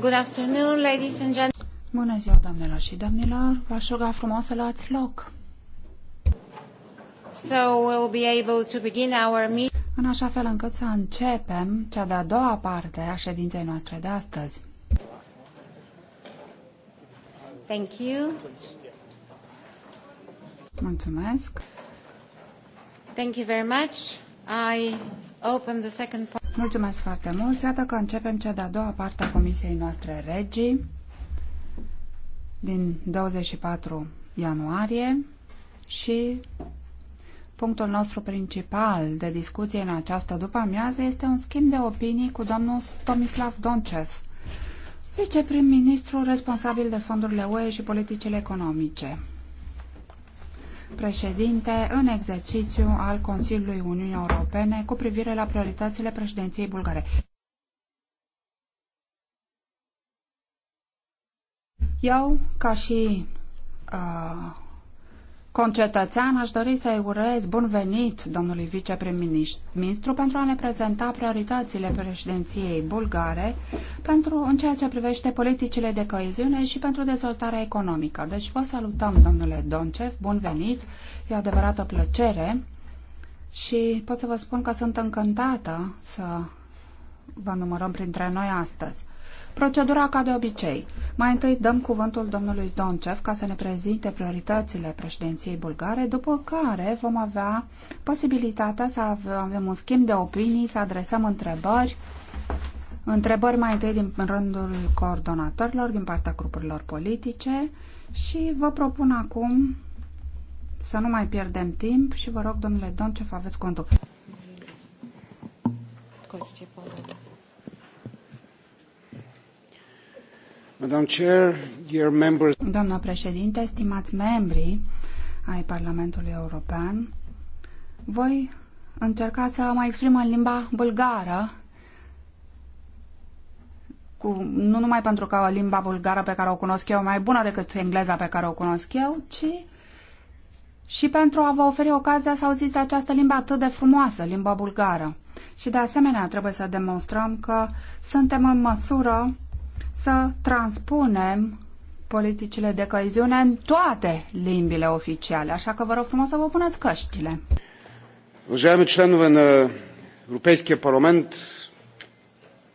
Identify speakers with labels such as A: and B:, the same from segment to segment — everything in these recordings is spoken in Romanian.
A: Good afternoon, ladies and gentlemen. Bună ziua, doamnelor și domnilor. V-aș ruga frumos să luați loc. So we'll be able to begin our meeting. În așa fel încât să începem cea de-a doua parte a ședinței noastre de astăzi. Thank you. Mulțumesc. Thank you very much. I open the second part. Mulțumesc foarte mult. Iată că începem cea de-a doua parte a comisiei noastre regii din 24 ianuarie și punctul nostru principal de discuție în această după-amiază este un schimb de opinii cu domnul Tomislav Doncev, viceprim-ministru responsabil de fondurile UE și politicile economice președinte în exercițiu al Consiliului Uniunii Europene cu privire la prioritățile președinției bulgare. Eu, ca și uh, concetățean, aș dori să-i urez bun venit domnului viceprim-ministru pentru a ne prezenta prioritățile președinției bulgare pentru, în ceea ce privește politicile de coeziune și pentru dezvoltarea economică. Deci vă salutăm, domnule Doncev, bun venit, e o adevărată plăcere și pot să vă spun că sunt încântată să vă numărăm printre noi astăzi. Procedura ca de obicei. Mai întâi dăm cuvântul domnului Doncev ca să ne prezinte prioritățile președinției bulgare, după care vom avea posibilitatea să avem un schimb de opinii, să adresăm întrebări, întrebări mai întâi din rândul coordonatorilor din partea grupurilor politice și vă propun acum să nu mai pierdem timp și vă rog, domnule Doncev, aveți contul. Doamnă președinte, stimați membri ai Parlamentului European, voi încerca să mă exprim în limba bulgară, cu, nu numai pentru că limba bulgară pe care o cunosc eu mai bună decât engleza pe care o cunosc eu, ci și pentru a vă oferi ocazia să auziți această limbă atât de frumoasă, limba bulgară. Și de asemenea trebuie să demonstrăm că suntem în măsură să transpunem politicile de coeziune în toate limbile oficiale, așa că vă rog frumos să vă puneți căștile. Уважаеми членове на Европейския парламент,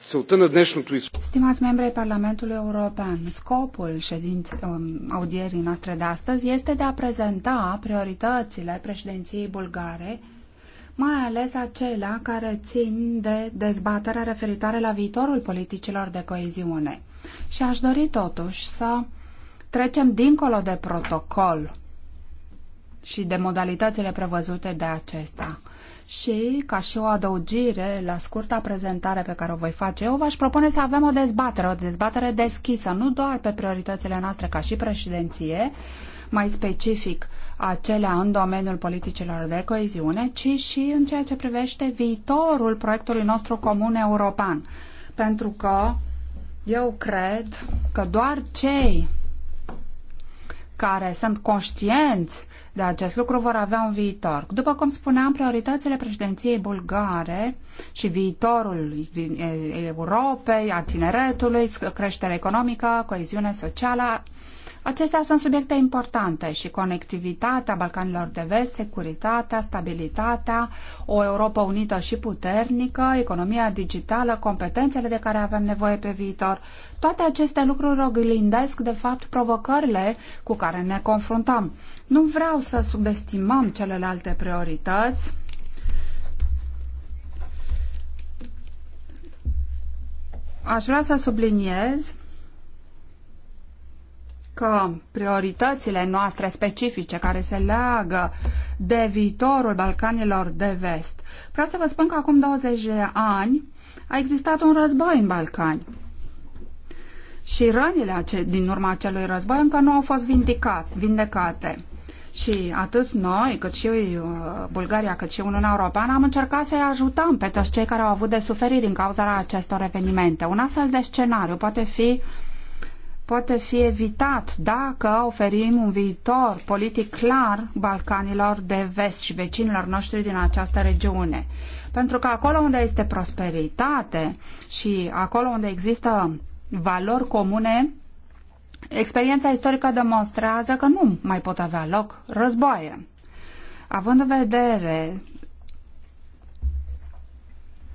A: целта на днешното Stimați membri ai Parlamentului European, scopul ședinței ă, audierii noastre de astăzi este de a prezenta prioritățile președinției bulgare mai ales acelea care țin de dezbaterea referitoare la viitorul politicilor de coeziune. Și aș dori totuși să trecem dincolo de protocol și de modalitățile prevăzute de acesta. Și, ca și o adăugire la scurta prezentare pe care o voi face eu, v-aș propune să avem o dezbatere, o dezbatere deschisă, nu doar pe prioritățile noastre ca și președinție, mai specific acelea în domeniul politicilor de coeziune, ci și în ceea ce privește viitorul proiectului nostru comun european. Pentru că eu cred că doar cei care sunt conștienți de acest lucru vor avea un viitor. După cum spuneam, prioritățile președinției bulgare și viitorul Europei, a tineretului, creșterea economică, coeziunea socială, Acestea sunt subiecte importante și conectivitatea Balcanilor de Vest, securitatea, stabilitatea, o Europa unită și puternică, economia digitală, competențele de care avem nevoie pe viitor. Toate aceste lucruri oglindesc, de fapt, provocările cu care ne confruntăm. Nu vreau să subestimăm celelalte priorități, aș vrea să subliniez că prioritățile noastre specifice care se leagă de viitorul Balcanilor de Vest. Vreau să vă spun că acum 20 de ani a existat un război în Balcani. Și rănile din urma acelui război încă nu au fost vindicat, vindecate. Și atât noi, cât și uh, Bulgaria, cât și Uniunea Europeană am încercat să-i ajutăm pe toți cei care au avut de suferit din cauza acestor evenimente. Un astfel de scenariu poate fi uh, poate fi evitat dacă oferim un viitor politic clar Balcanilor de vest și vecinilor noștri din această regiune. Pentru că acolo unde este prosperitate și acolo unde există valori comune, experiența istorică demonstrează că nu mai pot avea loc războaie. Având în vedere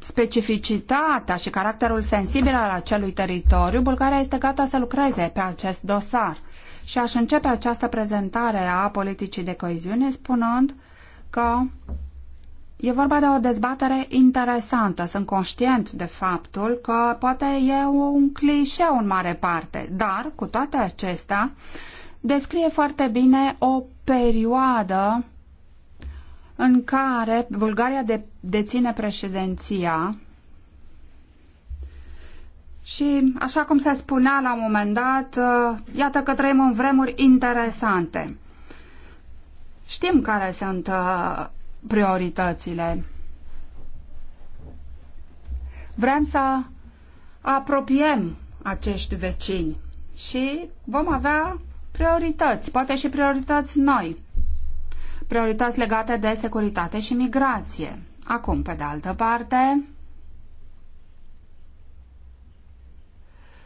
A: specificitatea și caracterul sensibil al acelui teritoriu, Bulgaria este gata să lucreze pe acest dosar. Și aș începe această prezentare a politicii de coeziune spunând că E vorba de o dezbatere interesantă. Sunt conștient de faptul că poate e un clișeu în mare parte, dar, cu toate acestea, descrie foarte bine o perioadă în care Bulgaria de, deține președinția și, așa cum se spunea la un moment dat, uh, iată că trăim în vremuri interesante. Știm care sunt uh, prioritățile. Vrem să apropiem acești vecini și vom avea priorități, poate și priorități noi priorități legate de securitate și migrație. Acum, pe de altă parte,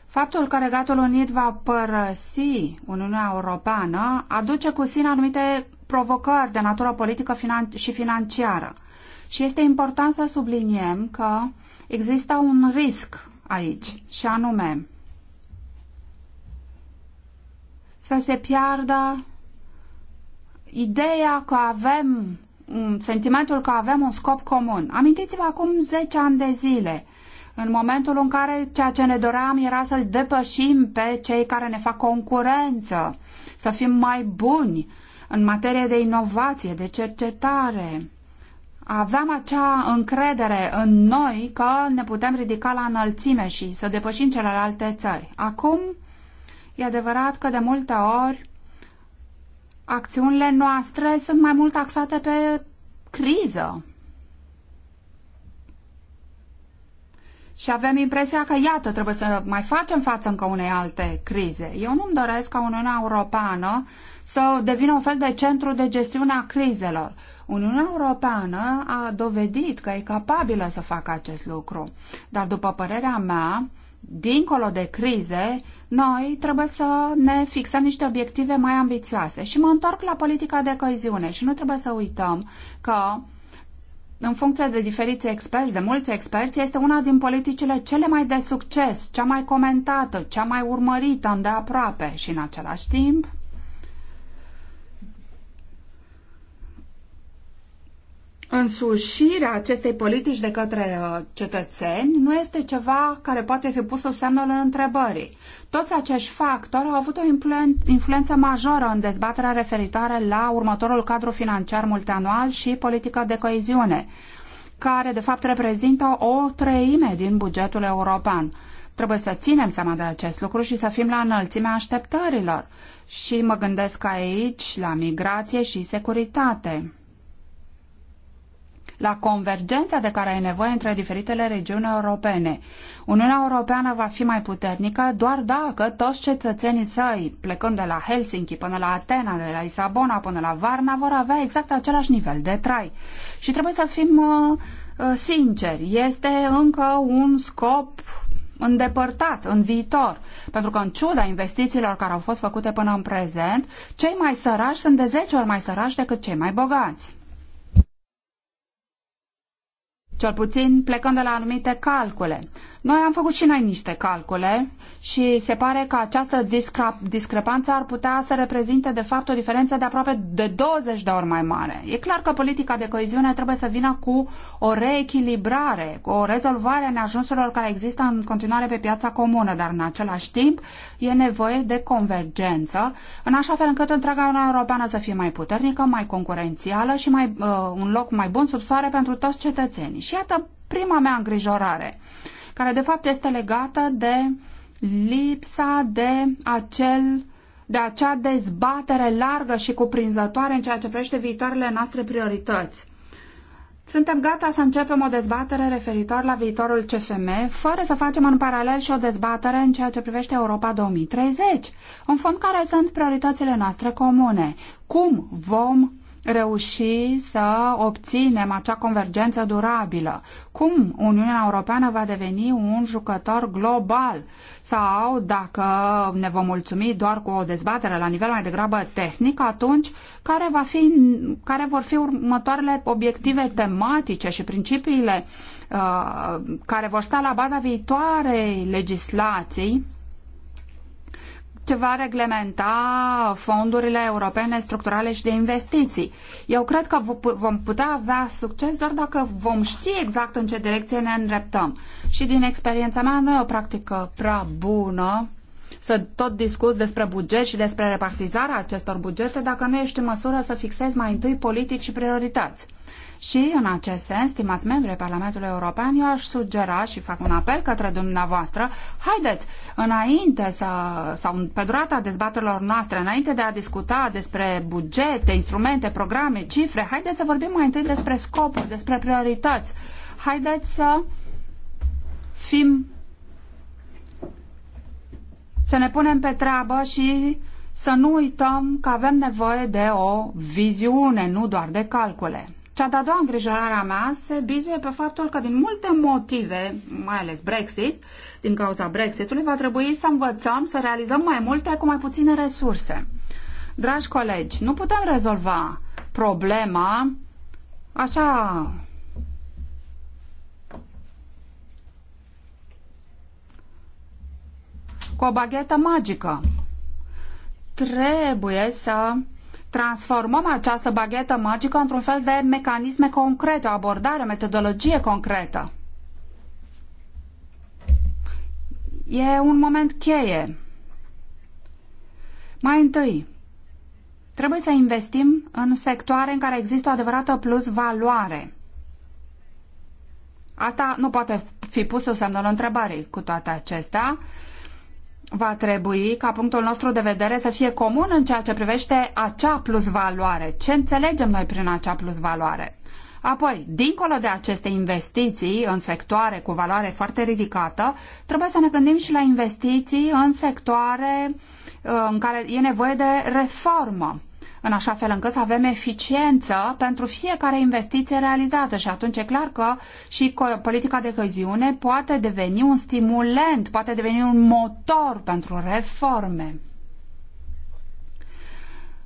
A: Faptul că Regatul Unit va părăsi Uniunea Europeană aduce cu sine anumite provocări de natură politică finan- și financiară. Și este important să subliniem că există un risc aici, și anume să se piardă ideea că avem mm, sentimentul că avem un scop comun. Amintiți-vă acum 10 ani de zile, în momentul în care ceea ce ne doream era să-l depășim pe cei care ne fac concurență, să fim mai buni în materie de inovație, de cercetare. Aveam acea încredere în noi că ne putem ridica la înălțime și să depășim celelalte țări. Acum, e adevărat că de multe ori acțiunile noastre sunt mai mult axate pe criză. Și avem impresia că, iată, trebuie să mai facem față încă unei alte crize. Eu nu-mi doresc ca Uniunea Europeană să devină un fel de centru de gestiune a crizelor. Uniunea Europeană a dovedit că e capabilă să facă acest lucru. Dar, după părerea mea, dincolo de crize, noi trebuie să ne fixăm niște obiective mai ambițioase. Și mă întorc la politica de coeziune și nu trebuie să uităm că în funcție de diferiți experți, de mulți experți, este una din politicile cele mai de succes, cea mai comentată, cea mai urmărită îndeaproape și în același timp însușirea acestei politici de către uh, cetățeni nu este ceva care poate fi pus sub semnul întrebării. Toți acești factori au avut o influență majoră în dezbaterea referitoare la următorul cadru financiar multianual și politică de coeziune, care de fapt reprezintă o treime din bugetul european. Trebuie să ținem seama de acest lucru și să fim la înălțimea așteptărilor. Și mă gândesc aici la migrație și securitate la convergența de care ai nevoie între diferitele regiuni europene. Uniunea Europeană va fi mai puternică doar dacă toți cetățenii săi, plecând de la Helsinki până la Atena, de la Lisabona până la Varna, vor avea exact același nivel de trai. Și trebuie să fim uh, uh sinceri, este încă un scop îndepărtat în viitor, pentru că în ciuda investițiilor care au fost făcute până în prezent, cei mai sărași sunt de 10 ori mai sărași decât cei mai bogați cel puțin plecând de la anumite calcule. Noi am făcut și noi niște calcule și se pare că această discrepanță ar putea să reprezinte de fapt o diferență de aproape de 20 de ori mai mare. E clar că politica de coeziune trebuie să vină cu o reechilibrare, cu o rezolvare a neajunsurilor care există în continuare pe piața comună, dar în același timp e nevoie de convergență, în așa fel încât întreaga Uniunea Europeană să fie mai puternică, mai concurențială și mai, uh, un loc mai bun sub soare pentru toți cetățenii. Și iată prima mea îngrijorare. Uh, care de fapt este legată de lipsa de acel de acea dezbatere largă și cuprinzătoare în ceea ce privește viitoarele noastre priorități. Suntem gata să începem o dezbatere referitor la viitorul CFM, fără să facem în paralel și o dezbatere în ceea ce privește Europa 2030, în fond care sunt prioritățile noastre comune. Cum vom reuși să obținem acea convergență durabilă? Cum Uniunea Europeană va deveni un jucător global? Sau dacă ne vom mulțumi doar cu o dezbatere la nivel mai degrabă tehnic, atunci care, va fi, care vor fi următoarele obiective tematice și principiile uh, care vor sta la baza viitoarei legislații ce va reglementa fondurile europene structurale și de investiții. Eu cred că vom putea avea succes doar dacă vom ști exact în ce direcție ne îndreptăm. Și din experiența mea nu e o practică prea bună să tot discuți despre buget și despre repartizarea acestor bugete dacă nu ești în măsură să fixezi mai întâi politici și priorități. Și în acest sens, stimați membrii Parlamentului European, eu aș sugera și fac un apel către dumneavoastră, haideți, înainte să, sau pe durata dezbaterilor noastre, înainte de a discuta despre bugete, instrumente, programe, cifre, haideți să vorbim mai întâi despre scopuri, despre priorități. Haideți să fim să ne punem pe treabă și să nu uităm că avem nevoie de o viziune, nu doar de calcule. Cea de-a doua îngrijorare a mea se bizuie pe faptul că din multe motive, mai ales Brexit, din cauza Brexitului, va trebui să învățăm să realizăm mai multe cu mai puține resurse. Dragi colegi, nu putem rezolva problema așa cu o baghetă magică. Trebuie să transformăm această baghetă magică într-un fel de mecanisme concrete, o abordare, o metodologie concretă. E un moment cheie. Mai întâi, trebuie să investim în sectoare în care există o adevărată plus valoare. Asta nu poate fi pusă semnul întrebării cu toate acestea va trebui ca punctul nostru de vedere să fie comun în ceea ce privește acea plusvaloare. Ce înțelegem noi prin acea plusvaloare? Apoi, dincolo de aceste investiții în sectoare cu valoare foarte ridicată, trebuie să ne gândim și la investiții în sectoare uh, în care e nevoie de reformă în așa fel încât să avem eficiență pentru fiecare investiție realizată și atunci e clar că și politica de coeziune poate deveni un stimulent, poate deveni un motor pentru reforme.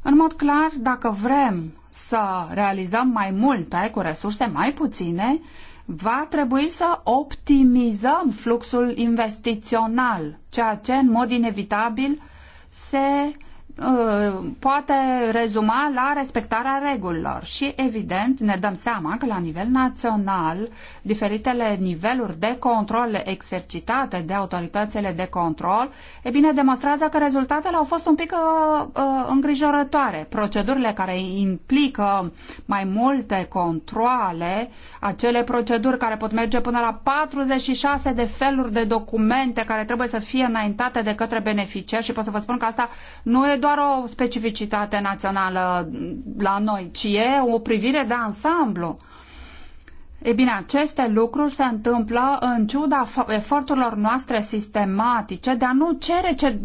A: În mod clar, dacă vrem să realizăm mai multe cu resurse mai puține, va trebui să optimizăm fluxul investițional, ceea ce în mod inevitabil se Uh, poate rezuma la respectarea regulilor și, evident, ne dăm seama că la nivel național diferitele niveluri de control exercitate de autoritățile de control, e bine, demonstrează că rezultatele au fost un pic uh, uh, îngrijorătoare. Procedurile care implică mai multe controle, acele proceduri care pot merge până la 46 de feluri de documente care trebuie să fie înaintate de către beneficiar, și pot să vă spun că asta nu e doar o specificitate națională la noi, ci e o privire de ansamblu. E bine, aceste lucruri se întâmplă în ciuda eforturilor noastre sistematice de a nu cere ce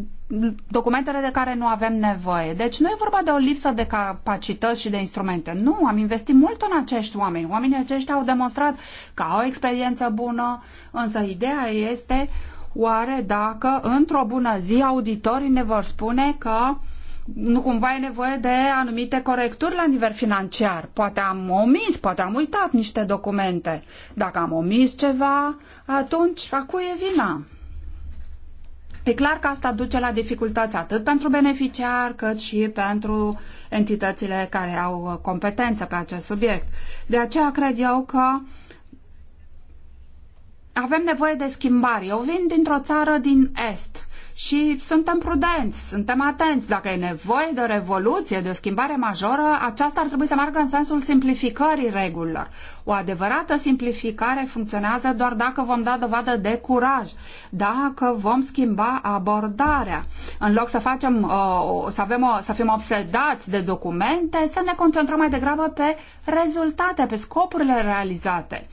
A: documentele de care nu avem nevoie. Deci nu e vorba de o lipsă de capacități și de instrumente. Nu, am investit mult în acești oameni. Oamenii aceștia au demonstrat că au experiență bună, însă ideea este oare dacă într-o bună zi auditorii ne vor spune că nu cumva e nevoie de anumite corecturi la nivel financiar. Poate am omis, poate am uitat niște documente. Dacă am omis ceva, atunci a cui e vina? E clar că asta duce la dificultăți atât pentru beneficiar cât și pentru entitățile care au competență pe acest subiect. De aceea cred eu că avem nevoie de schimbare. Eu vin dintr-o țară din Est și suntem prudenți, suntem atenți. Dacă e nevoie de o revoluție, de o schimbare majoră, aceasta ar trebui să meargă în sensul simplificării regulilor. O adevărată simplificare funcționează doar dacă vom da dovadă de curaj, dacă vom schimba abordarea. În loc să facem, uh, să, avem o, să fim obsedați de documente, să ne concentrăm mai degrabă pe rezultate, pe scopurile realizate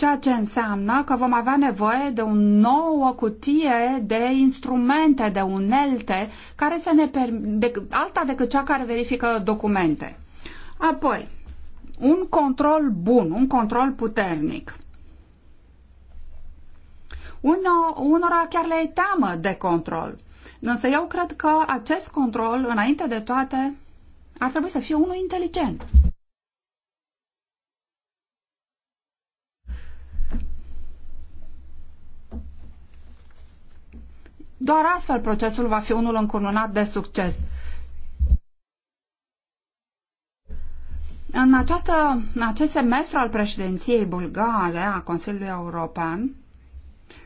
A: ceea ce înseamnă că vom avea nevoie de o nouă cutie de instrumente, de unelte, care să ne de, alta decât cea care verifică documente. Apoi, un control bun, un control puternic. Uno, unora chiar le e teamă de control. Însă eu cred că acest control, înainte de toate, ar trebui să fie unul inteligent. Doar astfel procesul va fi unul încununat de succes. În, această, în acest semestru al președinției bulgare a Consiliului European,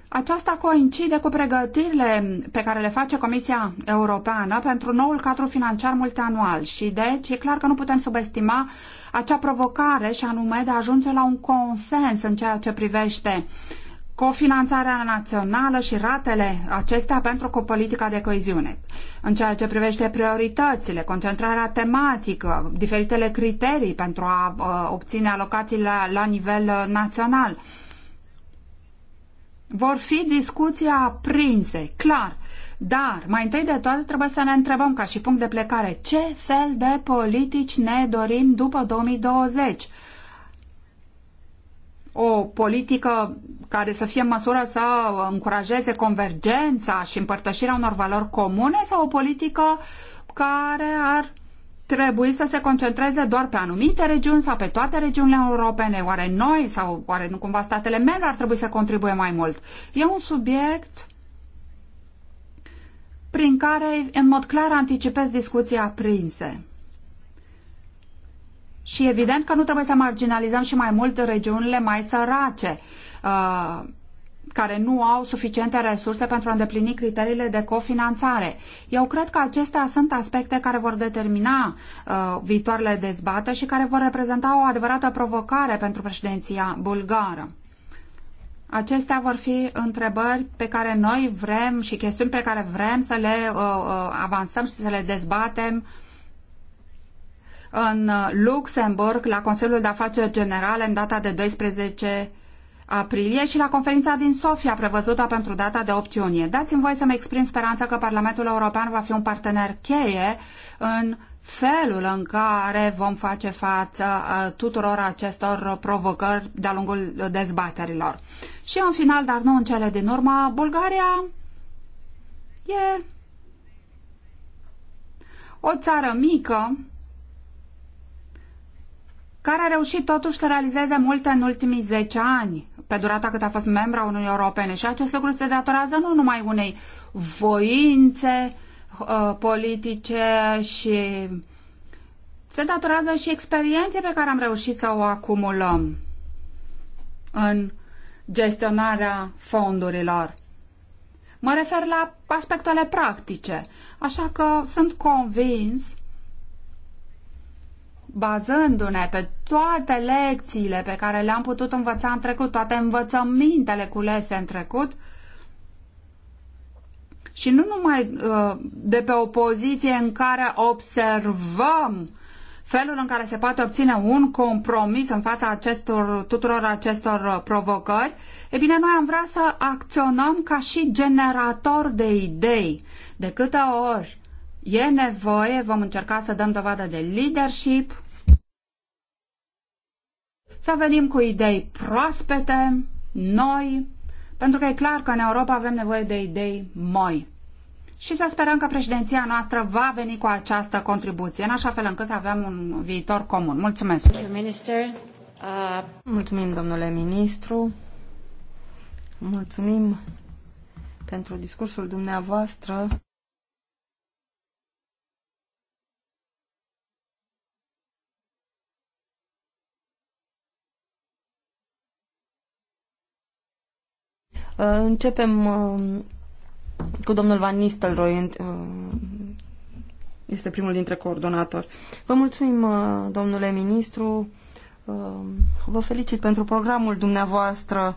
A: aceasta coincide cu pregătirile pe care le face Comisia Europeană pentru noul cadru financiar multianual și deci e clar că nu putem subestima acea provocare și anume de a ajunge la un consens în ceea ce privește uh, cofinanțarea națională și ratele acestea pentru cu politica de coeziune. În ceea ce privește prioritățile, concentrarea tematică, diferitele criterii pentru a uh, obține alocațiile la, la nivel uh, național, vor fi discuții aprinse, clar. Dar, mai întâi de toate, trebuie să ne întrebăm, ca și punct de plecare, ce fel de politici ne dorim după 2020? o politică care să fie în măsură să încurajeze convergența și împărtășirea unor valori comune sau o politică care ar trebui să se concentreze doar pe anumite regiuni sau pe toate regiunile europene? Oare noi sau oare nu cumva statele membre ar trebui să contribuie mai mult? E un subiect prin care în mod clar anticipez discuții aprinse. Și evident că nu trebuie să marginalizăm și mai mult regiunile mai sărace, uh, care nu au suficiente resurse pentru a îndeplini criteriile de cofinanțare. Eu cred că acestea sunt aspecte care vor determina uh, viitoarele dezbate și care vor reprezenta o adevărată provocare pentru președinția bulgară. Acestea vor fi întrebări pe care noi vrem și chestiuni pe care vrem să le uh, avansăm și să le dezbatem uh, în Luxemburg la Consiliul de Afaceri Generale în data de 12 aprilie și la conferința din Sofia prevăzută pentru data de 8 iunie. Dați-mi voie să-mi exprim speranța că Parlamentul European va fi un partener cheie în felul în care vom face față uh, tuturor acestor provocări de-a lungul dezbaterilor. Și în final, dar nu în cele din urmă, Bulgaria e o țară mică care a reușit totuși să realizeze multe în ultimii 10 ani, pe durata cât a fost membra Uniunii Europene. Și acest lucru se datorează nu numai unei voințe uh, politice și se datorează și experienței pe care am reușit să o acumulăm în gestionarea fondurilor. Mă refer la aspectele practice, așa că sunt convins bazându-ne pe toate lecțiile pe care le-am putut învăța în trecut, toate învățămintele culese în trecut, și nu numai uh, de pe o poziție în care observăm felul în care se poate obține un compromis în fața acestor, tuturor acestor uh, provocări, e bine, noi am vrea să acționăm ca și generator de idei. De câte ori e nevoie, vom încerca să dăm dovadă de leadership, să venim cu idei proaspete, noi, pentru că e clar că în Europa avem nevoie de idei moi. Și să sperăm că președinția noastră va veni cu această contribuție, în așa fel încât să avem un viitor comun. Mulțumesc! Minister, uh... Mulțumim, domnule ministru! Mulțumim
B: pentru discursul dumneavoastră. Uh, începem uh, cu domnul Van Nistelrooy. Uh, este primul dintre coordonatori. Vă mulțumim, domnule ministru. Vă felicit pentru programul dumneavoastră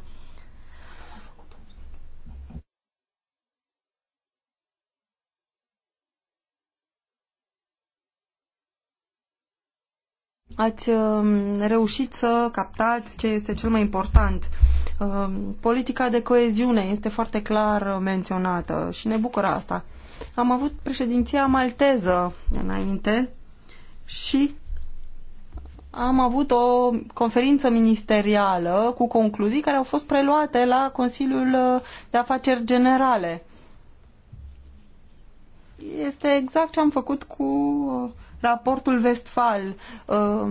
B: ați um, reușit să captați ce este cel mai important. Um, politica de coeziune este foarte clar menționată și ne bucură asta. Am avut președinția malteză înainte și am avut o conferință ministerială cu concluzii care au fost preluate la Consiliul de Afaceri Generale. Este exact ce am făcut cu raportul Vestfal um,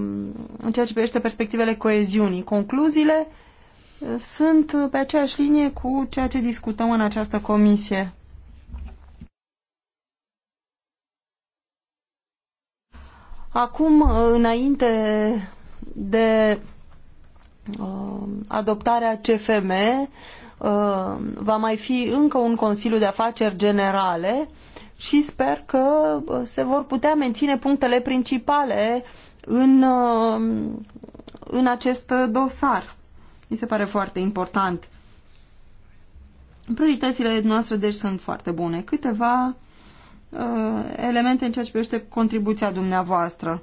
B: în ceea ce privește perspectivele coeziunii. Concluziile uh, sunt pe aceeași linie cu ceea ce discutăm în această comisie. Acum, uh, înainte de uh, adoptarea CFM, Uh, va mai fi încă un Consiliu de Afaceri Generale și sper că uh, se vor putea menține punctele principale în, uh, în acest dosar. Mi se pare foarte important. Prioritățile noastre, deci, sunt foarte bune. Câteva uh, elemente în ceea ce privește contribuția dumneavoastră.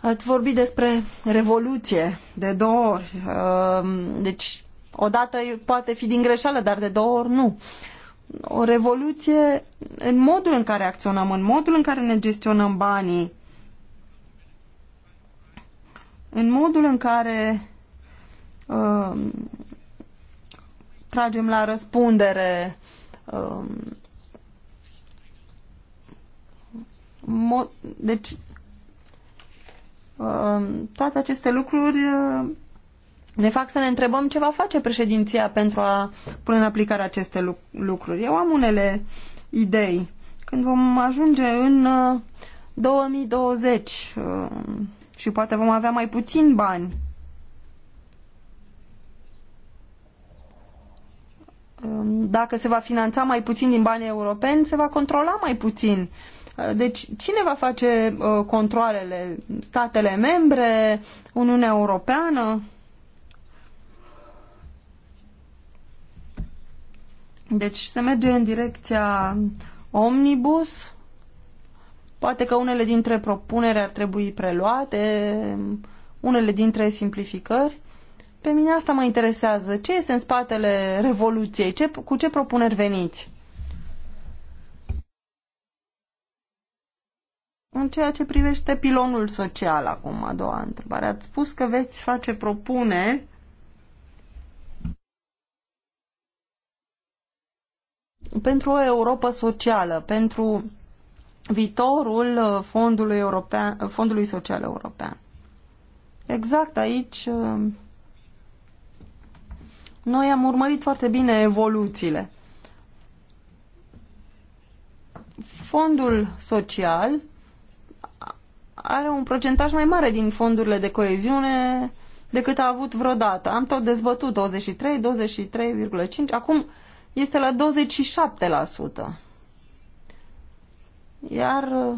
B: Ați vorbit despre revoluție de două ori. Uh, deci, o dată poate fi din greșeală, dar de două ori nu. O revoluție în modul în care acționăm, în modul în care ne gestionăm banii, în modul în care uh, tragem la răspundere uh, deci uh, toate aceste lucruri uh, ne fac să ne întrebăm ce va face președinția pentru a pune în aplicare aceste lucruri. Eu am unele idei. Când vom ajunge în 2020 uh, uh, și poate vom avea mai puțin bani, um, dacă se va finanța mai puțin din banii europeni, se va controla mai puțin. Uh, deci cine va face controlele? Statele membre? Uniunea Europeană? Deci se merge în direcția omnibus. Poate că unele dintre propuneri ar trebui preluate, unele dintre simplificări. Pe mine asta mă interesează. Ce este în spatele Revoluției? Ce, cu ce propuneri veniți? În ceea ce privește pilonul social, acum, a doua întrebare, ați spus că veți face propuneri pentru o Europa socială, pentru viitorul uh, Fondului, European, Fondului Social European. Exact aici uh, noi am urmărit foarte bine evoluțiile. Fondul social are un procentaj mai mare din fondurile de coeziune decât a avut vreodată. Am tot dezbătut 23, 23,5, acum este la 27%. Iar uh,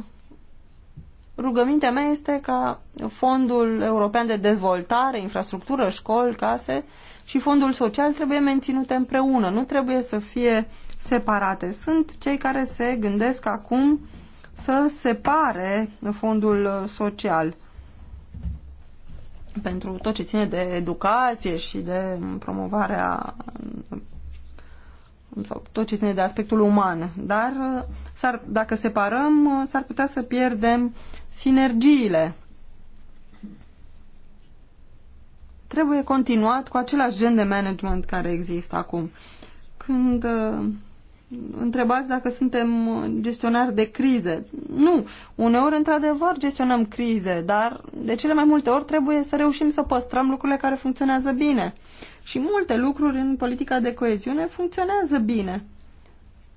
B: rugămintea mea este ca Fondul European de Dezvoltare, Infrastructură, Școli, Case și Fondul Social trebuie menținute împreună, nu trebuie să fie separate. Sunt cei care se gândesc acum să separe Fondul Social pentru tot ce ține de educație și de promovarea sau tot ce ține de aspectul uman, dar uh, dacă separăm, uh, s-ar putea să pierdem sinergiile. Trebuie continuat cu același gen de management care există acum. Când uh, întrebați dacă suntem gestionari de crize. Nu, uneori într-adevăr gestionăm crize, dar de cele mai multe ori trebuie să reușim să păstrăm lucrurile care funcționează bine. Și multe lucruri în politica de coeziune funcționează bine.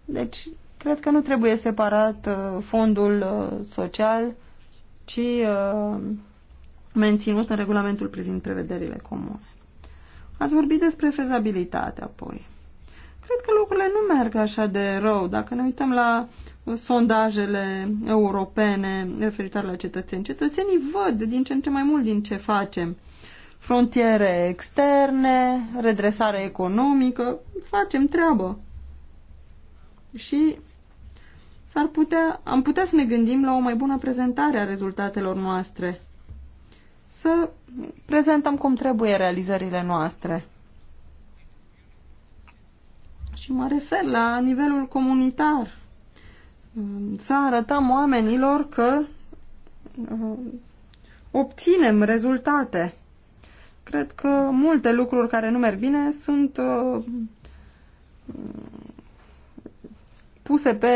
B: Deci, cred că nu trebuie separat uh, fondul uh, social, ci uh, menținut în regulamentul privind prevederile comune. Ați vorbit despre fezabilitate apoi. Cred că lucrurile nu merg așa de rău. Dacă ne uităm la sondajele europene referitoare la cetățeni, cetățenii văd din ce în ce mai mult din ce facem. Frontiere externe, redresare economică, facem treabă. Și s-ar putea, am putea să ne gândim la o mai bună prezentare a rezultatelor noastre. Să prezentăm cum trebuie realizările noastre. Și mă refer la nivelul comunitar. Să arătăm oamenilor că uh, obținem rezultate. Cred că multe lucruri care nu merg bine sunt uh, puse pe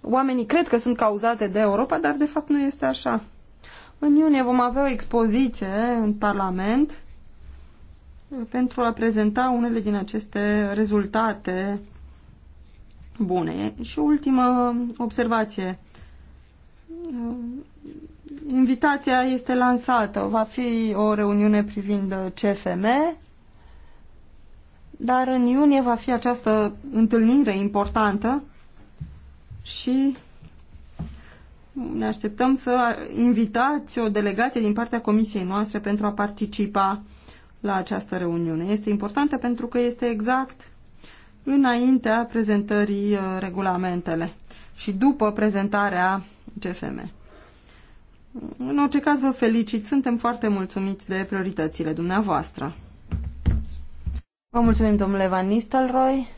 B: oamenii cred că sunt cauzate de Europa, dar de fapt nu este așa. În iunie vom avea o expoziție în Parlament pentru a prezenta unele din aceste rezultate bune. Și ultimă observație. Invitația este lansată. Va fi o reuniune privind CFM, dar în iunie va fi această întâlnire importantă și ne așteptăm să invitați o delegație din partea comisiei noastre pentru a participa la această reuniune. Este importantă pentru că este exact înaintea prezentării uh, regulamentele și după prezentarea CFM. În orice caz vă felicit, suntem foarte mulțumiți de prioritățile dumneavoastră. Vă mulțumim, domnule Van Nistelrooy.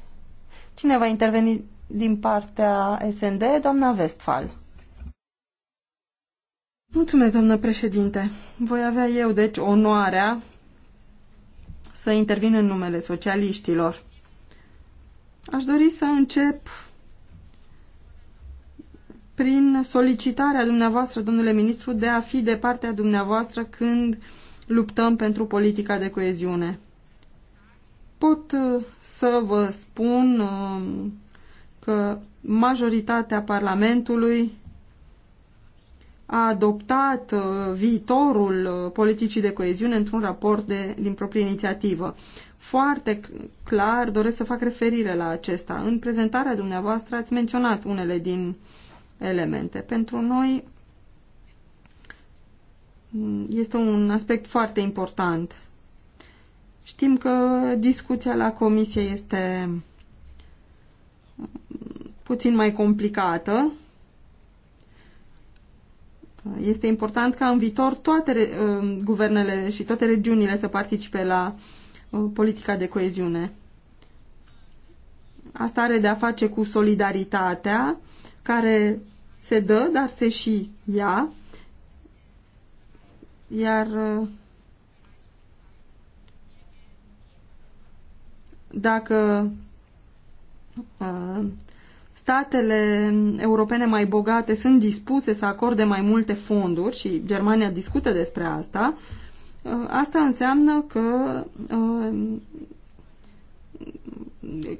B: Cine va interveni din partea SND? Doamna Westphal. Mulțumesc, doamnă președinte. Voi avea eu, deci, onoarea să intervin în numele socialiștilor. Aș dori să încep prin solicitarea dumneavoastră, domnule ministru, de a fi de partea dumneavoastră când luptăm pentru politica de coeziune. Pot uh, să vă spun um, că majoritatea Parlamentului a adoptat uh, viitorul uh, politicii de coeziune într-un raport de, din proprie inițiativă. Foarte clar doresc să fac referire la acesta. În prezentarea dumneavoastră ați menționat unele din elemente. Pentru noi mm, este un aspect foarte important. Știm că discuția la comisie este mm, puțin mai complicată, este important ca în viitor toate um, guvernele și toate regiunile să participe la uh, politica de coeziune. Asta are de a face cu solidaritatea care se dă, dar se și ia. Iar uh, dacă uh, statele europene mai bogate sunt dispuse să acorde mai multe fonduri și Germania discută despre asta, uh, asta înseamnă că uh,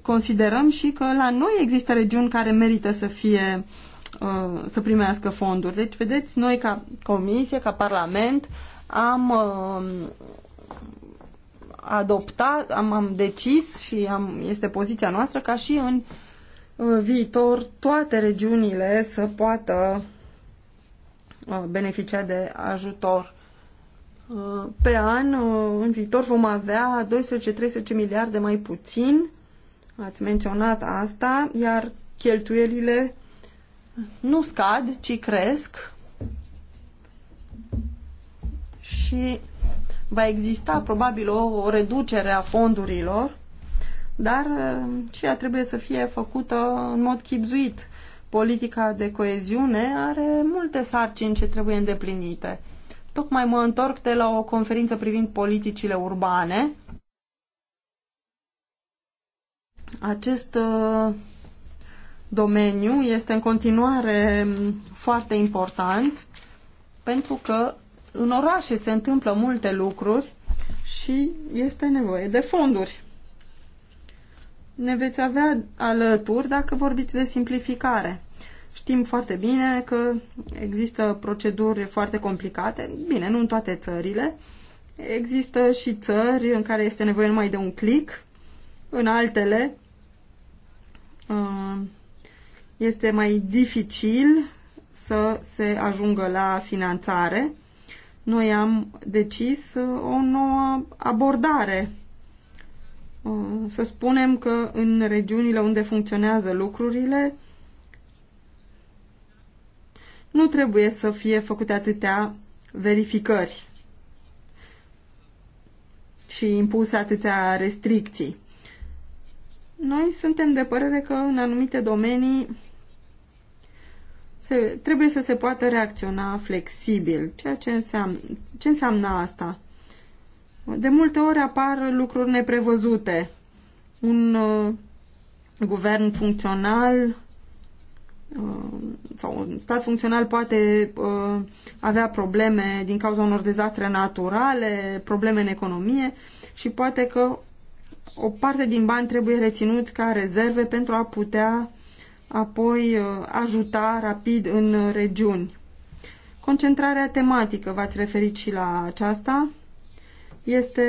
B: considerăm și că la noi există regiuni care merită să fie uh, să primească fonduri. Deci, vedeți, noi ca Comisie, ca Parlament, am adoptat, am, am decis și am, este poziția noastră ca și în uh, viitor toate regiunile să poată uh, beneficia de ajutor. Uh, pe an, uh, în viitor, vom avea 12-13 miliarde mai puțin, ați menționat asta, iar cheltuielile nu scad, ci cresc și va exista probabil o, o reducere a fondurilor dar uh, și ea trebuie să fie făcută în mod chipzuit. Politica de coeziune are multe sarcini ce trebuie îndeplinite. Tocmai mă întorc de la o conferință privind politicile urbane. Acest uh, domeniu este în continuare foarte important pentru că în orașe se întâmplă multe lucruri și este nevoie de fonduri ne veți avea alături dacă vorbiți de simplificare. Știm foarte bine că există proceduri foarte complicate, bine, nu în toate țările. Există și țări în care este nevoie numai de un click, în altele uh, este mai dificil să se ajungă la finanțare. Noi am decis uh, o nouă abordare Uh, să spunem că în regiunile unde funcționează lucrurile nu trebuie să fie făcute atâtea verificări și impuse atâtea restricții. Noi suntem de părere că în anumite domenii se, trebuie să se poată reacționa flexibil. Ceea ce înseamnă, ce înseamnă asta? De multe ori apar lucruri neprevăzute. Un uh, guvern funcțional uh, sau un stat funcțional poate uh, avea probleme din cauza unor dezastre naturale, probleme în economie și poate că o parte din bani trebuie reținuți ca rezerve pentru a putea apoi uh, ajuta rapid în regiuni. Concentrarea tematică, v-ați referit și la aceasta este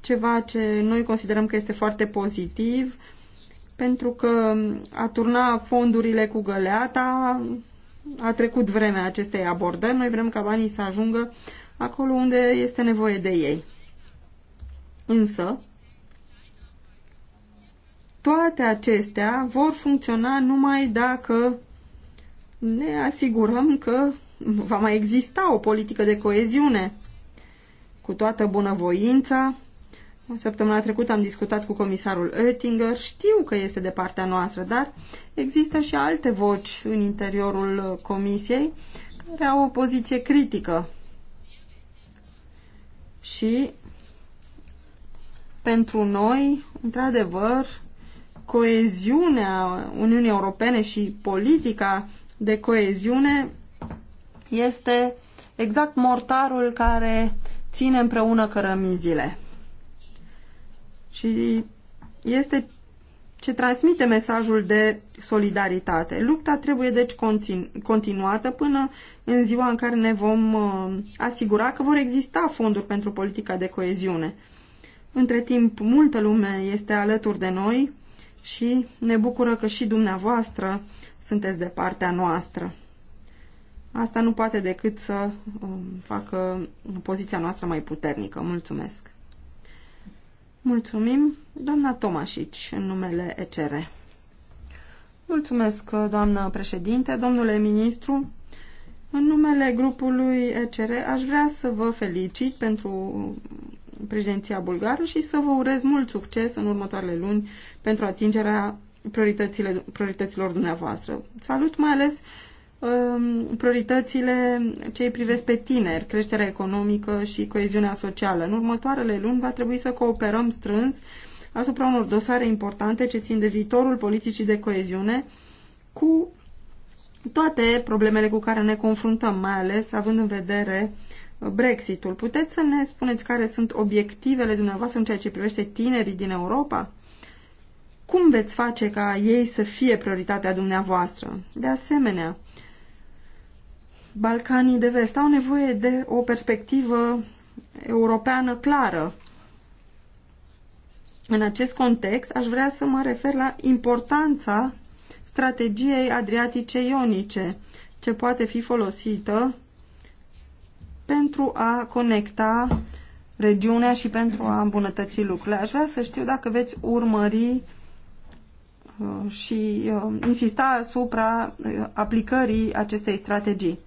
B: ceva ce noi considerăm că este foarte pozitiv, pentru că a turna fondurile cu găleata a trecut vremea acestei abordări. Noi vrem ca banii să ajungă acolo unde este nevoie de ei. Însă, toate acestea vor funcționa numai dacă ne asigurăm că va mai exista o politică de coeziune cu toată bunăvoința. Săptămâna trecută am discutat cu comisarul Oettinger. Știu că este de partea noastră, dar există și alte voci în interiorul comisiei care au o poziție critică. Și pentru noi, într-adevăr, coeziunea Uniunii Europene și politica de coeziune este exact mortarul care ține împreună cărămizile. Și este ce transmite mesajul de solidaritate. Lupta trebuie deci continuată până în ziua în care ne vom uh, asigura că vor exista fonduri pentru politica de coeziune. Între timp, multă lume este alături de noi și ne bucură că și dumneavoastră sunteți de partea noastră. Asta nu poate decât să um, facă poziția noastră mai puternică. Mulțumesc! Mulțumim, doamna Tomașici, în numele ECR. Mulțumesc, doamnă președinte, domnule ministru. În numele grupului ECR aș vrea să vă felicit pentru președinția bulgară și să vă urez mult succes în următoarele luni pentru atingerea priorităților dumneavoastră. Salut mai ales Um, prioritățile ce îi privesc pe tineri, creșterea economică și coeziunea socială. În următoarele luni va trebui să cooperăm strâns asupra unor dosare importante ce țin de viitorul politicii de coeziune cu toate problemele cu care ne confruntăm, mai ales având în vedere Brexitul. Puteți să ne spuneți care sunt obiectivele dumneavoastră în ceea ce privește tinerii din Europa? Cum veți face ca ei să fie prioritatea dumneavoastră? De asemenea, Balcanii de vest au nevoie de o perspectivă europeană clară. În acest context, aș vrea să mă refer la importanța strategiei adriatice ionice, ce poate fi folosită pentru a conecta regiunea și pentru a îmbunătăți lucrurile. Aș vrea să știu dacă veți urmări Uh, și uh, insista asupra uh, aplicării acestei strategii.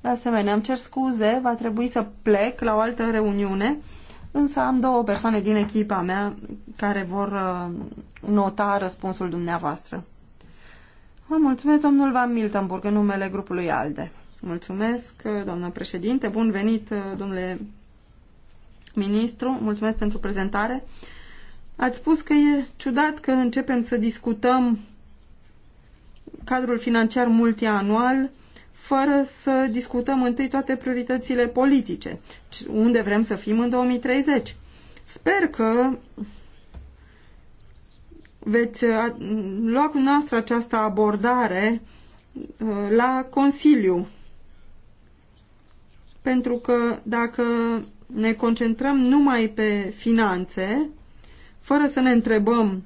B: De asemenea, îmi cer scuze, va trebui să plec la o altă reuniune, însă am două persoane din echipa mea care vor nota răspunsul dumneavoastră. Vă mulțumesc, domnul Van Miltenburg, în numele grupului ALDE. Mulțumesc, doamnă președinte, bun venit, domnule ministru, mulțumesc pentru prezentare. Ați spus că e ciudat că începem să discutăm cadrul financiar multianual fără să discutăm întâi toate prioritățile politice, unde vrem să fim în 2030. Sper că veți uh, lua cu noastră această abordare uh, la Consiliu. Pentru că dacă ne concentrăm numai pe finanțe, fără să ne întrebăm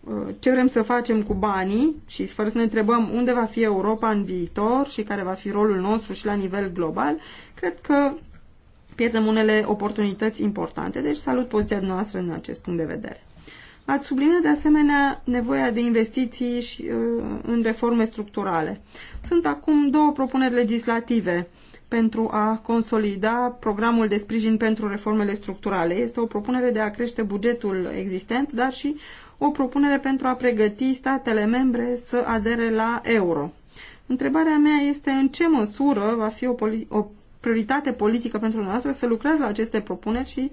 B: uh, ce vrem să facem cu banii și fără să ne întrebăm unde va fi Europa în viitor și care va fi rolul nostru și la nivel global, cred că pierdem unele oportunități importante. Deci salut poziția noastră în acest punct de vedere. Ați sublinat de asemenea nevoia de investiții și, uh, în reforme structurale. Sunt acum două propuneri legislative pentru a consolida programul de sprijin pentru reformele structurale. Este o propunere de a crește bugetul existent, dar și o propunere pentru a pregăti statele membre să adere la euro. Întrebarea mea este în ce măsură va fi o, poli- o prioritate politică pentru noastră să lucrați la aceste propuneri și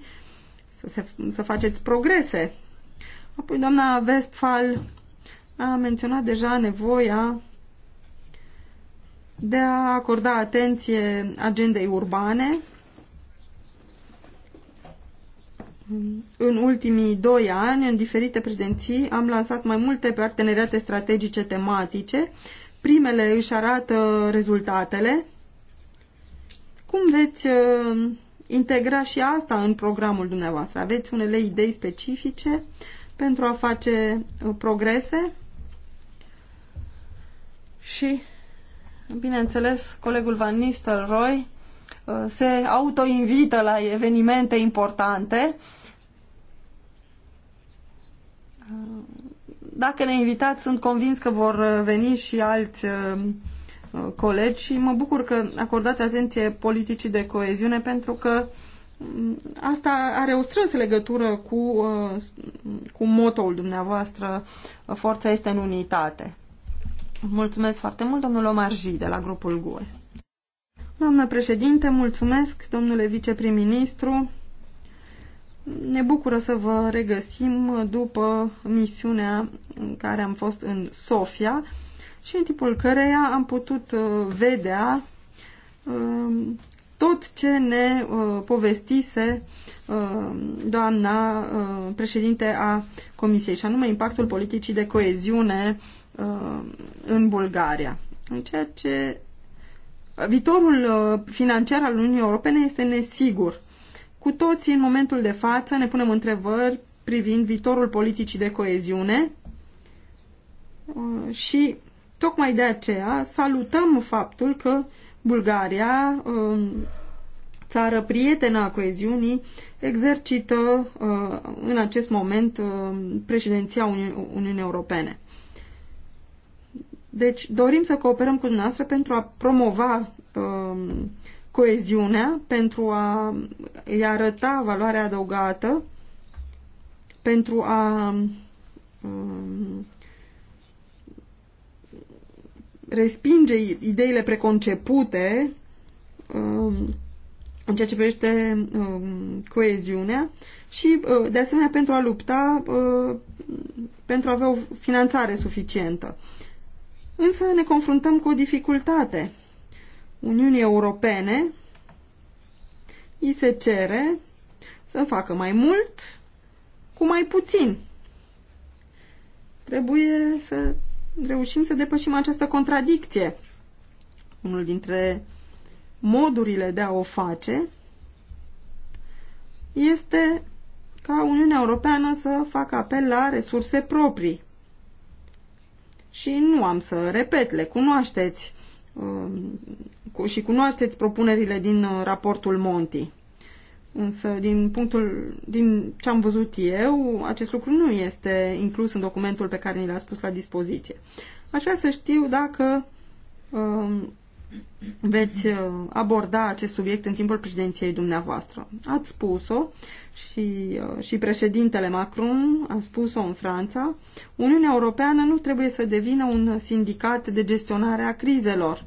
B: să, se, să faceți progrese. Apoi doamna Westphal a menționat deja nevoia de a acorda atenție agendei urbane. În ultimii doi ani, în diferite prezenții, am lansat mai multe parteneriate strategice tematice. Primele își arată rezultatele. Cum veți uh, integra și asta în programul dumneavoastră? Aveți unele idei specifice pentru a face uh, progrese? Și Bineînțeles, colegul Van Nistelrooy uh, se autoinvită la evenimente importante. Uh, dacă ne invitați, sunt convins că vor uh, veni și alți colegi și mă bucur că acordați atenție politicii de coeziune pentru că mm, asta are o strânsă legătură cu, cu motoul dumneavoastră Forța este în unitate. Mulțumesc foarte mult, domnul Omarji, de la grupul GUE. Doamnă președinte, mulțumesc, domnule viceprim-ministru. Ne bucură să vă regăsim după misiunea în care am fost în Sofia și în timpul căreia am putut uh, vedea um, tot ce ne uh, povestise um, doamna uh, președinte a Comisiei, și anume impactul politicii de coeziune Uh, în Bulgaria. În ceea ce viitorul uh, financiar al Uniunii Europene este nesigur. Cu toții, în momentul de față, ne punem întrebări privind viitorul politicii de coeziune uh, și tocmai de aceea salutăm faptul că Bulgaria, țară prietenă a coeziunii, exercită în acest moment președinția Uniunii Europene. Deci dorim să cooperăm cu dumneavoastră pentru a promova um, coeziunea, pentru a i arăta valoarea adăugată, pentru a um, respinge ideile preconcepute um, în ceea ce privește um, coeziunea și, uh, de asemenea, pentru a lupta uh, pentru a avea o finanțare suficientă. Însă ne confruntăm cu o dificultate. Uniunii Europene îi se cere să facă mai mult cu mai puțin. Trebuie să reușim să depășim această contradicție. Unul dintre modurile de a o face este ca Uniunea Europeană să facă apel la resurse proprii și nu am să repet, le cunoașteți um, și cunoașteți propunerile din uh, raportul Monti. Însă, din punctul, din ce am văzut eu, acest lucru nu este inclus în documentul pe care ni l-a spus la dispoziție. Aș vrea să știu dacă um, veți uh, aborda acest subiect în timpul președinției dumneavoastră. Ați spus-o și, uh, și președintele Macron a spus-o în Franța. Uniunea Europeană nu trebuie să devină un sindicat de gestionare a crizelor.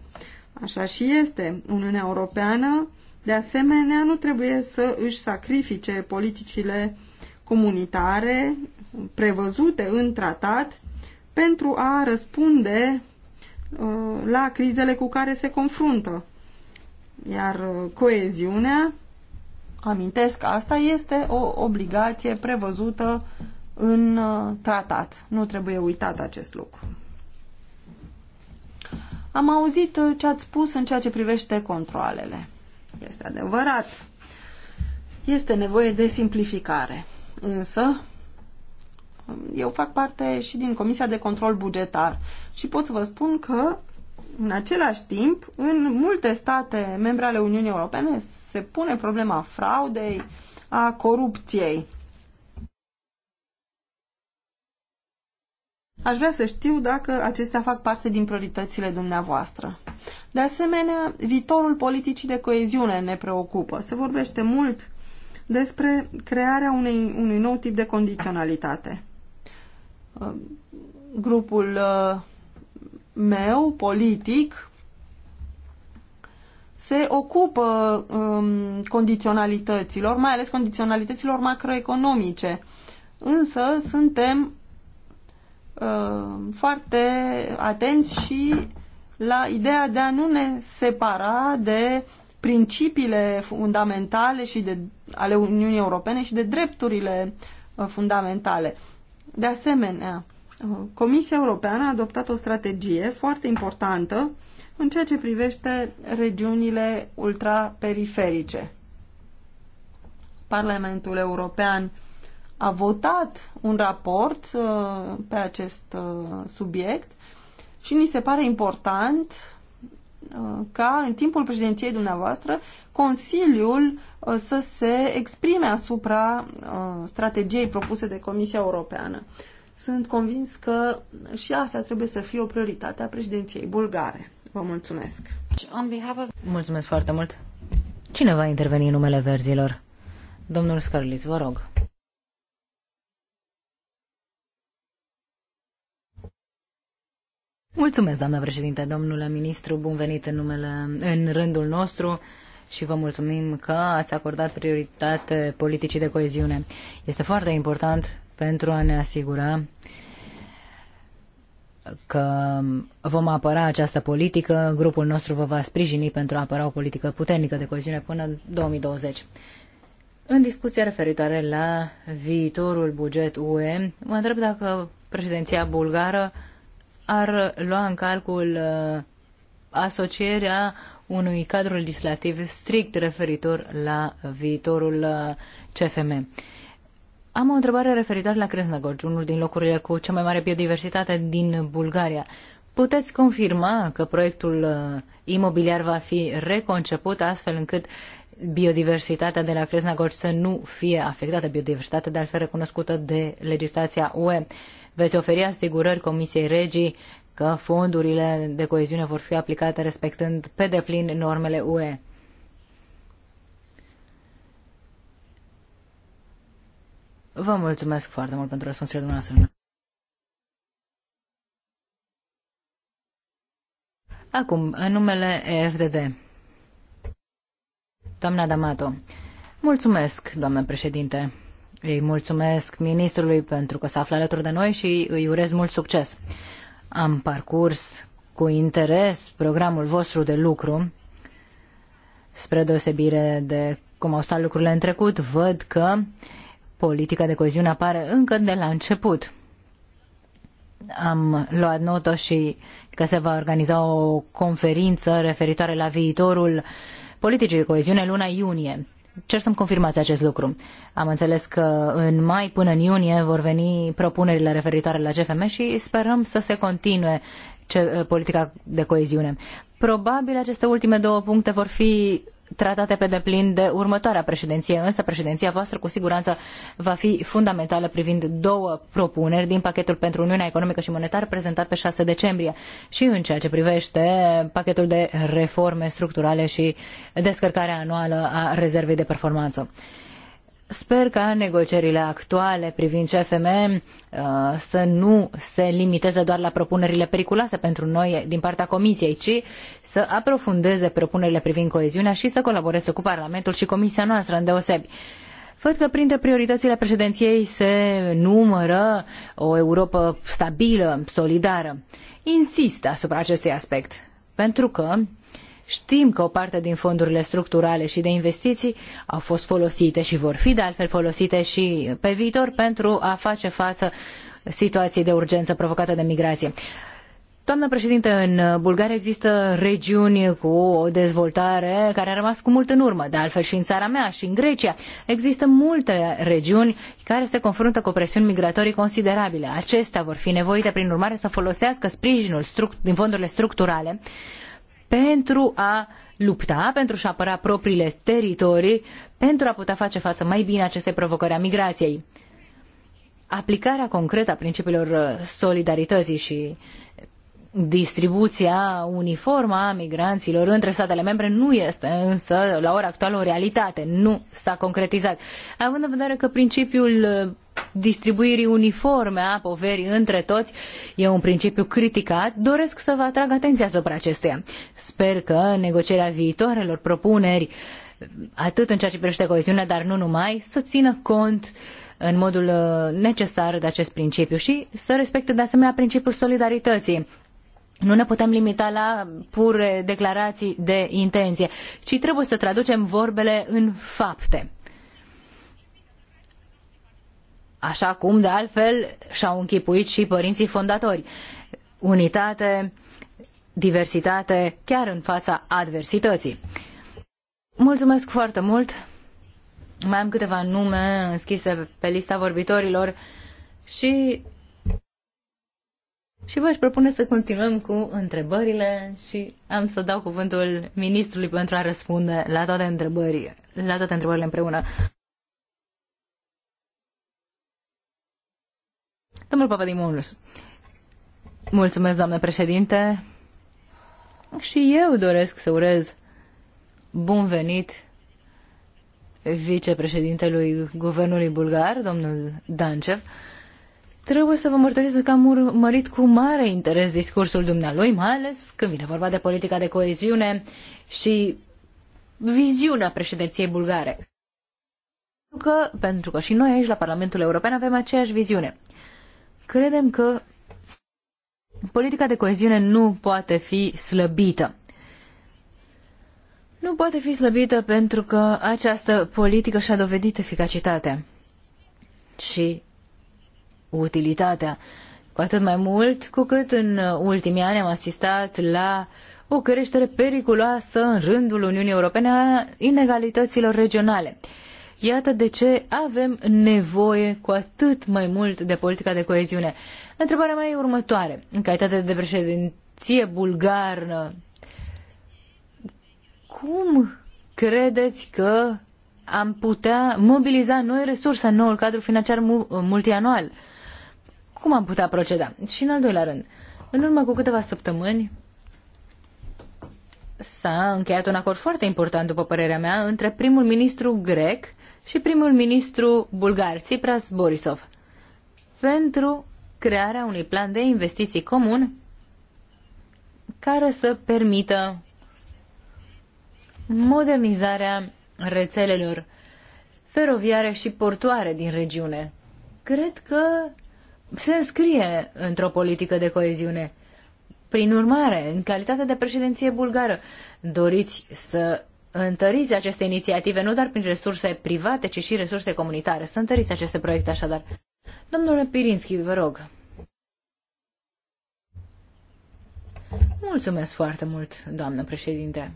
B: Așa și este. Uniunea Europeană, de asemenea, nu trebuie să își sacrifice politicile comunitare prevăzute în tratat pentru a răspunde Uh, la crizele cu care se confruntă. Iar uh, coeziunea, amintesc, asta este o obligație prevăzută în uh, tratat. Nu trebuie uitat acest lucru. Am auzit ce ați spus în ceea ce privește controlele. Este adevărat. Este nevoie de simplificare. Însă, eu fac parte și din Comisia de Control Bugetar și pot să vă spun că în același timp, în multe state membre ale Uniunii Europene se pune problema fraudei, a corupției. Aș vrea să știu dacă acestea fac parte din prioritățile dumneavoastră. De asemenea, viitorul politicii de coeziune ne preocupă. Se vorbește mult despre crearea unei, unui nou tip de condiționalitate. Uh, grupul uh, meu politic se ocupă um, condiționalităților, mai ales condiționalităților macroeconomice. Însă suntem um, foarte atenți și la ideea de a nu ne separa de principiile fundamentale și de, ale Uniunii Europene și de drepturile uh, fundamentale. De asemenea, Comisia Europeană a adoptat o strategie foarte importantă în ceea ce privește regiunile ultraperiferice. Parlamentul European a votat un raport uh, pe acest uh, subiect și ni se pare important Uh, ca în timpul președinției dumneavoastră Consiliul uh, să se exprime asupra uh, strategiei propuse de Comisia Europeană. Sunt convins că și asta trebuie să fie o prioritate a președinției bulgare. Vă mulțumesc!
C: Mulțumesc foarte mult! Cine va interveni în numele verzilor? Domnul Scarlis, vă rog. Mulțumesc, doamnă președinte, domnule ministru, bun venit în, numele, în rândul nostru și vă mulțumim că ați acordat prioritate politicii de coeziune. Este foarte important pentru a ne asigura că vom apăra această politică, grupul nostru vă va sprijini pentru a apăra o politică puternică de coeziune până în 2020. În discuția referitoare la viitorul buget UE, mă întreb dacă președinția bulgară ar lua în calcul uh, asocierea unui cadru legislativ strict referitor la viitorul uh, CFM. Am o întrebare referitoare la Kresnagorj, unul din locurile cu cea mai mare biodiversitate din Bulgaria. Puteți confirma că proiectul uh, imobiliar va fi reconceput astfel încât biodiversitatea de la Kresnagorj să nu fie afectată, biodiversitatea de altfel recunoscută de legislația UE veți oferi asigurări Comisiei Regii că fondurile de coeziune vor fi aplicate respectând pe deplin normele UE. Vă mulțumesc foarte mult pentru răspunsurile dumneavoastră. Acum, în numele EFDD. Doamna D'Amato. Mulțumesc, doamnă președinte. Îi mulțumesc ministrului pentru că s-a aflat alături de noi și îi urez mult succes. Am parcurs cu interes programul vostru de lucru, spre deosebire de cum au stat lucrurile în trecut, văd că politica de coeziune apare încă de la început. Am luat notă și că se va organiza o conferință referitoare la viitorul politicii de coeziune luna iunie cer să-mi confirmați acest lucru. Am înțeles că în mai până în iunie vor veni propunerile referitoare la CFM și sperăm să se continue ce, politica de coeziune. Probabil aceste ultime două puncte vor fi tratate pe deplin de următoarea președinție, însă președinția voastră cu siguranță va fi fundamentală privind două propuneri din pachetul pentru Uniunea Economică și Monetară prezentat pe 6 decembrie și în ceea ce privește pachetul de reforme structurale și descărcarea anuală a rezervei de performanță. Sper că negocierile actuale privind CFM uh, să nu se limiteze doar la propunerile periculoase pentru noi din partea Comisiei, ci să aprofundeze propunerile privind coeziunea și să colaboreze cu Parlamentul și Comisia noastră îndeosebi. Văd că printre prioritățile președinției se numără o Europa stabilă, solidară. Insist asupra acestui aspect, pentru că Știm că o parte din fondurile structurale și de investiții au fost folosite și vor fi de altfel folosite și pe viitor pentru a face față situației de urgență provocată de migrație. Doamnă președinte, în Bulgaria există regiuni cu o dezvoltare care a rămas cu mult în urmă, de altfel și în țara mea și în Grecia. Există multe regiuni care se confruntă cu presiuni migratorii considerabile. Acestea vor fi nevoite, prin urmare, să folosească sprijinul din fondurile structurale pentru a lupta, pentru a-și apăra propriile teritorii, pentru a putea face față mai bine acestei provocări a migrației. Aplicarea concretă a principiilor uh, solidarității și distribuția uniformă a migranților între statele membre nu este însă la ora actuală o realitate, nu s-a concretizat. Având în vedere că principiul uh, distribuirii uniforme a poverii între toți e un principiu criticat, doresc să vă atrag atenția asupra acestuia. Sper că negocierea viitoarelor propuneri, atât în ceea ce privește coeziunea, dar nu numai, să țină cont în modul uh, necesar de acest principiu și să respecte de asemenea principiul solidarității. Nu ne putem limita la pure declarații de intenție, ci trebuie să traducem vorbele în fapte. Așa cum, de altfel, și-au închipuit și părinții fondatori. Unitate, diversitate, chiar în fața adversității. Mulțumesc foarte mult! Mai am câteva nume înschise pe lista vorbitorilor și și vă aș propune să continuăm cu întrebările și am să dau cuvântul ministrului pentru a răspunde la toate întrebările, la toate întrebările împreună. Domnul Papadimoulos, mulțumesc, doamnă președinte, și eu doresc să urez bun venit vicepreședintelui Guvernului Bulgar, domnul Dancev, Trebuie să vă mărturisesc că am urmărit cu mare interes discursul dumnealui, mai ales când vine vorba de politica de coeziune și viziunea președinției bulgare. Pentru că, pentru că și noi aici la Parlamentul European avem aceeași viziune. Credem că politica de coeziune nu poate fi slăbită. Nu poate fi slăbită pentru că această politică și-a dovedit eficacitatea. Și utilitatea. Cu atât mai mult cu cât în ultimii ani am asistat la o creștere periculoasă în rândul Uniunii Europene a inegalităților regionale. Iată de ce avem nevoie cu atât mai mult de politica de coeziune. Întrebarea mea e următoare. În calitate de președinție bulgară, cum credeți că am putea mobiliza noi resurse în noul cadru financiar multianual? cum am putea proceda? Și în al doilea rând, în urmă cu câteva săptămâni s-a încheiat un acord foarte important, după părerea mea, între primul ministru grec și primul ministru bulgar, Tsipras Borisov, pentru crearea unui plan de investiții comun care să permită modernizarea rețelelor feroviare și portoare din regiune. Cred că se înscrie într-o politică de coeziune. Prin urmare, în calitate de președinție bulgară, doriți să întăriți aceste inițiative nu doar prin resurse private, ci și resurse comunitare, să întăriți aceste proiecte așadar. Domnule Pirinski, vă rog. Mulțumesc foarte mult, doamnă președinte.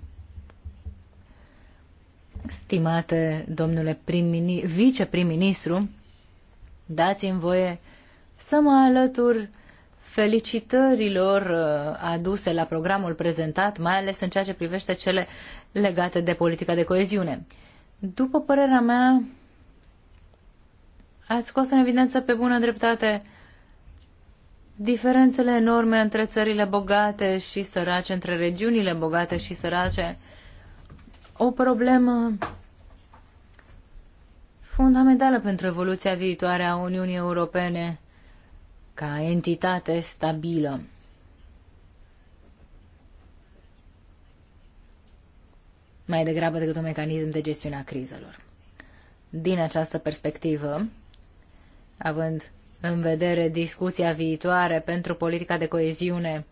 C: Stimate domnule prim-ministru, viceprim-ministru, dați-mi voie să mă alătur felicitărilor uh, aduse la programul prezentat, mai ales în ceea ce privește cele legate de politica de coeziune. După părerea mea, ați scos în evidență pe bună dreptate diferențele enorme între țările bogate și sărace, între regiunile bogate și sărace. O problemă fundamentală pentru evoluția viitoare a Uniunii Europene ca entitate stabilă. mai degrabă decât un mecanism de gestiune a crizelor. Din această perspectivă, având în vedere discuția viitoare pentru politica de coeziune,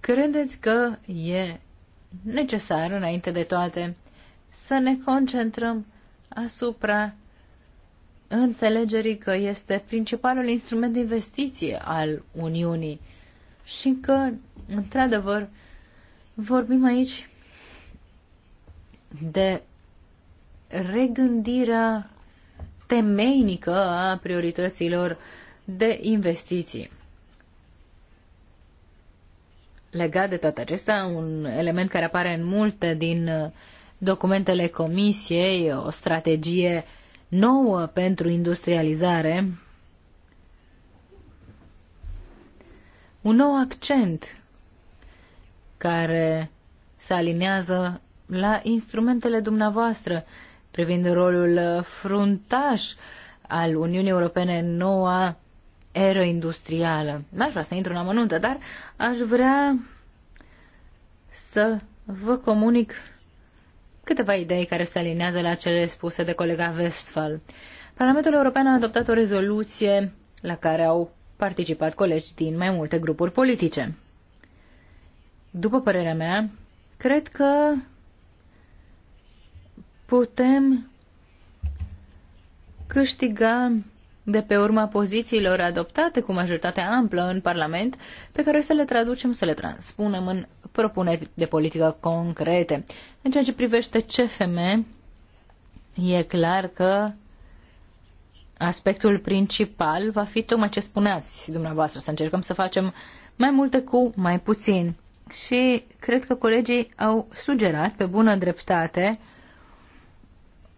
C: credeți că e necesar, înainte de toate, să ne concentrăm asupra înțelegerii că este principalul instrument de investiție al Uniunii și că, într-adevăr, vorbim aici de regândirea temeinică a priorităților de investiții. Legat de toate acestea, un element care apare în multe din documentele comisiei, o strategie uh, nouă pentru industrializare, un nou accent care se aliniază la instrumentele dumneavoastră privind rolul fruntaș al Uniunii Europene în noua eră industrială. N-aș vrea să intru în amănuntă, dar aș vrea să vă comunic Câteva idei care se alinează la cele spuse de colega Westphal. Parlamentul European a adoptat o rezoluție la care au participat colegi din mai multe grupuri politice. După părerea mea, cred că putem câștiga de pe urma pozițiilor adoptate cu majoritate amplă în Parlament, pe care să le traducem, să le transpunem în propuneri de politică concrete. În ceea ce privește CFM, e clar că aspectul principal va fi tocmai ce spuneați dumneavoastră, să încercăm să facem mai multe cu mai puțin. Și cred că colegii au sugerat, pe bună dreptate,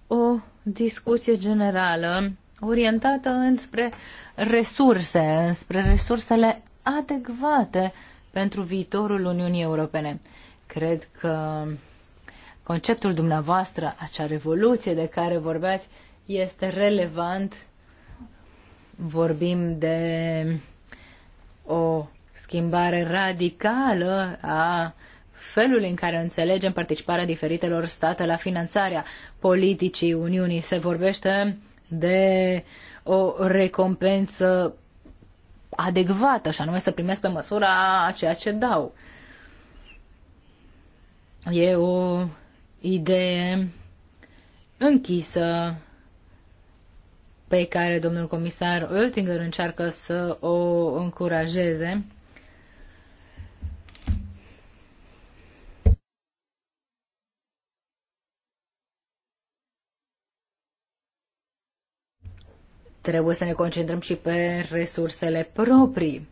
C: o discuție generală orientată înspre resurse, înspre resursele adecvate pentru viitorul Uniunii Europene. Cred că conceptul dumneavoastră, acea revoluție de care vorbeați, este relevant. Vorbim de o schimbare radicală a felul în care înțelegem participarea diferitelor state la finanțarea politicii Uniunii. Se vorbește de o recompensă adecvată, așa anume să primesc pe măsura a ceea ce dau. E o idee închisă pe care domnul comisar Oettinger încearcă să o încurajeze Trebuie să ne concentrăm și pe resursele proprii.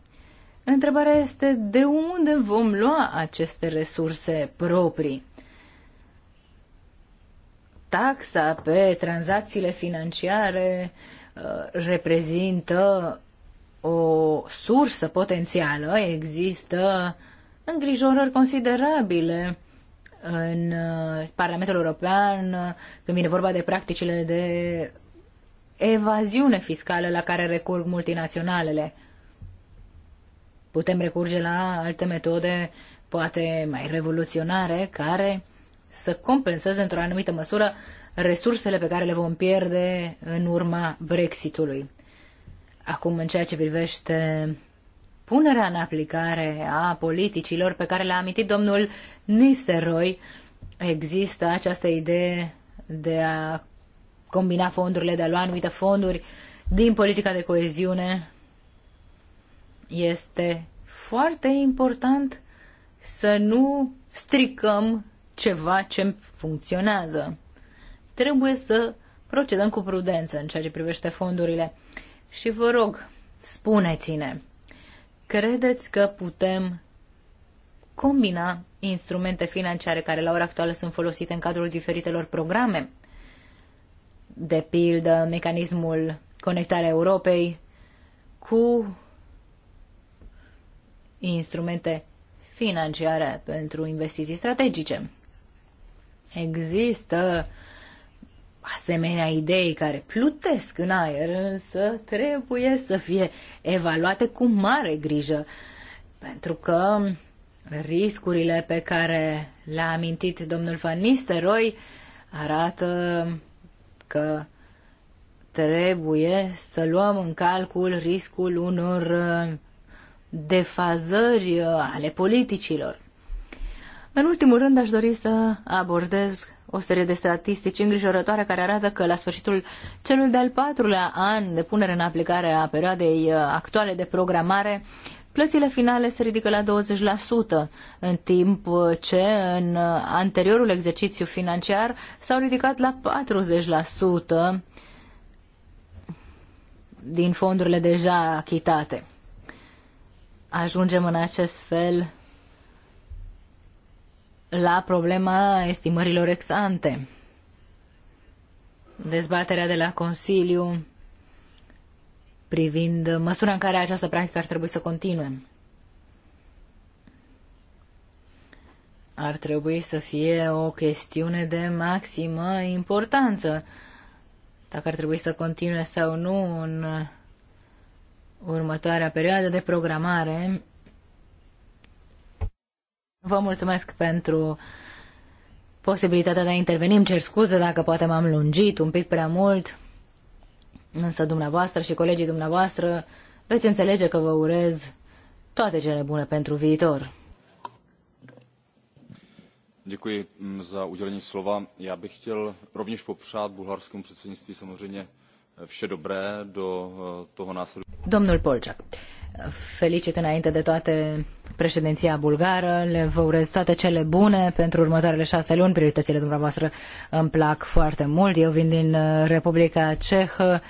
C: Întrebarea este de unde vom lua aceste resurse proprii? Taxa pe tranzacțiile financiare uh, reprezintă o sursă potențială, există îngrijorări considerabile în uh, Parlamentul European uh, când vine vorba de practicile de evaziune fiscală la care recurg multinaționalele. Putem recurge la alte metode, poate mai revoluționare, care să compenseze într-o anumită măsură resursele pe care le vom pierde în urma Brexitului. Acum, în ceea ce privește punerea în aplicare a politicilor pe care le-a amintit domnul Nisteroi, există această idee de a combina fondurile, de a lua anumite fonduri din politica de coeziune, este foarte important să nu stricăm ceva ce funcționează. Trebuie să procedăm cu prudență în ceea ce privește fondurile. Și vă rog, spuneți-ne, credeți că putem combina instrumente financiare care la ora actuală sunt folosite în cadrul diferitelor programe de pildă mecanismul Conectarea Europei cu instrumente financiare pentru investiții strategice. Există asemenea idei care plutesc în aer, însă trebuie să fie evaluate cu mare grijă, pentru că riscurile pe care le-a amintit domnul Van Nistelrooy arată că trebuie să luăm în calcul riscul unor uh, defazări uh, ale politicilor. În ultimul rând, aș dori să abordez o serie de statistici îngrijorătoare care arată că la sfârșitul celui de-al patrulea an de punere în aplicare a perioadei uh, actuale de programare, Plățile finale se ridică la 20%, în timp ce în anteriorul exercițiu financiar s-au ridicat la 40% din fondurile deja achitate. Ajungem în acest fel la problema estimărilor exante. Dezbaterea de la Consiliu privind măsura în care această practică ar trebui să continue. Ar trebui să fie o chestiune de maximă importanță. Dacă ar trebui să continue sau nu în următoarea perioadă de programare. Vă mulțumesc pentru posibilitatea de a interveni. Îmi cer scuze dacă poate m-am lungit un pic prea mult. Însă dumneavoastră și colegii dumneavoastră veți înțelege că vă urez toate cele bune pentru viitor.
B: Děkuji za udělení slova. Já bych chtěl rovněž popřát bulharskému předsednictví samozřejmě vše dobré do eh, toho následu.
C: Domnul Polčak, felicit înainte de toate președinția bulgară. Le vă urez toate cele bune pentru următoarele șase luni. Prioritățile dumneavoastră îmi plac foarte mult. Eu vin din uh, Republica Cehă.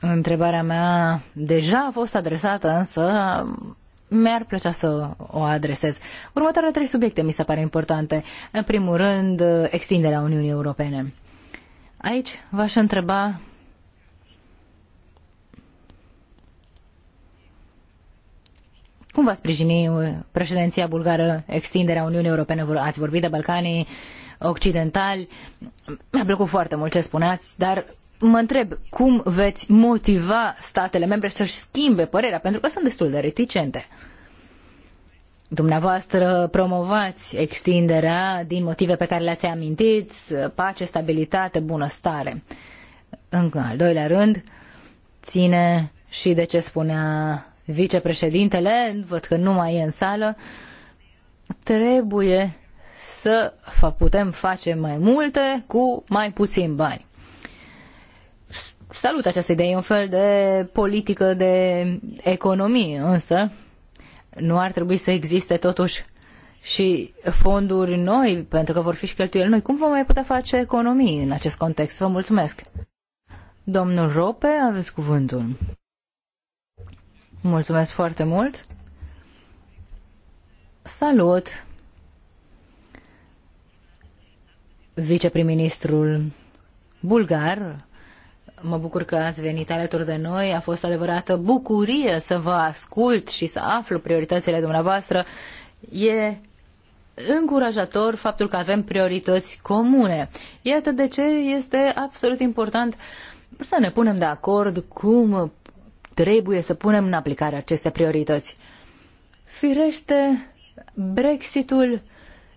C: Întrebarea mea deja a fost adresată, însă um, mi-ar plăcea să o adresez. Următoarele trei subiecte mi se pare importante. În primul rând, uh, extinderea Uniunii Europene. Aici v-aș întreba Cum va sprijini uh, președinția bulgară extinderea Uniunii Europene? Ați vorbit de Balcanii Occidentali. Mi-a plăcut foarte mult ce spuneați, dar mă întreb cum veți motiva statele membre să-și schimbe părerea, pentru că sunt destul de reticente. Dumneavoastră promovați extinderea din motive pe care le-ați amintit, pace, stabilitate, bunăstare. În al doilea rând, ține și de ce spunea vicepreședintele, văd că nu mai e în sală, trebuie să putem face mai multe cu mai puțin bani. Salut această idee, e un fel de politică de economie, însă nu ar trebui să existe totuși și fonduri noi, pentru că vor fi și cheltuieli noi. Cum vom mai putea face economii în acest context? Vă mulțumesc! Domnul Rope, aveți cuvântul. Mulțumesc foarte mult! Salut! Viceprim-ministrul bulgar, mă bucur că ați venit alături de noi. A fost adevărată bucurie să vă ascult și să aflu prioritățile dumneavoastră. E încurajator faptul că avem priorități comune. Iată de ce este absolut important să ne punem de acord cum trebuie să punem în aplicare aceste priorități. Firește, Brexitul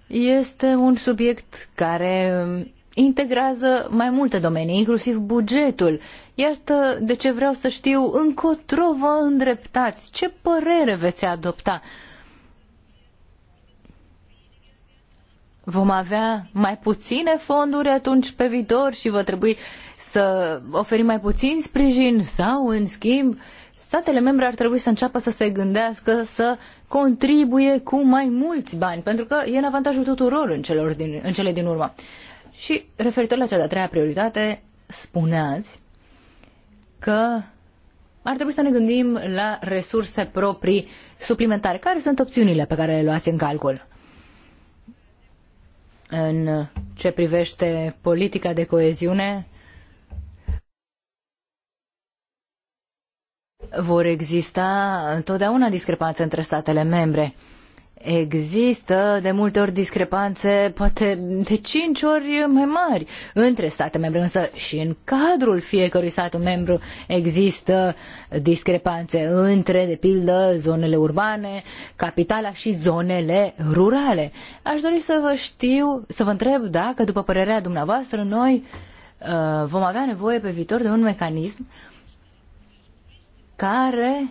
C: este un subiect care integrează mai multe domenii, inclusiv bugetul. Iată de ce vreau să știu încotro vă îndreptați, ce părere veți adopta. Vom avea mai puține fonduri atunci pe viitor și va trebui să oferim mai puțin sprijin sau, în schimb, statele membre ar trebui să înceapă să se gândească să contribuie cu mai mulți bani, pentru că e în avantajul tuturor în, celor din, în cele din urmă. Și referitor la cea de-a treia prioritate, spuneați că ar trebui să ne gândim la resurse proprii suplimentare. Care sunt opțiunile pe care le luați în calcul? În ce privește politica de coeziune, vor exista întotdeauna discrepanțe între statele membre. Există de multe ori discrepanțe, poate de cinci ori mai mari, între state membre, însă și în cadrul fiecărui stat membru există discrepanțe între, de pildă, zonele urbane, capitala și zonele rurale. Aș dori să vă știu, să vă întreb dacă, după părerea dumneavoastră, noi uh, vom avea nevoie pe viitor de un mecanism uh, care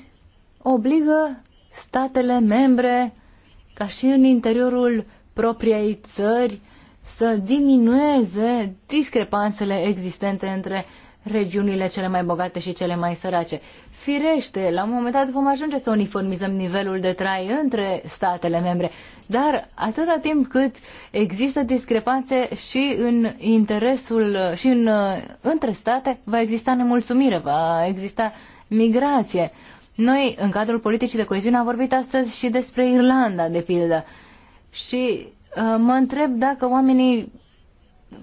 C: obligă statele membre, ca și în interiorul propriei țări, să diminueze discrepanțele existente între regiunile cele mai bogate și cele mai sărace. Firește, la un moment dat vom ajunge să uniformizăm nivelul de trai între statele membre, dar atâta timp cât există discrepanțe și în interesul și în, între state, va exista nemulțumire, va exista migrație. Noi, în cadrul politicii de coeziune, am vorbit astăzi și despre Irlanda, de pildă. Și uh, mă întreb dacă oamenii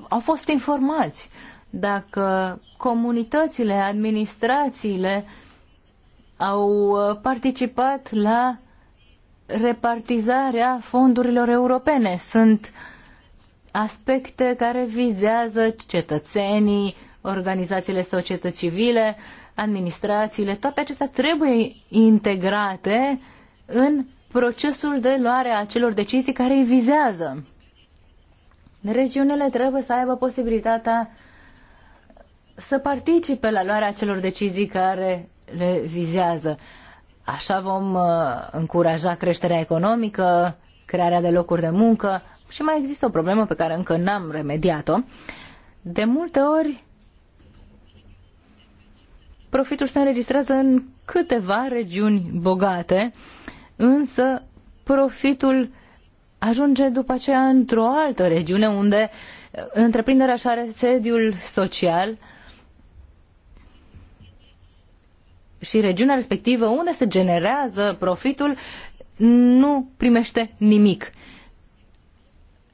C: au fost informați, dacă comunitățile, administrațiile au uh, participat la repartizarea fondurilor europene. Sunt aspecte care vizează cetățenii, organizațiile societăți civile, uh, administrațiile, toate acestea trebuie integrate în procesul de luare a acelor decizii care îi vizează. Regiunile trebuie să aibă posibilitatea să participe la luarea acelor decizii care le vizează. Așa vom uh, încuraja creșterea economică, crearea de locuri de muncă și mai există o problemă pe care încă n-am remediat-o. De multe ori profitul se înregistrează în câteva regiuni bogate, însă profitul ajunge după aceea într-o altă regiune unde uh, întreprinderea și are sediul social și regiunea respectivă unde se generează profitul nu primește nimic.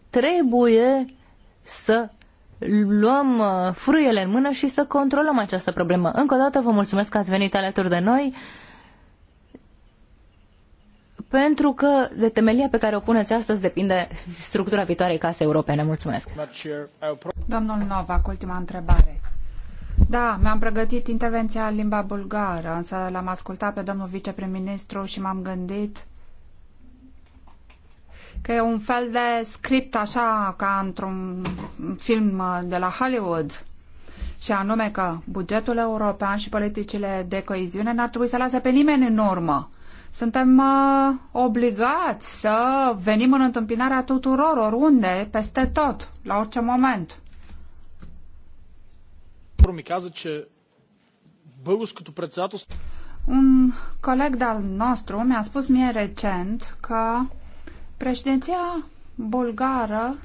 C: Trebuie să luăm uh, frâiele în mână și să controlăm această problemă. Încă o dată vă mulțumesc că ați venit alături de noi pentru că de temelia pe care o puneți astăzi depinde structura viitoarei case europene. Mulțumesc.
A: Domnul Novak, ultima întrebare. Da, mi-am pregătit intervenția în limba bulgară, însă l-am ascultat pe domnul viceprim-ministru și m-am gândit că e un fel de script așa ca într-un film uh, de la Hollywood și anume că bugetul european și politicile de coeziune n-ar trebui să lase pe nimeni în urmă. Suntem uh, obligați să venim în întâmpinarea tuturor, oriunde, peste tot, la orice moment.
C: Mi cază ce българското
A: Un coleg de-al nostru mi-a spus mie recent că Președinția bulgară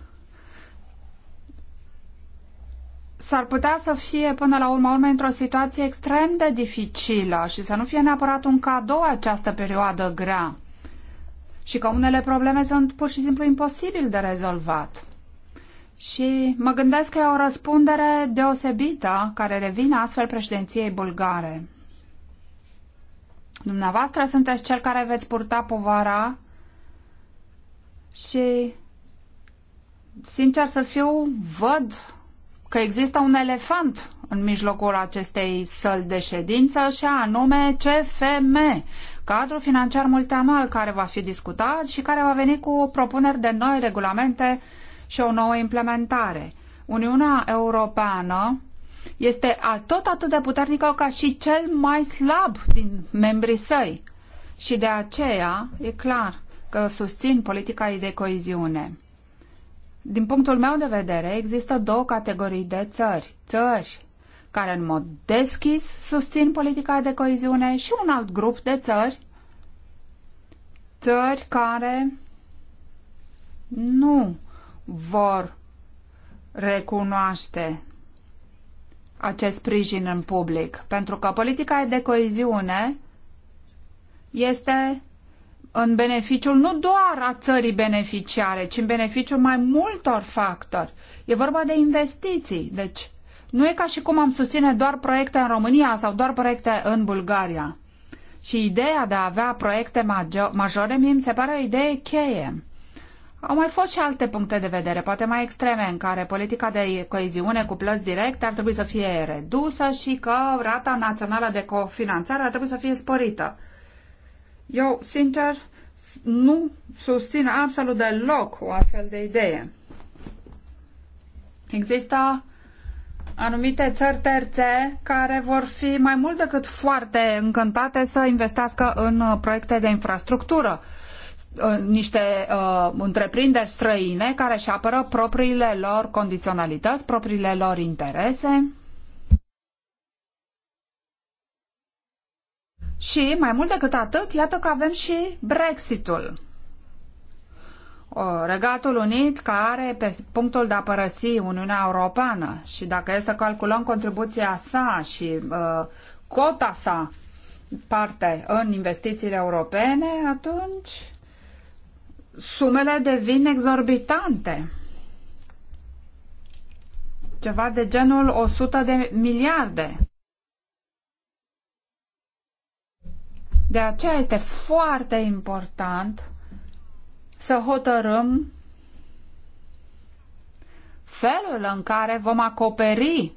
A: s-ar putea să fie până la urmă urmei într-o situație extrem de dificilă și să nu fie neapărat un cadou această perioadă grea și că unele probleme sunt pur și simplu imposibil de rezolvat. Și mă gândesc că e o răspundere deosebită care revine astfel președinției bulgare. Dumneavoastră sunteți cel care veți purta povara și, sincer să fiu, văd că există un elefant în mijlocul acestei săli de ședință și anume CFM, cadrul financiar multianual care va fi discutat și care va veni cu propuneri de noi regulamente și o nouă implementare. Uniunea Europeană este tot atât de puternică ca și cel mai slab din membrii săi. Și de aceea, e clar, că susțin politica de coeziune. Din punctul meu de vedere, există două categorii de țări. Țări care în mod deschis susțin politica de coeziune și un alt grup de țări, țări care nu vor recunoaște acest sprijin în public, pentru că politica de coeziune este în beneficiul nu doar a țării beneficiare, ci în beneficiul mai multor factori. E vorba de investiții, deci nu e ca și cum am susține doar proiecte în România sau doar proiecte în Bulgaria. Și ideea de a avea proiecte majore mie mi se pare o idee cheie. Au mai fost și alte puncte de vedere, poate mai extreme, în care politica de coeziune cu plăți directe ar trebui să fie redusă și că rata națională de cofinanțare ar trebui să fie sporită. Eu, sincer, nu susțin absolut deloc o astfel de idee. Există anumite țări terțe care vor fi mai mult decât foarte încântate să investească în uh, proiecte de infrastructură uh, niște uh, întreprinderi străine care își apără propriile lor condiționalități, propriile lor interese Și mai mult decât atât, iată că avem și Brexitul. Regatul Unit care pe punctul de a părăsi Uniunea Europeană și dacă e să calculăm contribuția sa și uh, cota sa parte în investițiile europene, atunci sumele devin exorbitante. Ceva de genul 100 de miliarde. De aceea este foarte important să hotărâm felul în care vom acoperi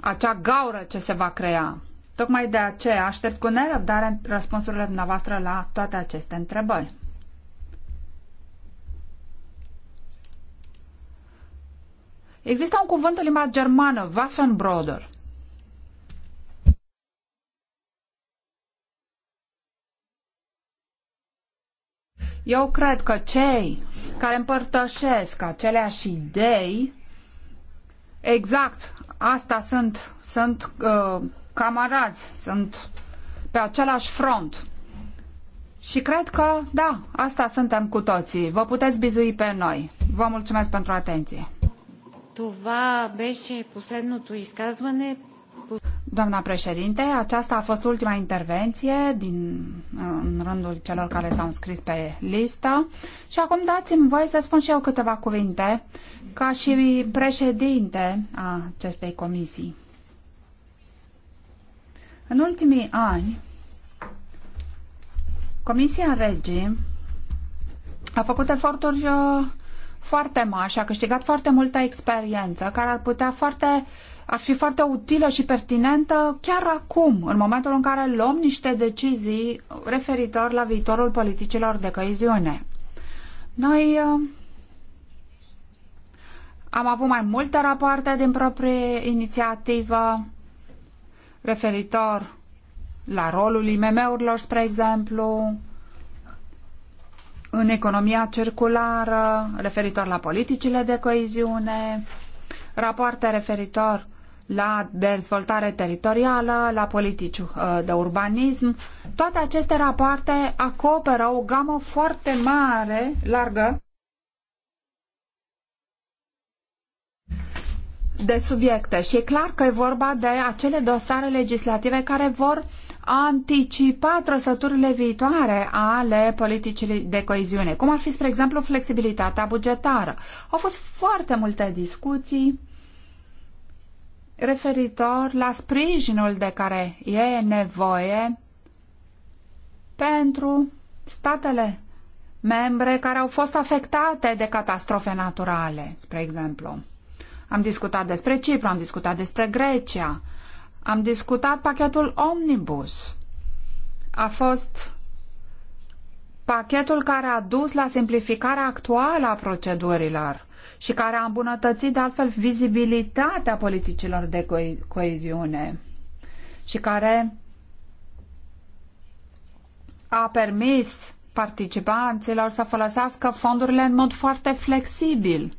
A: acea gaură ce se va crea. Tocmai de aceea aștept cu nerăbdare răspunsurile dumneavoastră la toate aceste întrebări. Există un cuvânt în limba germană, Waffenbroder, Eu cred că cei care împărtășesc aceleași idei, exact, asta sunt, sunt uh, camarazi, sunt pe același front. Și cred că, da, asta suntem cu toții. Vă puteți bizui pe noi. Vă mulțumesc pentru atenție. Това беше последното изказване Doamna președinte, aceasta a fost ultima intervenție din, în rândul celor care s-au înscris pe listă și acum dați-mi voie să spun și eu câteva cuvinte ca și președinte a acestei comisii. În ultimii ani, Comisia Regii a făcut eforturi uh, foarte mari și a câștigat foarte multă experiență care ar putea foarte ar fi foarte utilă și pertinentă chiar acum, în momentul în care luăm niște decizii referitor la viitorul politicilor de coeziune. Noi uh, am avut mai multe rapoarte din proprie inițiativă referitor la rolul IMM-urilor, spre exemplu, în economia circulară, referitor la politicile de coeziune, rapoarte referitor la dezvoltare teritorială, la politici uh, de urbanism. Toate aceste rapoarte acoperă o gamă foarte mare, largă, de subiecte și e clar că e vorba de acele dosare legislative care vor anticipa trăsăturile viitoare ale politicii de coeziune, cum ar fi, spre exemplu, flexibilitatea bugetară. Au fost foarte multe discuții referitor la sprijinul de care e nevoie pentru statele membre care au fost afectate de catastrofe naturale, spre exemplu. Am discutat despre Cipru, am discutat despre Grecia, am discutat pachetul Omnibus. A fost pachetul care a dus la simplificarea actuală a procedurilor și care a îmbunătățit de altfel vizibilitatea politicilor de co- coeziune și care a permis participanților să folosească fondurile în mod foarte flexibil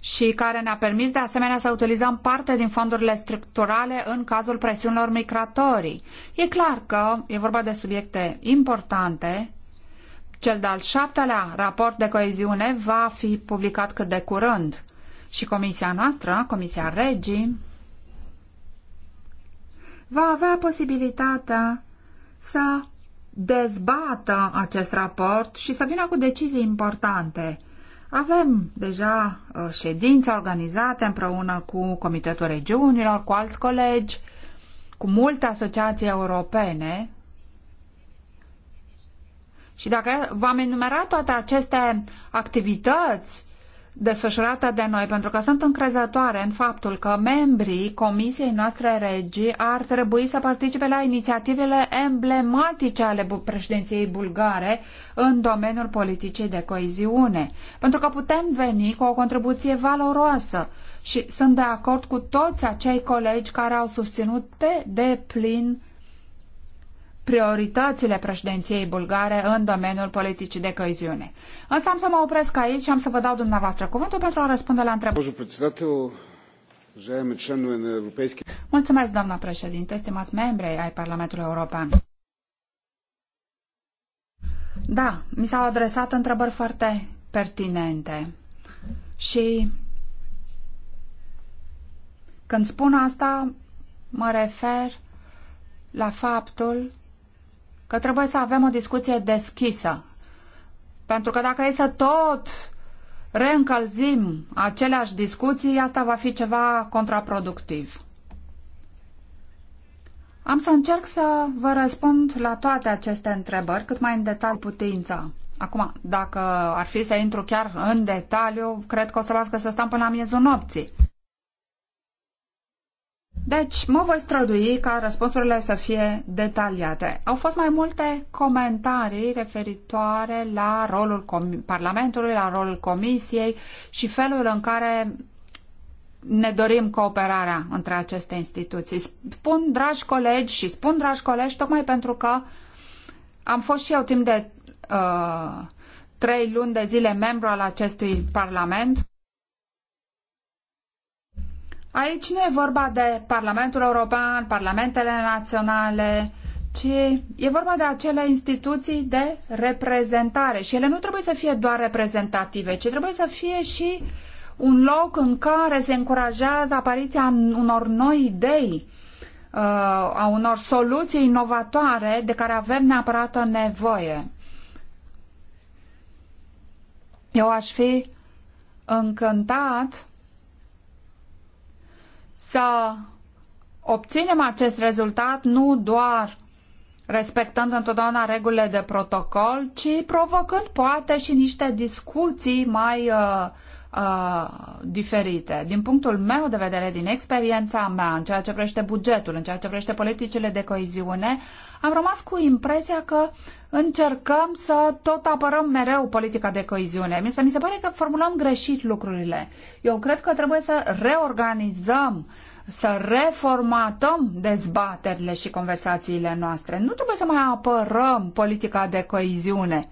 A: și care ne-a permis de asemenea să utilizăm parte din fondurile structurale în cazul presiunilor migratorii. E clar că e vorba de subiecte importante. Cel de-al șaptelea raport de coeziune va fi publicat cât de curând și comisia noastră, Comisia Regii, va avea posibilitatea să dezbată acest raport și să vină cu decizii importante – avem deja uh, ședințe organizate împreună cu Comitetul Regiunilor, cu alți colegi, cu multe asociații europene. Și dacă v-am enumerat toate aceste activități desfășurată de noi, pentru că sunt încrezătoare în faptul că membrii Comisiei noastre regii ar trebui să participe la inițiativele emblematice ale președinției bulgare în domeniul politicii de coeziune, pentru că putem veni cu o contribuție valoroasă și sunt de acord cu toți acei colegi care au susținut pe deplin prioritățile președinției bulgare în domeniul politicii de coeziune. Însă am să mă opresc aici și am să vă dau dumneavoastră cuvântul pentru a răspunde la întrebări. Mulțumesc, doamna președinte, stimați membri ai Parlamentului European. Da, mi s-au adresat întrebări foarte pertinente. Și când spun asta, mă refer la faptul că trebuie să avem o discuție deschisă. Pentru că dacă e să tot reîncălzim aceleași discuții, asta va fi ceva contraproductiv. Am să încerc să vă răspund la toate aceste întrebări, cât mai în detaliu putință. Acum, dacă ar fi să intru chiar în detaliu, cred că o să trebuiască să stăm până la miezul nopții. Deci, mă voi strădui ca răspunsurile să fie detaliate. Au fost mai multe comentarii referitoare la rolul Parlamentului, la rolul Comisiei și felul în care ne dorim cooperarea între aceste instituții. Spun, dragi colegi, și spun, dragi colegi, tocmai pentru că am fost și eu timp de uh, trei luni de zile membru al acestui Parlament Aici nu e vorba de Parlamentul European, Parlamentele Naționale, ci e vorba de acele instituții de reprezentare și ele nu trebuie să fie doar reprezentative, ci trebuie să fie și un loc în care se încurajează apariția unor noi idei, uh, a unor soluții inovatoare de care avem neapărat nevoie. Eu aș fi încântat să obținem acest rezultat nu doar respectând întotdeauna regulile de protocol, ci provocând poate și niște discuții mai uh, uh, diferite. Din punctul meu de vedere, din experiența mea, în ceea ce privește bugetul, în ceea ce privește politicile de coeziune, am rămas cu impresia că încercăm să tot apărăm mereu politica de coeziune. Mi se, mi se pare că formulăm greșit lucrurile. Eu cred că trebuie să reorganizăm să reformatăm dezbaterile și conversațiile noastre. Nu trebuie să mai apărăm politica de coeziune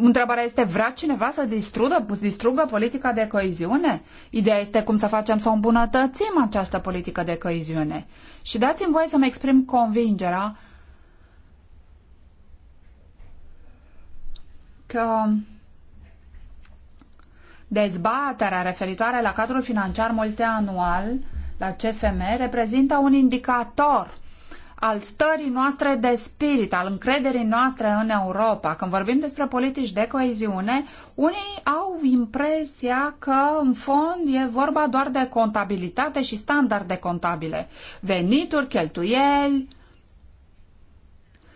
A: Întrebarea este, vrea cineva să distrugă, distrugă politica de coeziune? Ideea este cum să facem să îmbunătățim această politică de coeziune. Și dați-mi voie să-mi exprim convingerea că dezbaterea referitoare la cadrul financiar multianual, la CFM, reprezintă un indicator al stării noastre de spirit, al încrederii noastre în Europa. Când vorbim despre politici de coeziune, unii au impresia că, în fond, e vorba doar de contabilitate și standarde contabile. Venituri, cheltuieli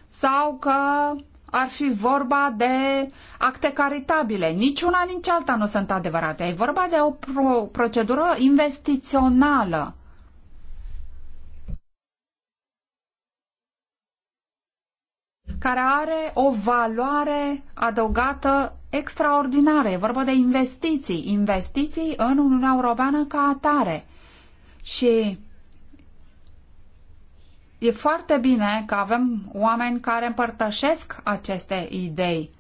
A: sau că ar fi vorba de acte caritabile. Niciuna, nici alta nu sunt adevărate. E vorba de o pro- procedură investițională care are o valoare adăugată extraordinară. E vorba de investiții, investiții în Uniunea Europeană ca atare. Și e foarte bine că avem oameni care împărtășesc aceste idei.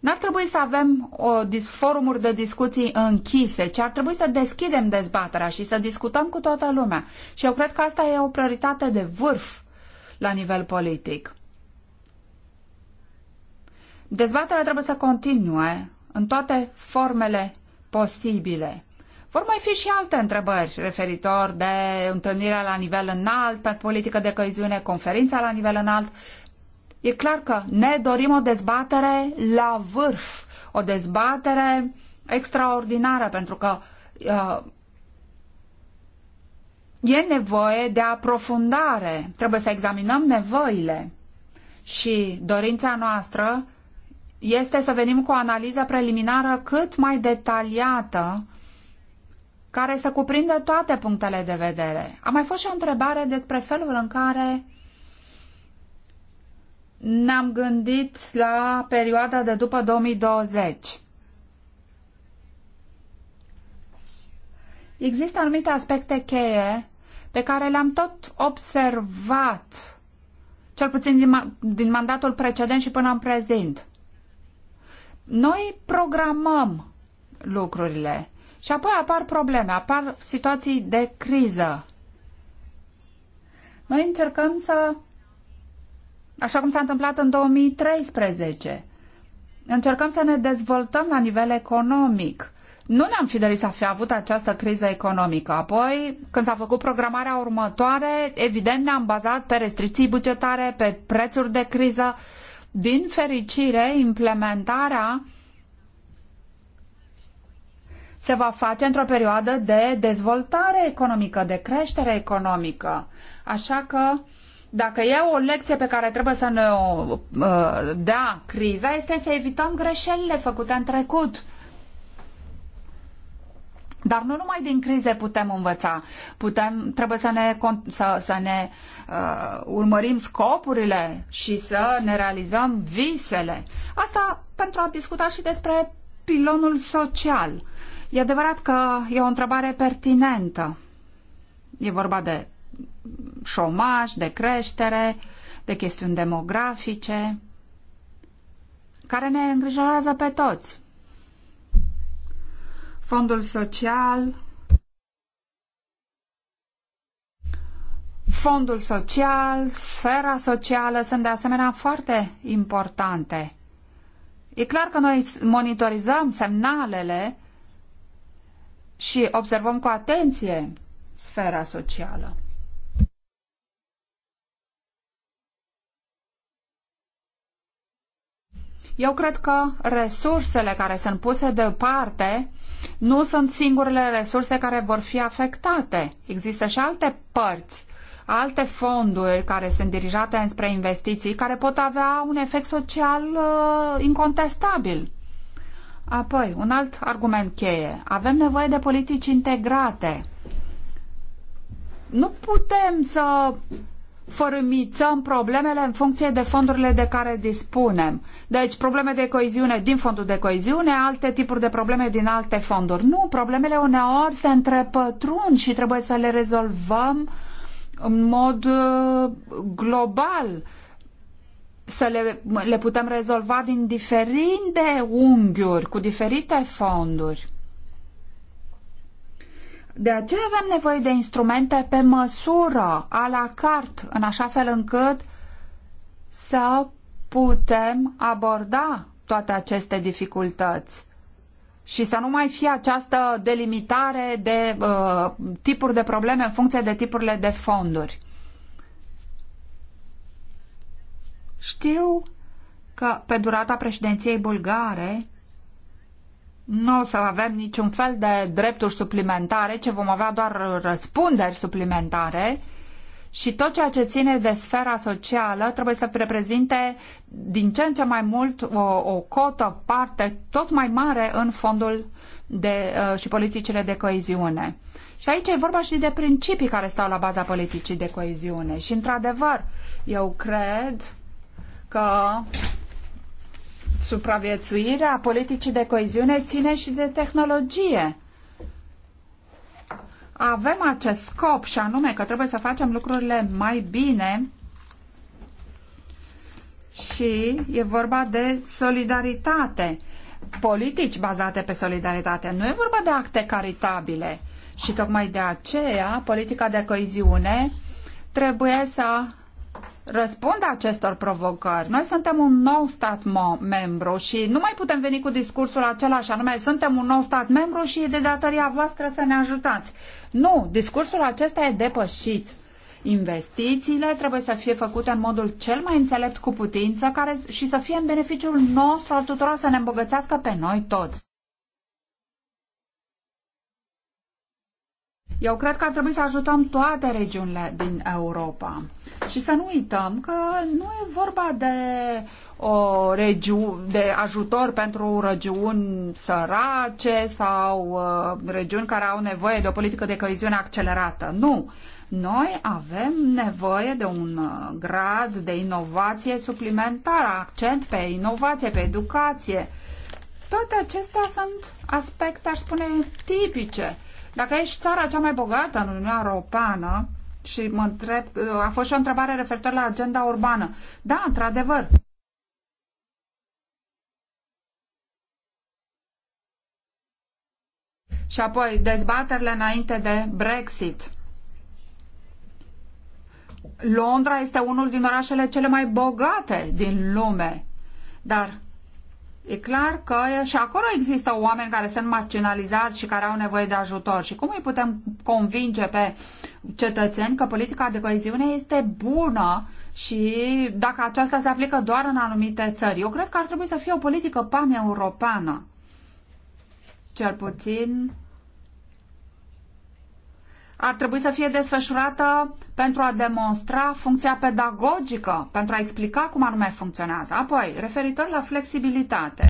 A: N-ar trebui să avem o dis- forumuri de discuții închise, ci ar trebui să deschidem dezbaterea și să discutăm cu toată lumea. Și eu cred că asta e o prioritate de vârf la nivel politic. Dezbaterea trebuie să continue în toate formele posibile. Vor mai fi și alte întrebări referitor de întâlnirea la nivel înalt, pe politică de coeziune, conferința la nivel înalt. E clar că ne dorim o dezbatere la vârf, o dezbatere extraordinară, pentru că uh, e nevoie de aprofundare. Trebuie să examinăm nevoile și dorința noastră este să venim cu o analiză preliminară cât mai detaliată care să cuprindă toate punctele de vedere. A mai fost și o întrebare despre felul în care ne-am gândit la perioada de după 2020. Există anumite aspecte cheie pe care le-am tot observat, cel puțin din, ma din mandatul precedent și până în prezent. Noi programăm lucrurile și apoi apar probleme, apar situații de criză. Noi încercăm să, așa cum s-a întâmplat în 2013, încercăm să ne dezvoltăm la nivel economic. Nu ne-am fi dorit să fi avut această criză economică. Apoi, când s-a făcut programarea următoare, evident ne-am bazat pe restricții bugetare, pe prețuri de criză din fericire, implementarea se va face într-o perioadă de dezvoltare economică, de creștere economică. Așa că dacă e o lecție pe care trebuie să ne o uh, dea criza, este să evităm greșelile făcute în trecut. Uh, dar nu numai din crize putem învăța, putem, trebuie să ne, să, să ne uh, urmărim scopurile și să ne realizăm visele. Asta pentru a discuta și despre pilonul social. E adevărat că e o întrebare pertinentă. E vorba de șomaj, de creștere, de chestiuni demografice, care ne îngrijorează pe toți fondul social, fondul social, sfera socială sunt de asemenea foarte importante. E clar că noi monitorizăm semnalele și observăm cu atenție sfera socială. Eu cred că resursele care sunt puse deoparte nu sunt singurele resurse care vor fi afectate. Există și alte părți, alte fonduri care sunt dirijate înspre investiții, care pot avea un efect social uh, incontestabil. Apoi, un alt argument cheie. Avem nevoie de politici integrate. Nu putem să fărâmițăm problemele în funcție de fondurile de care dispunem. Deci probleme de coeziune din fondul de coeziune, alte tipuri de probleme din alte fonduri. Nu, problemele uneori se întrepătrund și trebuie să le rezolvăm în mod uh, global, să le, le putem rezolva din diferite unghiuri, cu diferite fonduri. De aceea avem nevoie de instrumente pe măsură, a la cart, în așa fel încât să putem aborda toate aceste dificultăți și să nu mai fie această delimitare de uh, tipuri de probleme în funcție de tipurile de fonduri. Știu că pe durata președinției bulgare nu o să avem niciun fel de drepturi suplimentare, ci vom avea doar răspunderi suplimentare și tot ceea ce ține de sfera socială trebuie să reprezinte din ce în ce mai mult o, o cotă, parte tot mai mare în fondul de, uh, și politicile de coeziune. Și aici e vorba și de principii care stau la baza politicii de coeziune. Și într-adevăr, eu cred că supraviețuirea politicii de coeziune ține și de tehnologie. Avem acest scop și anume că trebuie să facem lucrurile mai bine și e vorba de solidaritate, politici bazate pe solidaritate. Nu e vorba de acte caritabile și tocmai de aceea politica de coeziune trebuie să răspund acestor provocări. Noi suntem un nou stat membru și nu mai putem veni cu discursul același, anume suntem un nou stat membru și e de datoria voastră să ne ajutați. Nu, discursul acesta e depășit. Investițiile trebuie să fie făcute în modul cel mai înțelept cu putință care, și să fie în beneficiul nostru al tuturor să ne îmbogățească pe noi toți. Eu cred că ar trebui să ajutăm toate regiunile din Europa. Și să nu uităm că nu e vorba de o regiu- de ajutor pentru regiuni sărace sau uh, regiuni care au nevoie de o politică de coeziune accelerată. Nu. Noi avem nevoie de un uh, grad de inovație suplimentară, accent pe inovație, pe educație. Toate acestea sunt aspecte, aș spune, tipice uh, dacă ești țara cea mai bogată în Uniunea Europeană, și mă întreb, a fost și o întrebare referitor la agenda urbană. Da, într-adevăr, și apoi dezbaterile înainte de Brexit. Londra este unul din orașele cele mai bogate din lume, dar E clar că și acolo există oameni care sunt marginalizați și care au nevoie de ajutor. Și cum îi putem convinge pe cetățeni că politica de coeziune este bună și dacă aceasta se aplică doar în anumite țări? Eu cred că ar trebui să fie o politică paneuropeană. Cel puțin ar trebui să fie desfășurată pentru a demonstra funcția pedagogică, pentru a explica cum anume funcționează. Apoi, referitor la flexibilitate.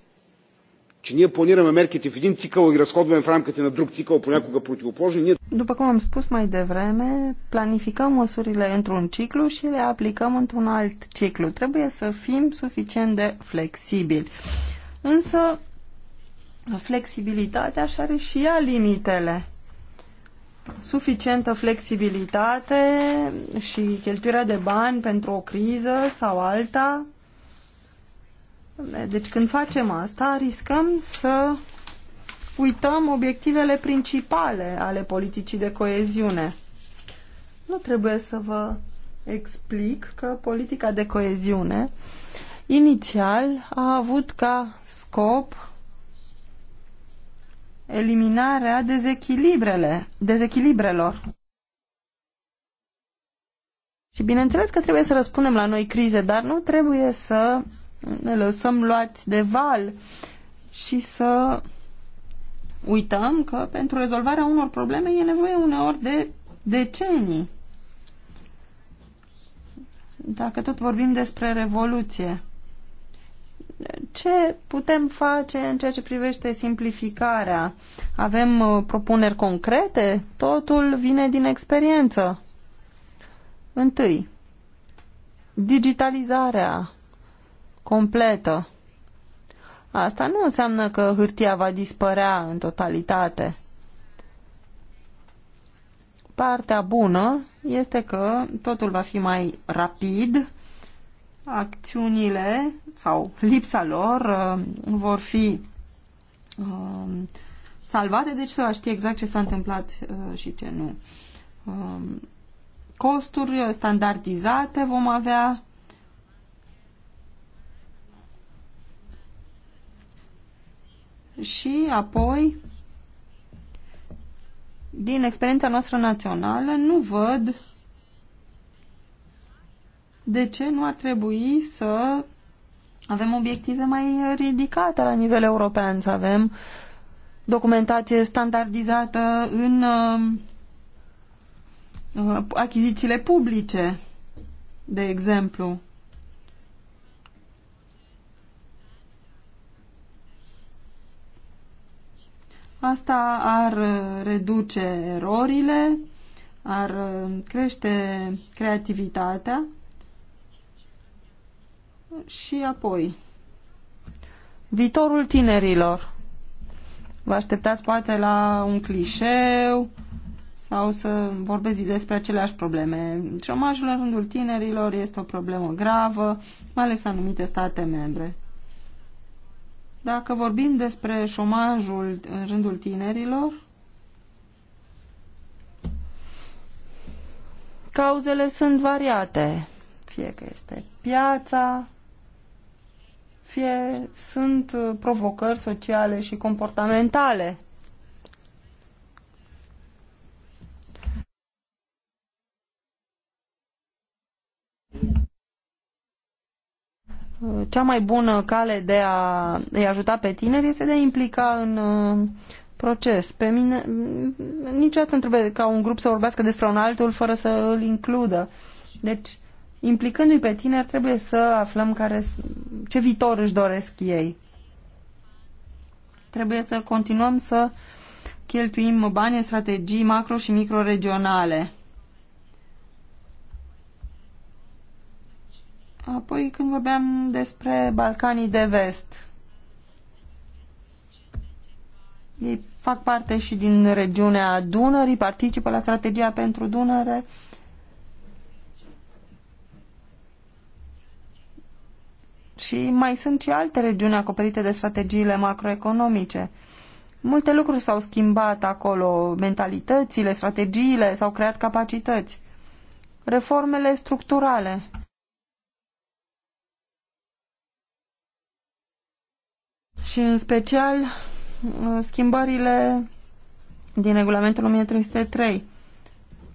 A: Че ние планираме мерките в един цикъл и разходваме в рамките на друг цикъл, понякога противоположни. Ние... După
B: cum am spus mai devreme, planificăm măsurile într-un ciclu și le aplicăm într-un alt ciclu. Trebuie să fim suficient de flexibili. Însă, flexibilitatea și are și ea limitele suficientă flexibilitate și cheltuirea de bani pentru o criză sau alta. Deci când facem asta, riscăm să uităm obiectivele principale ale politicii de coeziune. Nu trebuie să vă explic că politica de coeziune inițial a avut ca scop eliminarea dezechilibrele, dezechilibrelor. Și bineînțeles că trebuie să răspundem la noi crize, dar nu trebuie să ne lăsăm luați de val și să uităm că pentru rezolvarea unor probleme e nevoie uneori de decenii. Dacă tot vorbim despre revoluție, ce putem face în ceea ce privește simplificarea? Avem uh, propuneri concrete? Totul vine din experiență. Întâi, digitalizarea completă. Asta nu înseamnă că hârtia va dispărea în totalitate. Partea bună este că totul va fi mai rapid, acțiunile sau lipsa lor uh, vor fi um, salvate, deci să știe exact ce s-a întâmplat uh, și ce nu. Um, costuri standardizate vom avea și apoi din experiența noastră națională nu văd de ce nu ar trebui să avem obiective mai ridicate la nivel european, să avem documentație standardizată în uh, achizițiile publice, de exemplu. Asta ar uh, reduce erorile, ar uh, crește creativitatea și apoi, viitorul tinerilor. Vă așteptați poate la un clișeu sau să vorbezi despre aceleași probleme. Șomajul în rândul tinerilor este o problemă gravă, mai ales în anumite state membre. Dacă vorbim despre șomajul în rândul tinerilor, cauzele sunt variate. Fie că este piața, fie sunt uh, provocări sociale și comportamentale. Uh, cea mai bună cale de a îi ajuta pe tineri este de a implica în uh, proces. Pe mine niciodată nu trebuie ca un grup să vorbească despre un altul fără să îl includă. Deci implicându-i pe tineri, trebuie să aflăm care, ce viitor își doresc ei. Trebuie să continuăm să cheltuim bani în strategii macro și microregionale. Apoi când vorbeam despre Balcanii de Vest, ei fac parte și din regiunea Dunării, participă la strategia pentru Dunăre, Și mai sunt și alte regiuni acoperite de strategiile macroeconomice. Multe lucruri s-au schimbat acolo, mentalitățile, strategiile, s-au creat capacități. Reformele structurale. Și în special uh, schimbările din regulamentul 1303.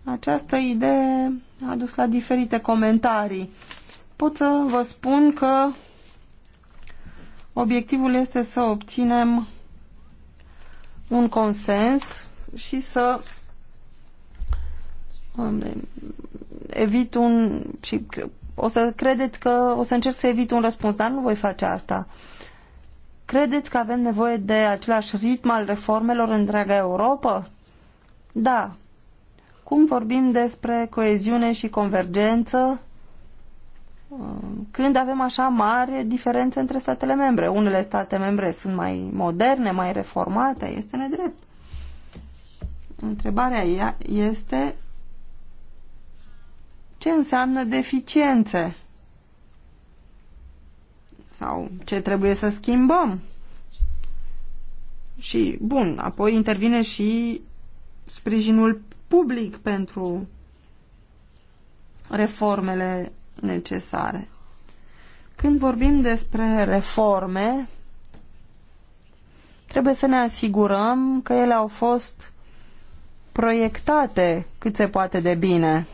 B: Această idee a dus la diferite comentarii. Pot să vă spun că Obiectivul este să obținem un consens și să um, evit un... și o să credeți că o să încerc să evit un răspuns, dar nu voi face asta. Credeți că avem nevoie de același ritm al reformelor în întreaga Europa? Da. Cum vorbim despre coeziune și convergență, când avem așa mari diferențe între statele membre. Unele state membre sunt mai moderne, mai reformate, este nedrept. Întrebarea ea este ce înseamnă deficiențe sau ce trebuie să schimbăm. Și, bun, apoi intervine și sprijinul public pentru reformele necesare. Când vorbim despre reforme, trebuie să ne asigurăm că ele au fost proiectate cât se poate de bine.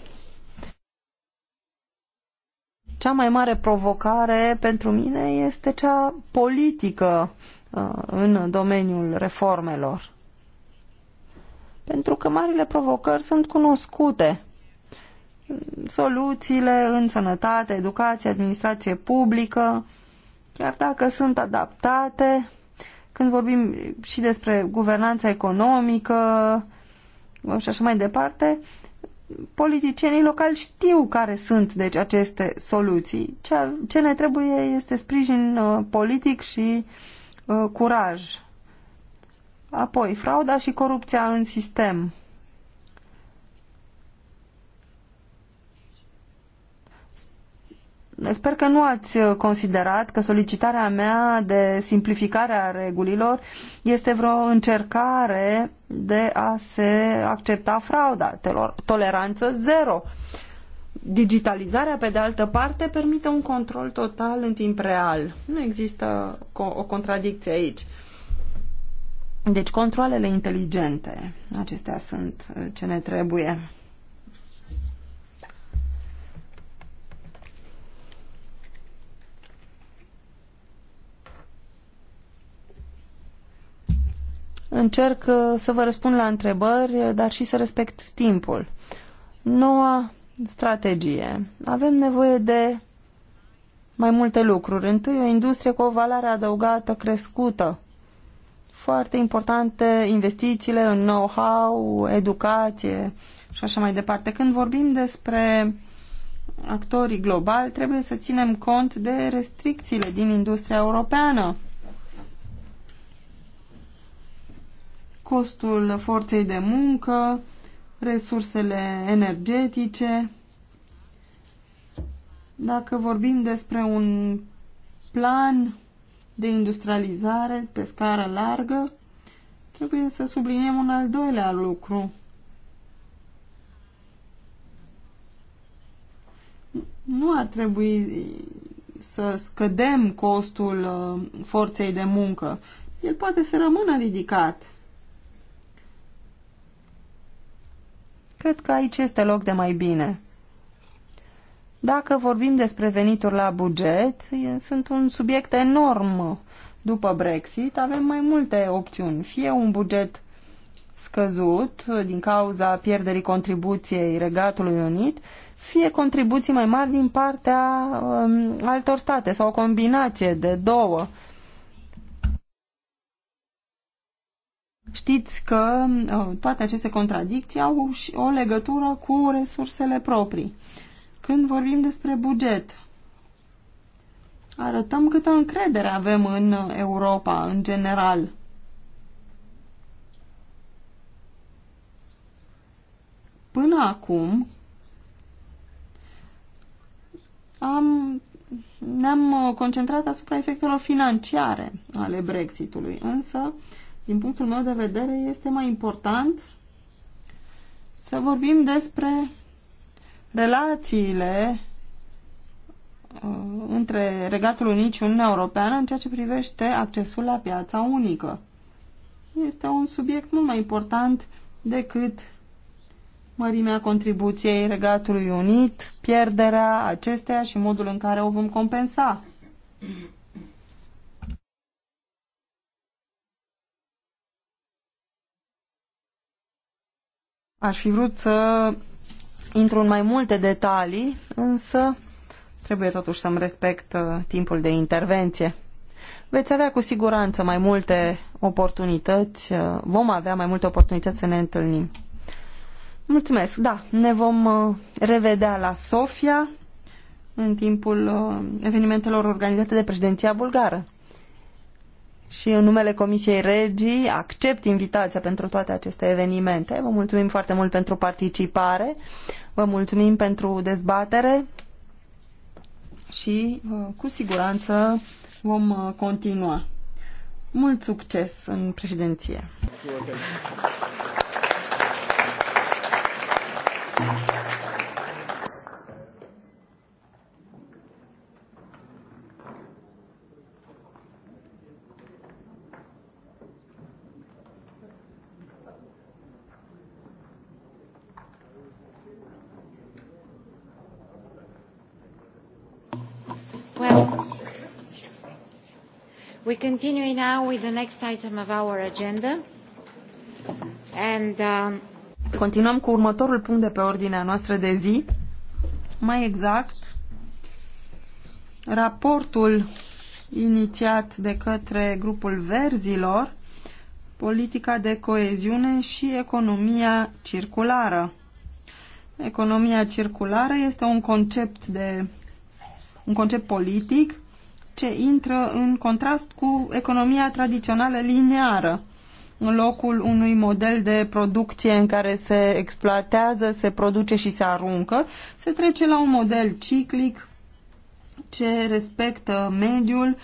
B: Cea mai mare provocare pentru mine este cea politică uh, în domeniul reformelor. Pentru că marile provocări sunt cunoscute soluțiile în sănătate, educație, administrație publică, chiar dacă sunt adaptate, când vorbim și despre guvernanța economică și așa mai departe, politicienii locali știu care sunt deci aceste soluții. Ce, ce ne trebuie este sprijin uh, politic și uh, curaj. Apoi, frauda și corupția în sistem. Sper că nu ați uh, considerat că solicitarea mea de simplificare a regulilor este vreo încercare de a se accepta frauda. Toleranță zero. Digitalizarea, pe de altă parte, permite un control total în timp real. Nu există o contradicție aici. Deci controlele inteligente, acestea sunt uh, ce ne trebuie. Încerc uh, să vă răspund la întrebări, uh, dar și să respect timpul. Noua strategie. Avem nevoie de mai multe lucruri. Întâi, o industrie cu o valoare adăugată crescută. Foarte importante investițiile în know-how, educație și așa mai departe. Când vorbim despre actorii globali, trebuie să ținem cont de restricțiile din industria europeană costul forței de muncă, resursele energetice. Dacă vorbim despre un plan de industrializare pe scară largă, trebuie să subliniem un al doilea lucru. Nu ar trebui să scădem costul uh, forței de muncă. El poate să rămână ridicat. Cred că aici este loc de mai bine. Dacă vorbim despre venituri la buget, sunt un subiect enorm. După Brexit avem mai multe opțiuni. Fie un buget scăzut uh, din cauza pierderii contribuției Regatului Unit, fie contribuții mai mari din partea um, altor state sau o combinație de două. Știți că uh, toate aceste contradicții au și o legătură cu resursele proprii. Când vorbim despre buget, arătăm câtă încredere avem în uh, Europa în general. Până acum am, ne-am uh, concentrat asupra efectelor financiare ale Brexitului, însă uh, din punctul meu de vedere, este mai important să vorbim despre relațiile uh, între Regatul Unit și Uniunea Europeană în ceea ce privește accesul la piața unică. Este un subiect mult mai important decât mărimea contribuției Regatului Unit, pierderea acesteia și modul în care o vom compensa. Aș fi vrut să intru în mai multe detalii, însă trebuie totuși să-mi respect uh, timpul de intervenție. Veți avea cu siguranță mai multe oportunități, uh, vom avea mai multe oportunități să ne întâlnim. Mulțumesc, da, ne vom uh, revedea la Sofia în timpul uh, evenimentelor organizate de președinția bulgară și în numele Comisiei Regii accept invitația pentru toate aceste evenimente. Vă mulțumim foarte mult pentru participare, vă mulțumim pentru dezbatere și uh, cu siguranță vom uh, continua. Mult succes în președinție!
A: We continue now with the next item of our agenda. And, um... Continuăm cu următorul
B: punct de pe ordinea noastră de zi. Mai exact, raportul inițiat de către grupul verzilor, politica de coeziune și economia circulară. Economia circulară este un concept de un concept politic ce intră în contrast cu economia tradițională lineară în locul unui model de producție în care se exploatează, se produce și se aruncă, se trece la un model ciclic ce respectă mediul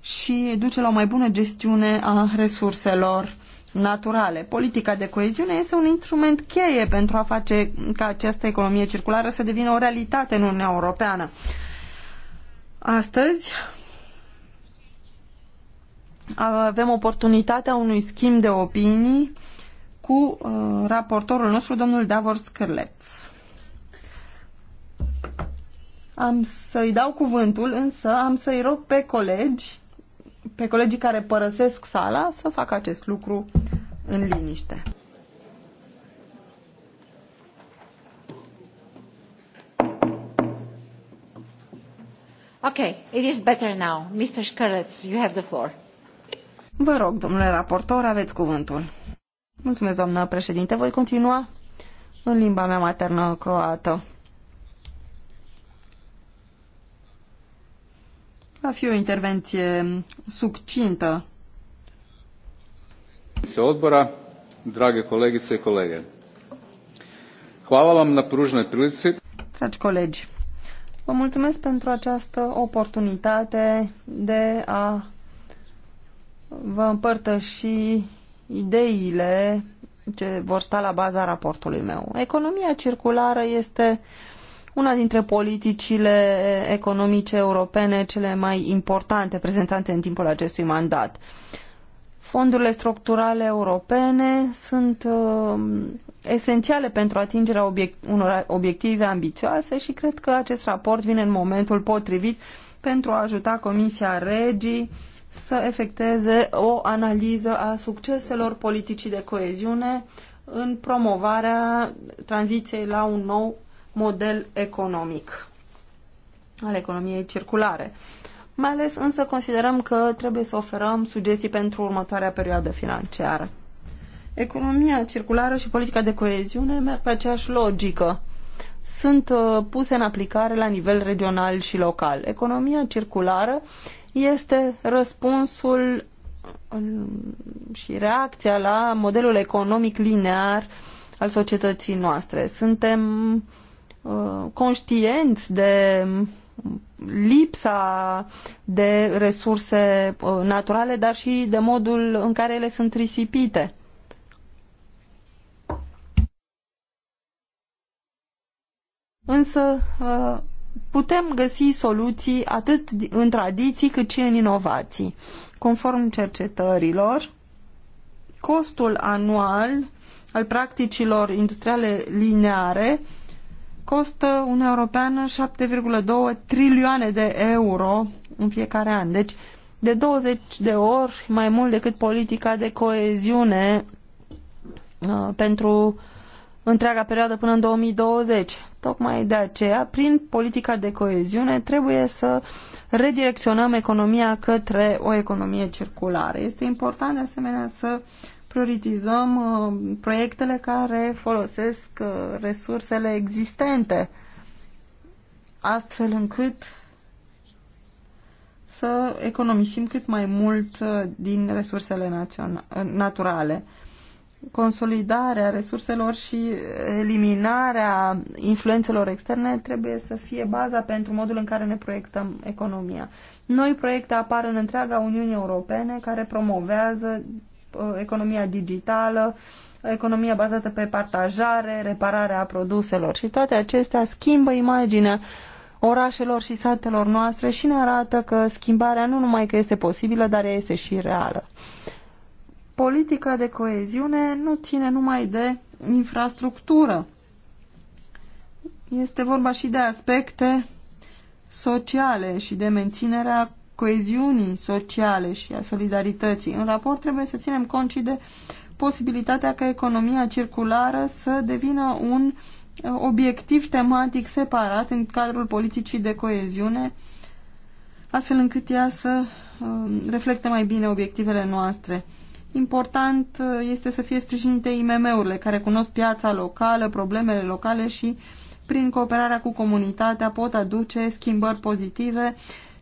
B: și duce la o mai bună gestiune a resurselor naturale. Politica de coeziune este un instrument cheie pentru a face ca această economie circulară să devină o realitate în Uniunea Europeană. Astăzi, avem oportunitatea unui schimb de opinii cu uh, raportorul nostru, domnul Davor Scârleț. Am să-i dau cuvântul, însă am să-i rog pe colegi, pe colegii care părăsesc sala, să facă acest lucru în liniște.
A: Okay, it is better now. Mr. Scârleț, you have the floor.
B: Vă rog, domnule raportor, aveți cuvântul. Mulțumesc, doamnă președinte. Voi continua în limba mea maternă croată. Va fi o intervenție succintă.
C: Odbora, drage kolegice și colege. Hvala vam na pružnoj prilici.
B: Dragi colegi, vă mulțumesc pentru această oportunitate de a vă împărtăși ideile ce vor sta la baza raportului meu. Economia circulară este una dintre politicile economice europene cele mai importante prezentate în timpul acestui mandat. Fondurile structurale europene sunt uh, esențiale pentru atingerea obiect unor obiective ambițioase și cred că acest raport vine în momentul potrivit pentru a ajuta Comisia Regii uh, să efecteze o analiză a succeselor politicii de coeziune în promovarea tranziției la un nou model economic al economiei circulare. Mai ales însă considerăm că trebuie să oferăm sugestii pentru următoarea perioadă financiară. Economia circulară și politica de coeziune merg pe aceeași logică. Sunt uh, puse în aplicare la nivel regional și local. Economia circulară este răspunsul um, și reacția la modelul economic linear al societății noastre. Suntem uh, conștienți de lipsa de resurse uh, naturale, dar și de modul în care ele sunt risipite. Însă, uh, putem găsi soluții atât în tradiții cât și în inovații. Conform cercetărilor, costul anual al practicilor industriale lineare costă Uniunea Europeană 7,2 trilioane de euro în fiecare an. Deci, de 20 de ori mai mult decât politica de coeziune uh, pentru uh, întreaga perioadă până în 2020. Tocmai de aceea, prin politica de coeziune, trebuie să redirecționăm economia către o economie circulară. Este important, de asemenea, să prioritizăm uh, proiectele care folosesc uh, resursele existente, astfel încât să economisim cât mai mult uh, din resursele uh, naturale consolidarea resurselor și eliminarea influențelor externe trebuie să fie baza pentru modul în care ne proiectăm economia. Noi proiecte apar în întreaga Uniune Europene care promovează uh, economia digitală, economia bazată pe partajare, repararea produselor și toate acestea schimbă imaginea orașelor și satelor noastre și ne arată că schimbarea nu numai că este posibilă, dar este și reală politica de coeziune nu ține numai de infrastructură. Este vorba și de aspecte sociale și de menținerea coeziunii sociale și a solidarității. În raport trebuie să ținem cont și de posibilitatea ca economia circulară să devină un uh, obiectiv tematic separat în cadrul politicii de coeziune, astfel încât ea să uh, reflecte mai bine obiectivele noastre important uh, este să fie sprijinite IMM-urile care cunosc piața locală, problemele locale și prin cooperarea cu comunitatea pot aduce schimbări pozitive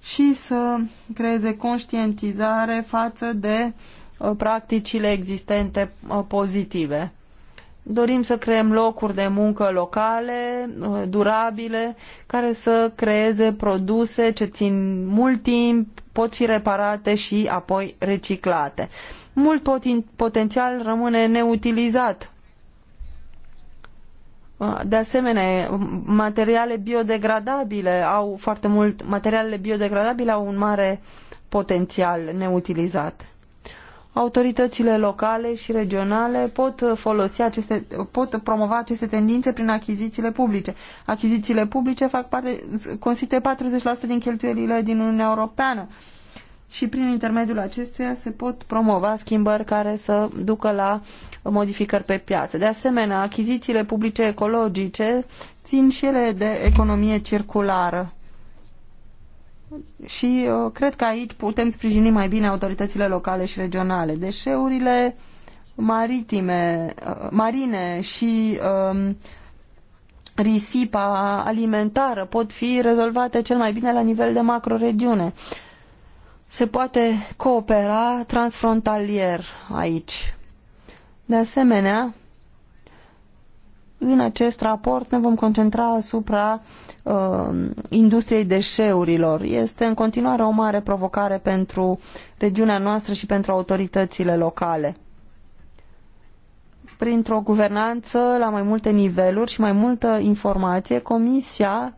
B: și să creeze conștientizare față de uh, practicile existente uh, pozitive. Dorim să creăm locuri de muncă locale, durabile, care să creeze produse ce țin mult timp, pot fi reparate și apoi reciclate mult potențial rămâne neutilizat. Uh, de asemenea, materiale biodegradabile au foarte mult, materialele biodegradabile au un mare potențial neutilizat. Autoritățile locale și regionale pot folosi aceste, pot promova aceste tendințe prin achizițiile publice. Achizițiile publice fac parte, constituie 40% din cheltuielile din Uniunea Europeană. Uh, și prin intermediul acestuia se pot promova schimbări care să ducă la modificări pe piață. De asemenea, achizițiile publice ecologice țin și ele de economie circulară. Și uh, cred că aici putem sprijini mai bine autoritățile locale și regionale. Deșeurile maritime, uh, marine și uh, risipa alimentară pot fi rezolvate cel mai bine la nivel de macroregiune. Uh, se poate coopera transfrontalier aici. De asemenea, în acest raport ne vom concentra asupra uh, industriei deșeurilor. Este în continuare o mare provocare pentru regiunea noastră și pentru autoritățile locale. Printr-o guvernanță la mai multe niveluri și mai multă informație, Comisia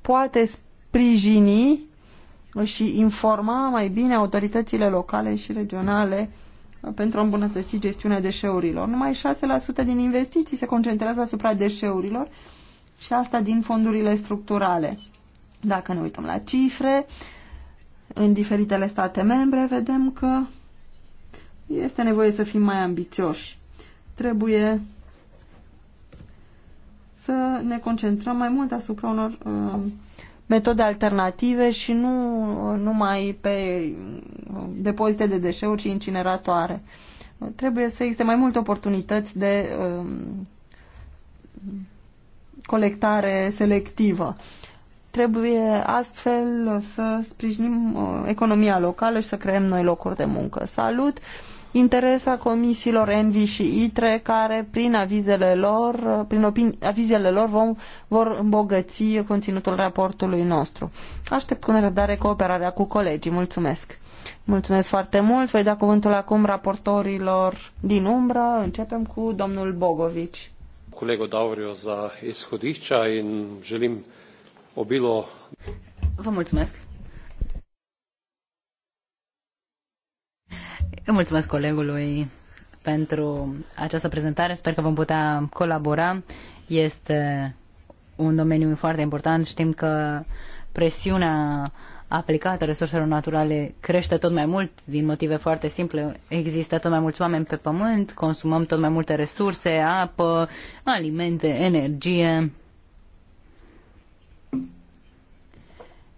B: poate spune sprijini și informa mai bine autoritățile locale și regionale uh, pentru a îmbunătăți gestiunea deșeurilor. Numai 6% din investiții se concentrează asupra deșeurilor și asta din fondurile structurale. Dacă ne uităm la cifre, în diferitele state membre, vedem că este nevoie să fim mai ambițioși. Trebuie să ne concentrăm mai mult asupra unor uh, metode alternative și nu numai pe depozite de deșeuri și incineratoare. Trebuie să existe mai multe oportunități de um, colectare selectivă. Trebuie astfel să sprijinim uh, economia locală și să creăm noi locuri de muncă. Salut! interes a comisiilor Envi și ITRE, care prin avizele lor, prin opini, avizele lor vom, vor îmbogăți conținutul raportului nostru. Aștept cu nerăbdare cooperarea cu colegii. Mulțumesc! Mulțumesc foarte mult! Voi da cuvântul acum raportorilor din umbră. Începem cu domnul Bogovici. Colegul Daurio za ishodišća in želim obilo...
C: Vă mulțumesc! Îi mulțumesc colegului pentru această prezentare. Sper că vom putea colabora. Este un domeniu foarte important. Știm că presiunea aplicată resurselor naturale crește tot mai mult din motive foarte simple. Există tot mai mulți oameni pe pământ, consumăm tot mai multe resurse, apă, alimente, energie.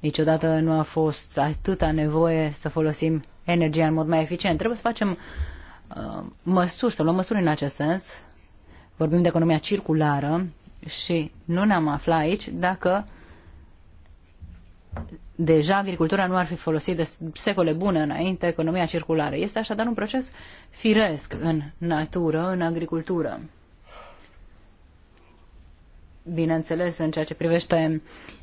C: Niciodată nu a fost atâta nevoie să folosim energia în mod mai eficient. Trebuie să facem uh, măsuri, să luăm măsuri în acest sens. Vorbim de economia circulară și nu ne-am aflat aici dacă deja agricultura nu ar fi folosit de secole bune înainte economia circulară. Este așadar un proces firesc în natură, în agricultură. Bineînțeles, în ceea ce privește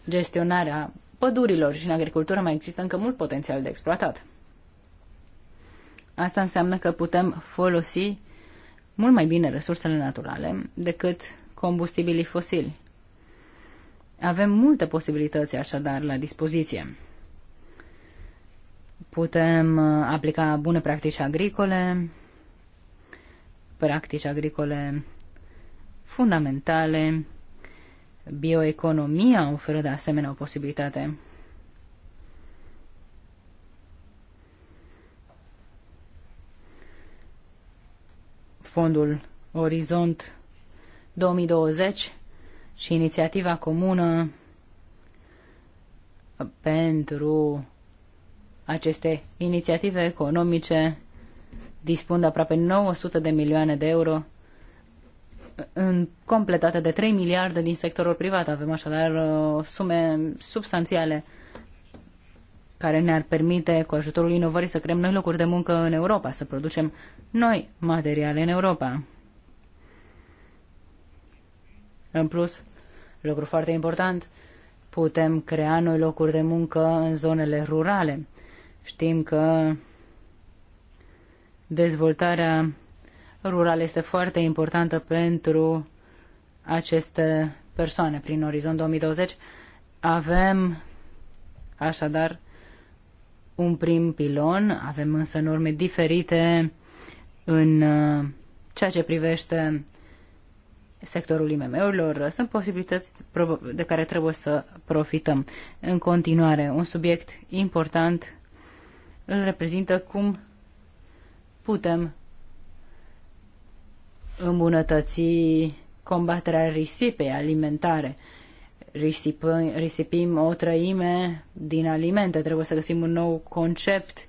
C: gestionarea pădurilor și în agricultură mai există încă mult potențial de exploatat. Asta înseamnă că putem folosi mult mai bine resursele naturale decât combustibilii fosili. Avem multe posibilități așadar la dispoziție. Putem uh, aplica bune practici agricole, practici agricole fundamentale, bioeconomia oferă de asemenea o posibilitate. fondul Orizont 2020 și inițiativa comună pentru aceste inițiative economice dispun de aproape 900 de milioane de euro în, completate de 3 miliarde din sectorul privat. Avem așadar uh, sume substanțiale care ne-ar permite, cu ajutorul inovării, să creăm noi locuri de muncă în Europa, să producem noi materiale în Europa. În plus, lucru foarte important, putem crea noi locuri de muncă în zonele rurale. Știm că dezvoltarea rurală este foarte importantă pentru aceste persoane. Prin Orizont 2020 avem așadar un prim pilon, avem însă norme diferite în uh, ceea ce privește sectorul IMM-urilor. Sunt posibilități de care trebuie să profităm. În continuare, un subiect important îl reprezintă cum putem îmbunătăți combaterea risipei alimentare risipim o trăime din alimente. Trebuie să găsim un nou concept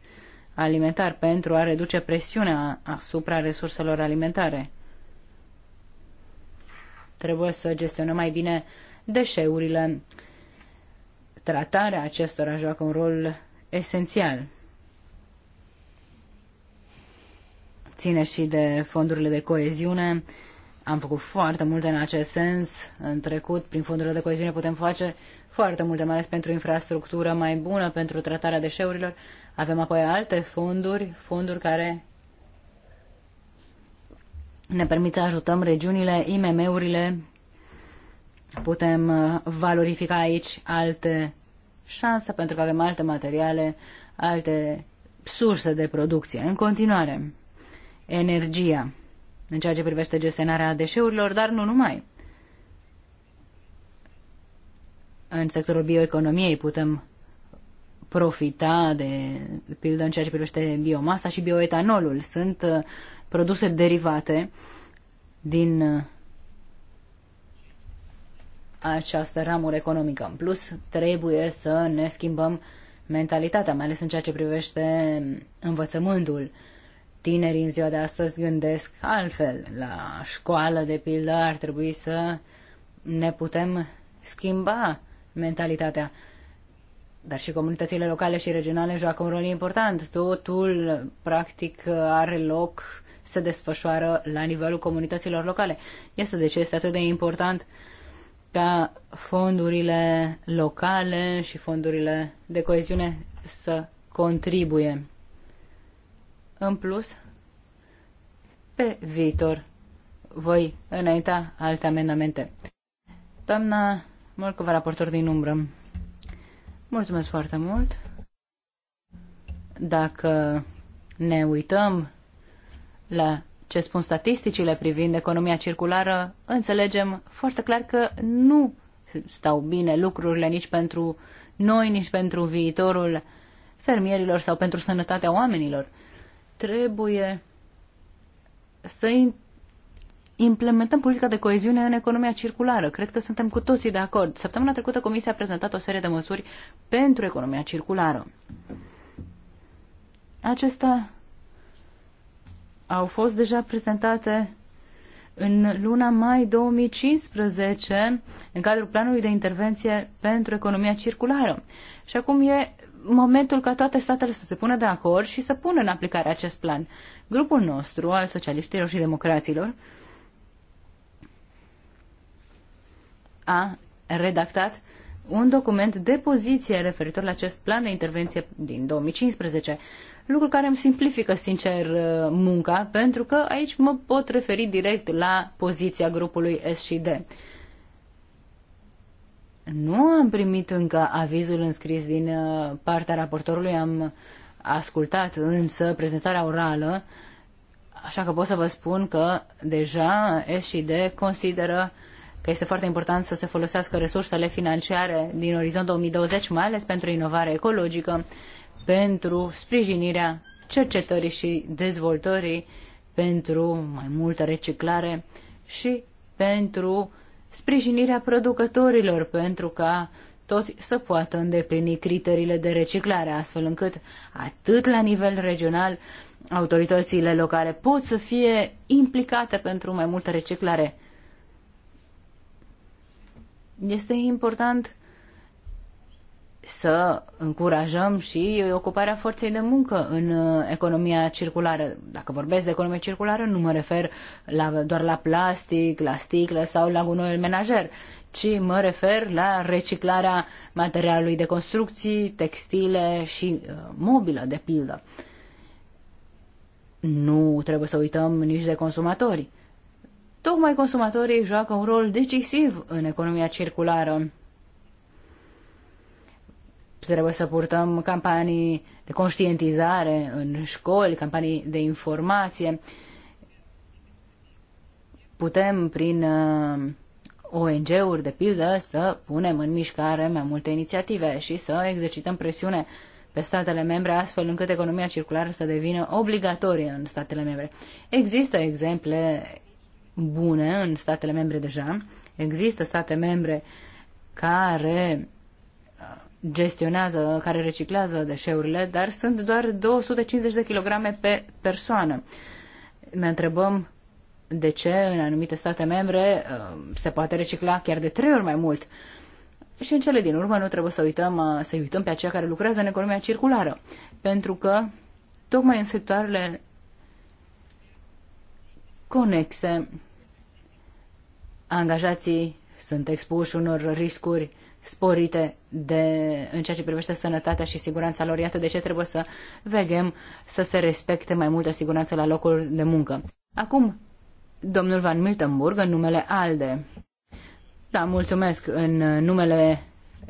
C: alimentar pentru a reduce presiunea asupra resurselor alimentare. Trebuie să gestionăm mai bine deșeurile. Tratarea acestora joacă un rol esențial. Ține și de fondurile de coeziune, am făcut foarte multe în acest sens în trecut, prin fondurile de coeziune putem face foarte multe, mai ales pentru infrastructură mai bună, pentru tratarea deșeurilor. Avem apoi alte fonduri, fonduri care ne permit să ajutăm regiunile, IMM-urile. Putem uh, valorifica aici alte șanse pentru că avem alte materiale, alte surse de producție. În continuare, energia în ceea ce privește gestionarea deșeurilor, dar nu numai. În sectorul bioeconomiei putem profita de, de pildă în ceea ce privește biomasa și bioetanolul. Sunt uh, produse derivate din uh, această ramură economică. În plus, trebuie să ne schimbăm mentalitatea, mai ales în ceea ce privește um, învățământul tinerii în ziua de astăzi gândesc altfel. La școală, de pildă, ar trebui să ne putem schimba mentalitatea. Dar și comunitățile locale și regionale joacă un rol important. Totul, practic, are loc, se desfășoară la nivelul comunităților locale. Este de ce este atât de important ca fondurile locale și fondurile de coeziune să contribuie în plus, pe viitor voi înainta alte amendamente. Doamna Molcova, raportor din umbră, mulțumesc foarte mult. Dacă ne uităm la ce spun statisticile privind economia circulară, înțelegem foarte clar că nu stau bine lucrurile nici pentru noi, nici pentru viitorul fermierilor sau pentru sănătatea oamenilor trebuie să implementăm politica de coeziune în economia circulară. Cred că suntem cu toții de acord. Săptămâna trecută Comisia a prezentat o serie de măsuri pentru economia circulară. Acestea au fost deja prezentate în luna mai 2015 în cadrul planului de intervenție pentru economia circulară. Și acum e momentul ca toate statele să se pună de acord și să pună în aplicare acest plan. Grupul nostru, al socialiștilor și democraților, a redactat un document de poziție referitor la acest plan de intervenție din 2015, lucru care îmi simplifică, sincer, uh, munca, pentru că aici mă pot referi direct la poziția grupului SD. Nu am primit încă avizul înscris din uh, partea raportorului, am ascultat însă prezentarea orală, așa că pot să vă spun că deja S și D consideră că este foarte important să se folosească resursele financiare din orizont 2020, mai ales pentru inovare ecologică, pentru sprijinirea cercetării și dezvoltării, pentru mai multă reciclare și pentru sprijinirea producătorilor pentru ca toți să poată îndeplini criteriile de reciclare, astfel încât atât la nivel regional autoritățile locale pot să fie implicate pentru mai multă reciclare. Este important să încurajăm și ocuparea forței de muncă în uh, economia circulară. Dacă vorbesc de economie circulară, nu mă refer la, doar la plastic, la sticlă sau la gunoiul menajer, ci mă refer la reciclarea materialului de construcții, textile și uh, mobilă, de pildă. Nu trebuie să uităm nici de consumatori. Tocmai consumatorii joacă un rol decisiv în economia circulară Trebuie să purtăm campanii de conștientizare în școli, campanii de informație. Putem prin uh, ONG-uri, de pildă, să punem în mișcare mai multe inițiative și să exercităm presiune pe statele membre, astfel încât economia circulară să devină obligatorie în statele membre. Există exemple bune în statele membre deja, există state membre care gestionează, care reciclează deșeurile, dar sunt doar 250 de kilograme pe persoană. Ne întrebăm de ce în anumite state membre uh, se poate recicla chiar de trei ori mai mult. Și în cele din urmă nu trebuie să uităm, uh, să uităm pe aceia care lucrează în economia circulară, pentru că tocmai în sectoarele conexe angajații sunt expuși unor riscuri sporite de, în ceea ce privește sănătatea și siguranța lor. Iată de ce trebuie să vegem să se respecte mai multă siguranță la locul de muncă. Acum, domnul Van Miltenburg, în numele ALDE. Da, mulțumesc. În numele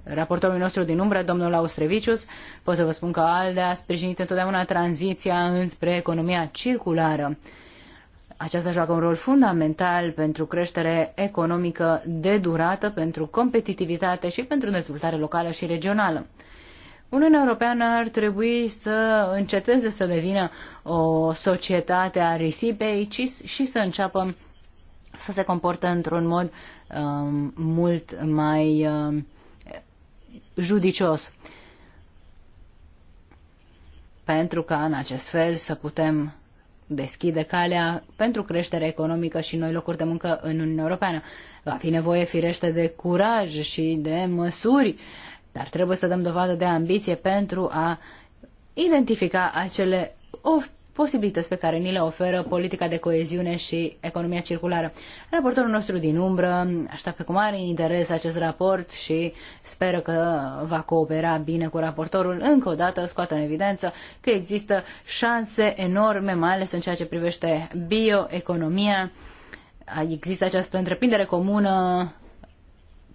C: raportorului nostru din umbră, domnul Austrevicius, pot să vă spun că ALDE a sprijinit întotdeauna tranziția înspre economia circulară. Aceasta joacă un rol fundamental pentru creștere economică de durată, pentru competitivitate și pentru dezvoltare locală și regională. Uniunea Europeană ar trebui să înceteze să devină o societate a risipei ci, și să înceapă să se comportă într-un mod um, mult mai um, judicios. Pentru ca în acest fel să putem deschide calea pentru creștere economică și noi locuri de muncă în Uniunea Europeană. Va fi nevoie firește de curaj și de măsuri, dar trebuie să dăm dovadă de ambiție pentru a identifica acele posibilități pe care ni le oferă politica de coeziune și economia circulară. Raportorul nostru din umbră așteaptă cu mare interes acest raport și speră că va coopera bine cu raportorul. Încă o dată scoată în evidență că există șanse enorme, mai ales în ceea ce privește bioeconomia. Există această întreprindere comună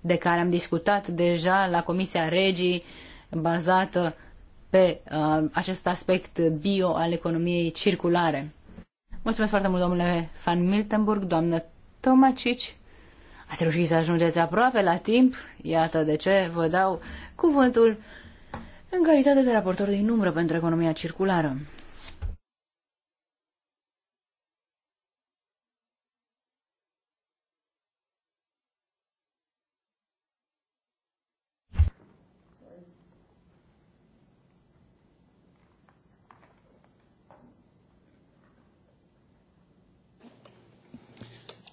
C: de care am discutat deja la Comisia Regii, bazată pe uh, acest aspect bio al economiei circulare. Mulțumesc foarte mult, domnule Van Miltenburg, doamnă Tomacici. Ați reușit să ajungeți aproape la timp. Iată de ce vă dau cuvântul în calitate de raportor din umbră pentru economia circulară.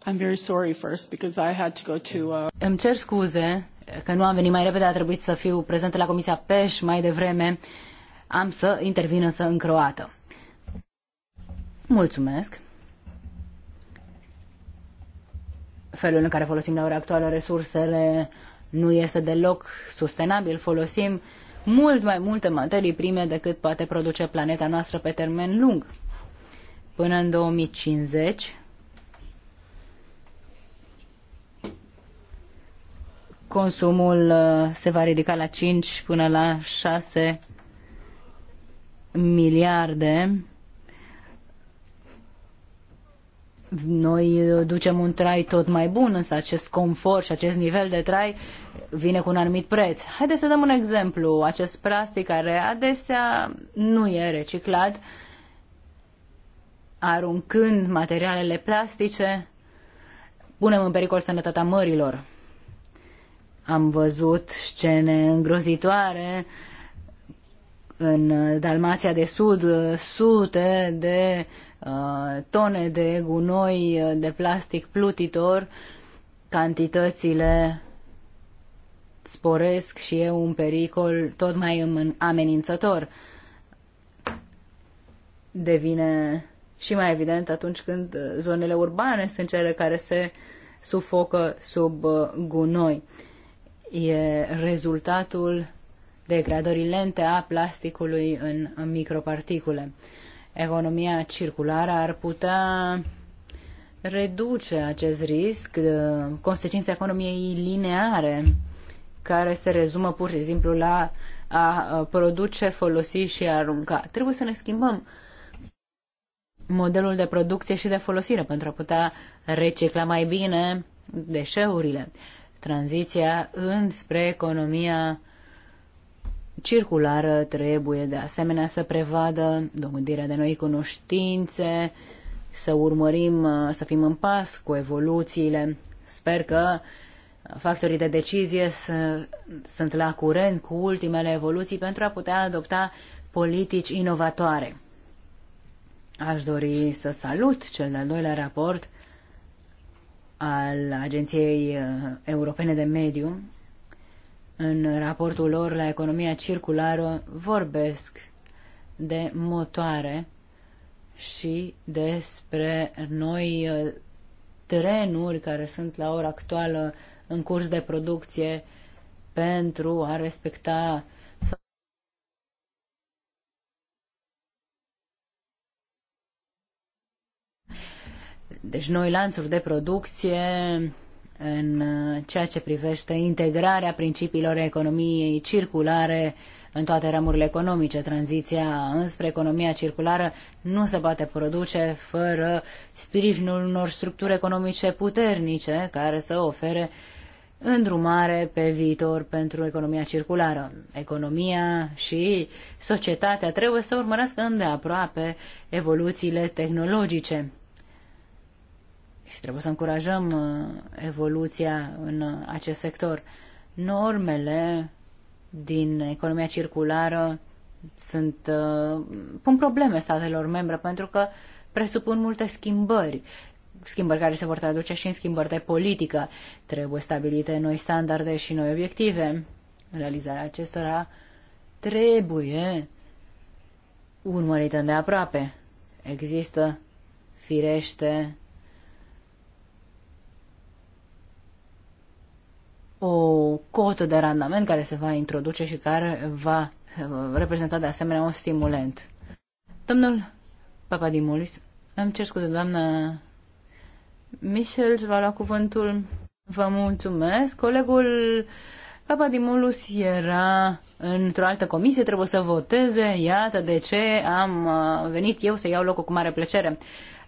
A: I'm very sorry
C: first because I had to go to. Uh... Îmi cer scuze că nu am venit mai repede, a trebuit să fiu prezentă la Comisia PEș mai devreme. Am să intervin însă în croată. Mulțumesc. Felul în care folosim la ora actuală resursele nu este deloc sustenabil. Folosim mult mai multe materii prime decât poate produce planeta noastră pe termen lung. Până în 2050, consumul uh, se va ridica la 5 până la 6 miliarde. Noi ducem un trai tot mai bun, însă acest confort și acest nivel de trai vine cu un anumit preț. Haideți să dăm un exemplu. Acest plastic care adesea nu e reciclat, aruncând materialele plastice, punem în pericol sănătatea mărilor am văzut scene îngrozitoare în Dalmația de Sud, sute de uh, tone de gunoi de plastic plutitor, cantitățile sporesc și e un pericol tot mai amenințător. Devine și mai evident atunci când uh, zonele urbane sunt cele care se sufocă sub uh, gunoi e rezultatul degradării lente a plasticului în, în microparticule. Economia circulară ar putea reduce acest risc, consecința economiei lineare, care se rezumă pur și simplu la a produce, folosi și a arunca. Trebuie să ne schimbăm modelul de producție și de folosire pentru a putea recicla mai bine deșeurile. Tranziția înspre economia circulară trebuie de asemenea să prevadă domândirea de noi cunoștințe, să urmărim, să fim în pas cu evoluțiile. Sper că factorii de decizie sunt la curent cu ultimele evoluții pentru a putea adopta politici inovatoare. Aș dori să salut cel de-al doilea raport al Agenției uh, Europene de Mediu, în raportul lor la economia circulară, vorbesc de motoare și despre noi uh, trenuri care sunt la ora actuală în curs de producție pentru a respecta deci noi lanțuri de producție în uh, ceea ce privește integrarea principiilor economiei circulare în toate ramurile economice. Tranziția înspre economia circulară nu se poate produce fără sprijinul unor structuri economice puternice care să ofere îndrumare pe viitor pentru economia circulară. Economia și societatea trebuie să urmărească îndeaproape evoluțiile tehnologice și trebuie să încurajăm uh, evoluția în uh, acest sector. Normele din economia circulară sunt uh, pun probleme statelor membre pentru că presupun multe schimbări schimbări care se vor traduce și în schimbări de politică. Trebuie stabilite noi standarde și noi obiective. Realizarea acestora trebuie urmărită de aproape. Există, firește, o cotă de randament care se va introduce și care va uh, reprezenta de asemenea un stimulent. Domnul Papadimulis, îmi cer scuze, doamna Michel va lua cuvântul. Vă mulțumesc. Colegul Papadimulus era într-o altă comisie, trebuie să voteze. Iată de ce am uh, venit eu să iau locul cu mare plăcere.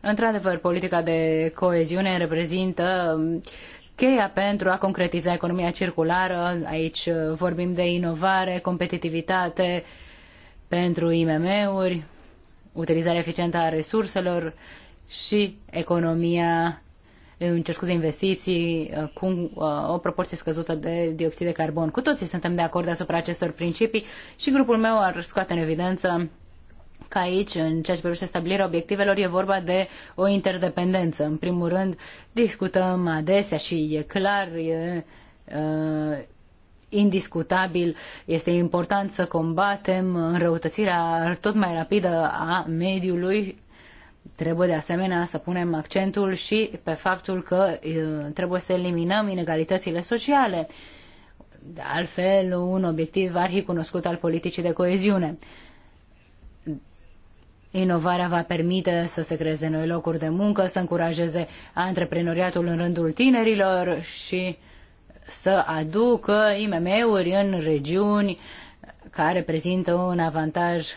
C: Într-adevăr, politica de coeziune reprezintă uh, cheia pentru a concretiza economia circulară. Aici uh, vorbim de inovare, competitivitate pentru IMM-uri, utilizarea eficientă a resurselor și economia uh, îmi cer scuze, investiții uh, cu o proporție scăzută de dioxid de carbon. Cu toții suntem de acord asupra acestor principii și grupul meu ar scoate în evidență că aici, în ceea ce privește stabilirea obiectivelor, e vorba de o interdependență. În primul rând, discutăm adesea și e clar, e uh, indiscutabil, este important să combatem înrăutățirea tot mai rapidă a mediului. Trebuie de asemenea să punem accentul și pe faptul că uh, trebuie să eliminăm inegalitățile sociale. De altfel, un obiectiv cunoscut al politicii de coeziune. Uh, Inovarea va permite să se creeze noi locuri de muncă, să încurajeze antreprenoriatul în rândul tinerilor și să aducă IMM-uri în regiuni care prezintă un avantaj uh,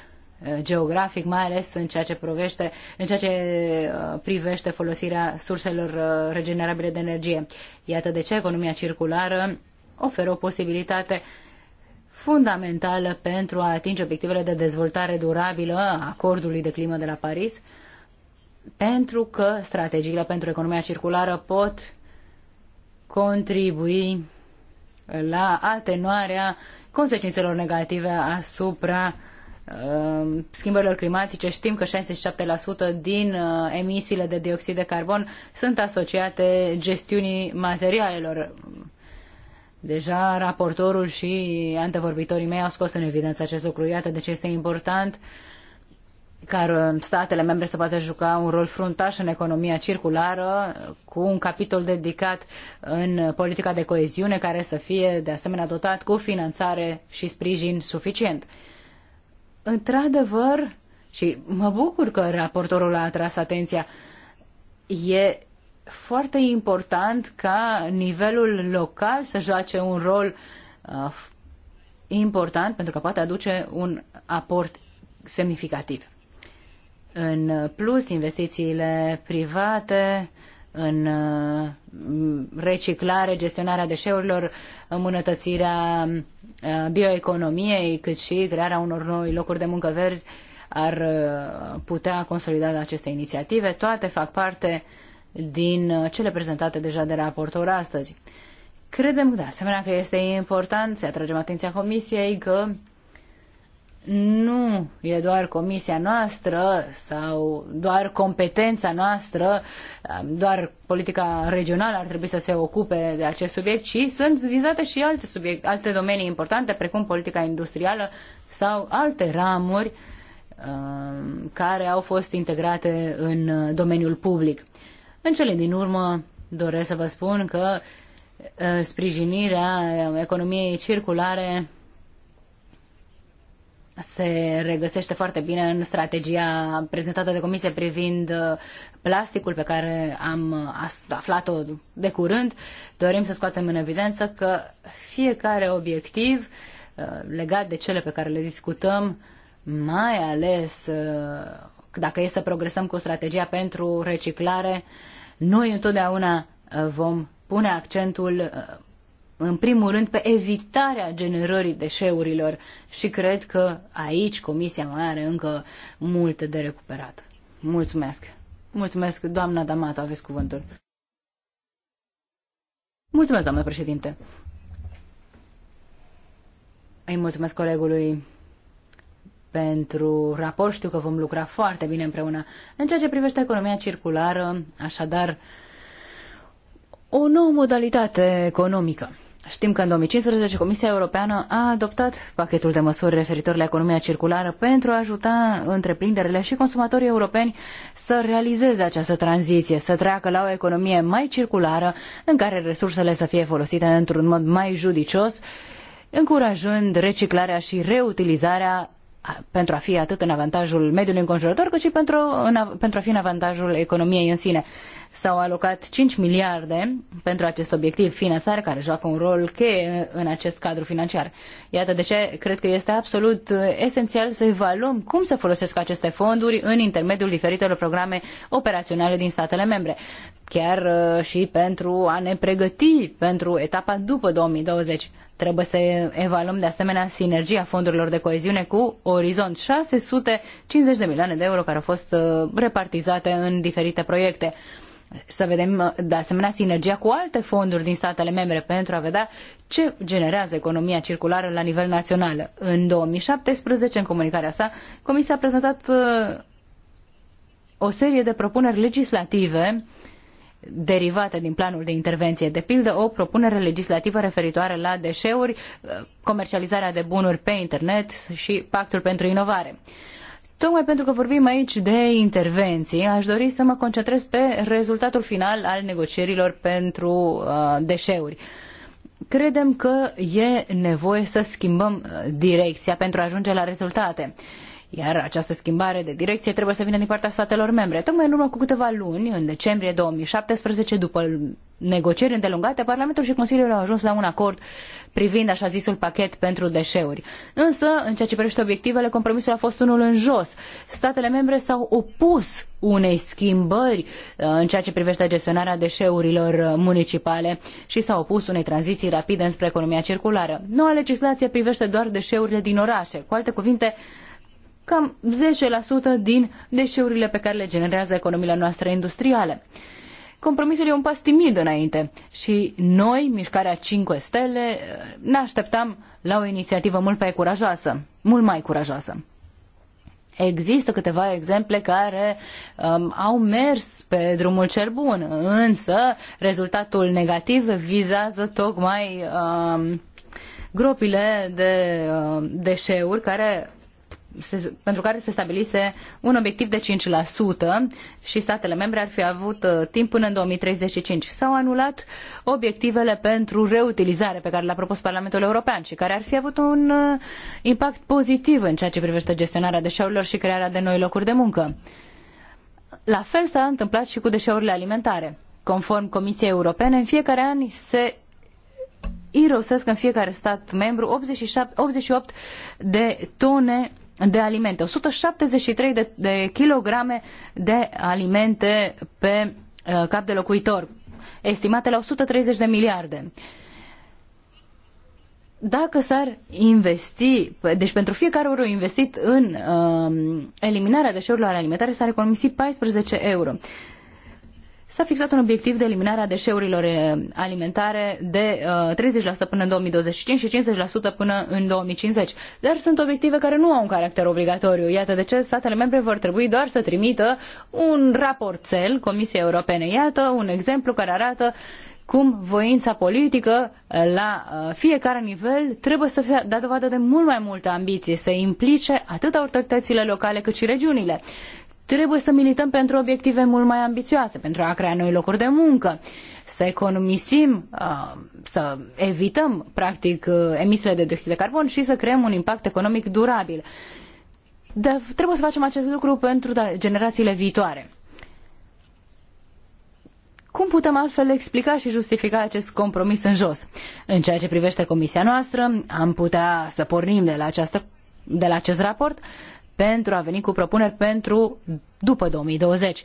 C: geografic, mai ales în ceea ce, provește, în ceea ce uh, privește folosirea surselor uh, regenerabile de energie. Iată de ce economia circulară oferă o posibilitate uh, fundamentală pentru a atinge obiectivele de dezvoltare durabilă a acordului de climă de la Paris, pentru că strategiile pentru economia circulară pot contribui la atenuarea consecințelor negative asupra uh, schimbărilor climatice. Știm că 67% din uh, emisiile de dioxid de carbon sunt asociate gestiunii materialelor Deja raportorul și antevorbitorii mei au scos în evidență acest lucru. Iată de ce este important ca uh, statele membre să poată juca un rol fruntaș în economia circulară cu un capitol dedicat în politica de coeziune care să fie de asemenea dotat cu finanțare și sprijin suficient. Într-adevăr, și mă bucur că raportorul a atras atenția, e foarte important ca nivelul local să joace un rol uh, important pentru că poate aduce un aport semnificativ. În plus, investițiile private în uh, reciclare, gestionarea deșeurilor, îmbunătățirea uh, bioeconomiei, cât și crearea unor noi locuri de muncă verzi ar uh, putea consolida aceste inițiative. Toate fac parte uh, din uh, cele prezentate deja de raportor astăzi. Credem, de asemenea, că este important să atragem atenția Comisiei că nu e doar comisia noastră sau doar competența noastră, um, doar politica regională ar trebui să se ocupe de acest subiect, ci sunt vizate și alte, subiect, alte domenii importante, precum politica industrială sau alte ramuri uh, care au fost integrate în uh, domeniul public. În cele din urmă, doresc să vă spun că ă, sprijinirea economiei circulare se regăsește foarte bine în strategia prezentată de comisie privind ă, plasticul pe care am aflat-o de curând. Dorim să scoatem în evidență că fiecare obiectiv ă, legat de cele pe care le discutăm, mai ales dacă e să progresăm cu strategia pentru reciclare, noi întotdeauna uh, vom pune accentul uh, în primul rând pe evitarea generării deșeurilor și cred că aici comisia mai are încă multe de recuperat. Mulțumesc! Mulțumesc, doamna Damato, aveți cuvântul. Mulțumesc, doamnă președinte. Îi mulțumesc colegului pentru raport. Știu că vom lucra foarte bine împreună. În ceea ce privește economia circulară, așadar, o nouă modalitate economică. Știm că în 2015 Comisia Europeană a adoptat pachetul de măsuri referitor la economia circulară pentru a ajuta întreprinderile și consumatorii europeni să realizeze această tranziție, să treacă la o economie mai circulară în care resursele să fie folosite într-un mod mai judicios, încurajând reciclarea și reutilizarea pentru a fi atât în avantajul mediului înconjurător, cât și pentru, în, pentru a fi în avantajul economiei în sine. S-au alocat 5 miliarde pentru acest obiectiv finanțare, care joacă un rol cheie în acest cadru financiar. Iată de ce cred că este absolut esențial să evaluăm cum se folosesc aceste fonduri în intermediul diferitelor programe operaționale din statele membre chiar uh, și pentru a ne pregăti pentru etapa după 2020. Trebuie să evaluăm de asemenea sinergia fondurilor de coeziune cu Orizont 650 de milioane de euro care au fost uh, repartizate în diferite proiecte. Să vedem uh, de asemenea sinergia cu alte fonduri din statele membre pentru a vedea ce generează economia circulară la nivel național. În 2017, în comunicarea sa, Comisia a prezentat uh, o serie de propuneri legislative uh, derivate din planul de intervenție. De pildă, o propunere legislativă referitoare la deșeuri, uh, comercializarea de bunuri pe internet și pactul pentru inovare. Tocmai pentru că vorbim aici de intervenții, aș dori să mă concentrez pe rezultatul final al negocierilor pentru uh, deșeuri. Credem că e nevoie să schimbăm uh, direcția pentru a ajunge la rezultate. Uh, iar această schimbare de direcție trebuie să vină din partea statelor membre. Tocmai în urmă cu câteva luni, în decembrie 2017, după negocieri îndelungate, Parlamentul și Consiliul au ajuns la un acord privind așa zisul pachet pentru deșeuri. Însă, în ceea ce privește obiectivele, compromisul a fost unul în jos. Statele membre s-au opus unei schimbări uh, în ceea ce privește gestionarea deșeurilor uh, municipale și s-au opus unei tranziții rapide înspre economia circulară. Noua legislație privește doar deșeurile din orașe. Cu alte cuvinte, cam 10% din deșeurile pe care le generează economiile noastre industriale. Compromisul e un pas timid înainte și noi, mișcarea 5 stele, ne așteptam la o inițiativă mult mai curajoasă, mult mai curajoasă. Există câteva exemple care um, au mers pe drumul cel bun, însă rezultatul negativ vizează tocmai um, gropile de uh, deșeuri care se, pentru care se stabilise un obiectiv de 5% și statele membre ar fi avut uh, timp până în 2035. S-au anulat obiectivele pentru reutilizare pe care le-a propus Parlamentul European și care ar fi avut un uh, impact pozitiv în ceea ce privește gestionarea deșeurilor și crearea de noi locuri de muncă. La fel s-a întâmplat și cu deșeurile alimentare. Conform Comisiei Europene, în fiecare an se irosesc în fiecare stat membru 87, 88 de tone de alimente. 173 de, de kilograme de alimente pe uh, cap de locuitor, estimate la 130 de miliarde. Dacă s-ar investi, deci pentru fiecare euro investit în uh, eliminarea deșeurilor alimentare, s-ar economisi 14 euro. Uh, s-a fixat un obiectiv de eliminare a deșeurilor eh, alimentare de 30% eh, până în 2025 și 50% până în 2050. Dar sunt obiective care nu au un caracter obligatoriu. Iată de ce statele membre vor trebui doar să trimită un raport cel Comisiei Europene. Iată un exemplu care arată cum voința politică eh, la fiecare nivel trebuie să fie dată dovadă de mult mai multă ambiție, să implice atât autoritățile locale cât și regiunile. Trebuie să milităm pentru obiective mult mai ambițioase, pentru a crea noi locuri de muncă, să economisim, uh, să evităm, practic, uh, emisiile de dioxid de carbon și să creăm un impact economic durabil. Dar trebuie să facem acest lucru pentru da, generațiile viitoare. Cum putem altfel explica și justifica acest compromis în jos? În ceea ce privește comisia noastră, am putea să pornim de la, această, de la acest raport pentru a veni cu propuneri pentru după 2020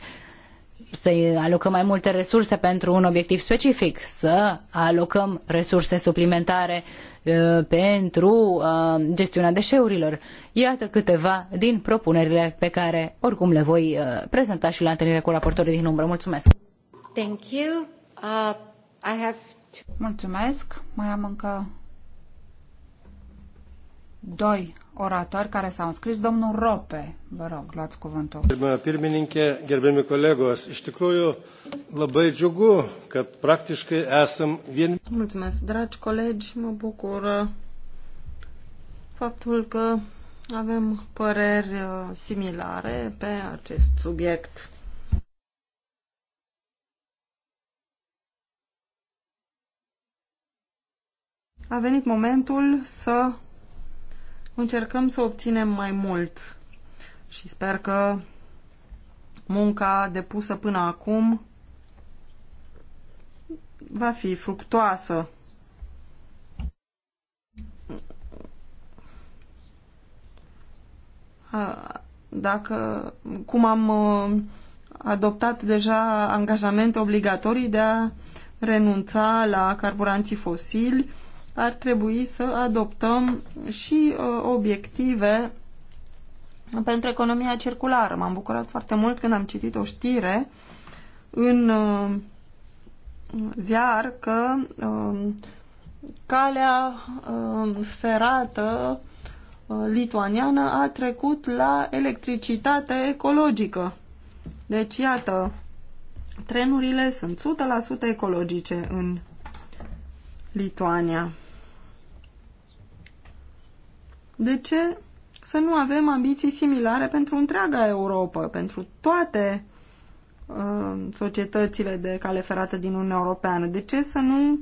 C: să alocăm mai multe resurse pentru un obiectiv specific, să alocăm resurse suplimentare uh, pentru uh, gestiunea deșeurilor. Iată câteva din propunerile pe care oricum le voi uh, prezenta și la întâlnire cu raportorii din umbră. Mulțumesc!
A: Thank you. Uh, I have Mulțumesc! Mai am încă doi oratori care s-au înscris. Domnul Rope, vă rog, luați cuvântul. Gerbiamă colegos, gerbiami kolegos, iš tikrųjų labai džiugu, kad praktiškai
B: esam vien. Mulțumesc, dragi colegi, mă bucur uh, faptul că avem păreri uh, similare pe acest subiect. A venit momentul să încercăm să obținem mai mult și sper că munca depusă până acum va fi fructoasă. Dacă, cum am uh, adoptat deja angajamente obligatorii de a renunța la carburanții fosili, ar trebui să adoptăm și uh, obiective pentru economia circulară. M-am bucurat foarte mult când am citit o știre în uh, ziar că uh, calea ferată lituaniană a trecut la electricitate ecologică. Deci, iată, trenurile sunt 100% ecologice în Lituania. De ce să nu avem ambiții similare pentru întreaga Europa, pentru toate uh, societățile de cale ferată din Uniunea Europeană? De ce să nu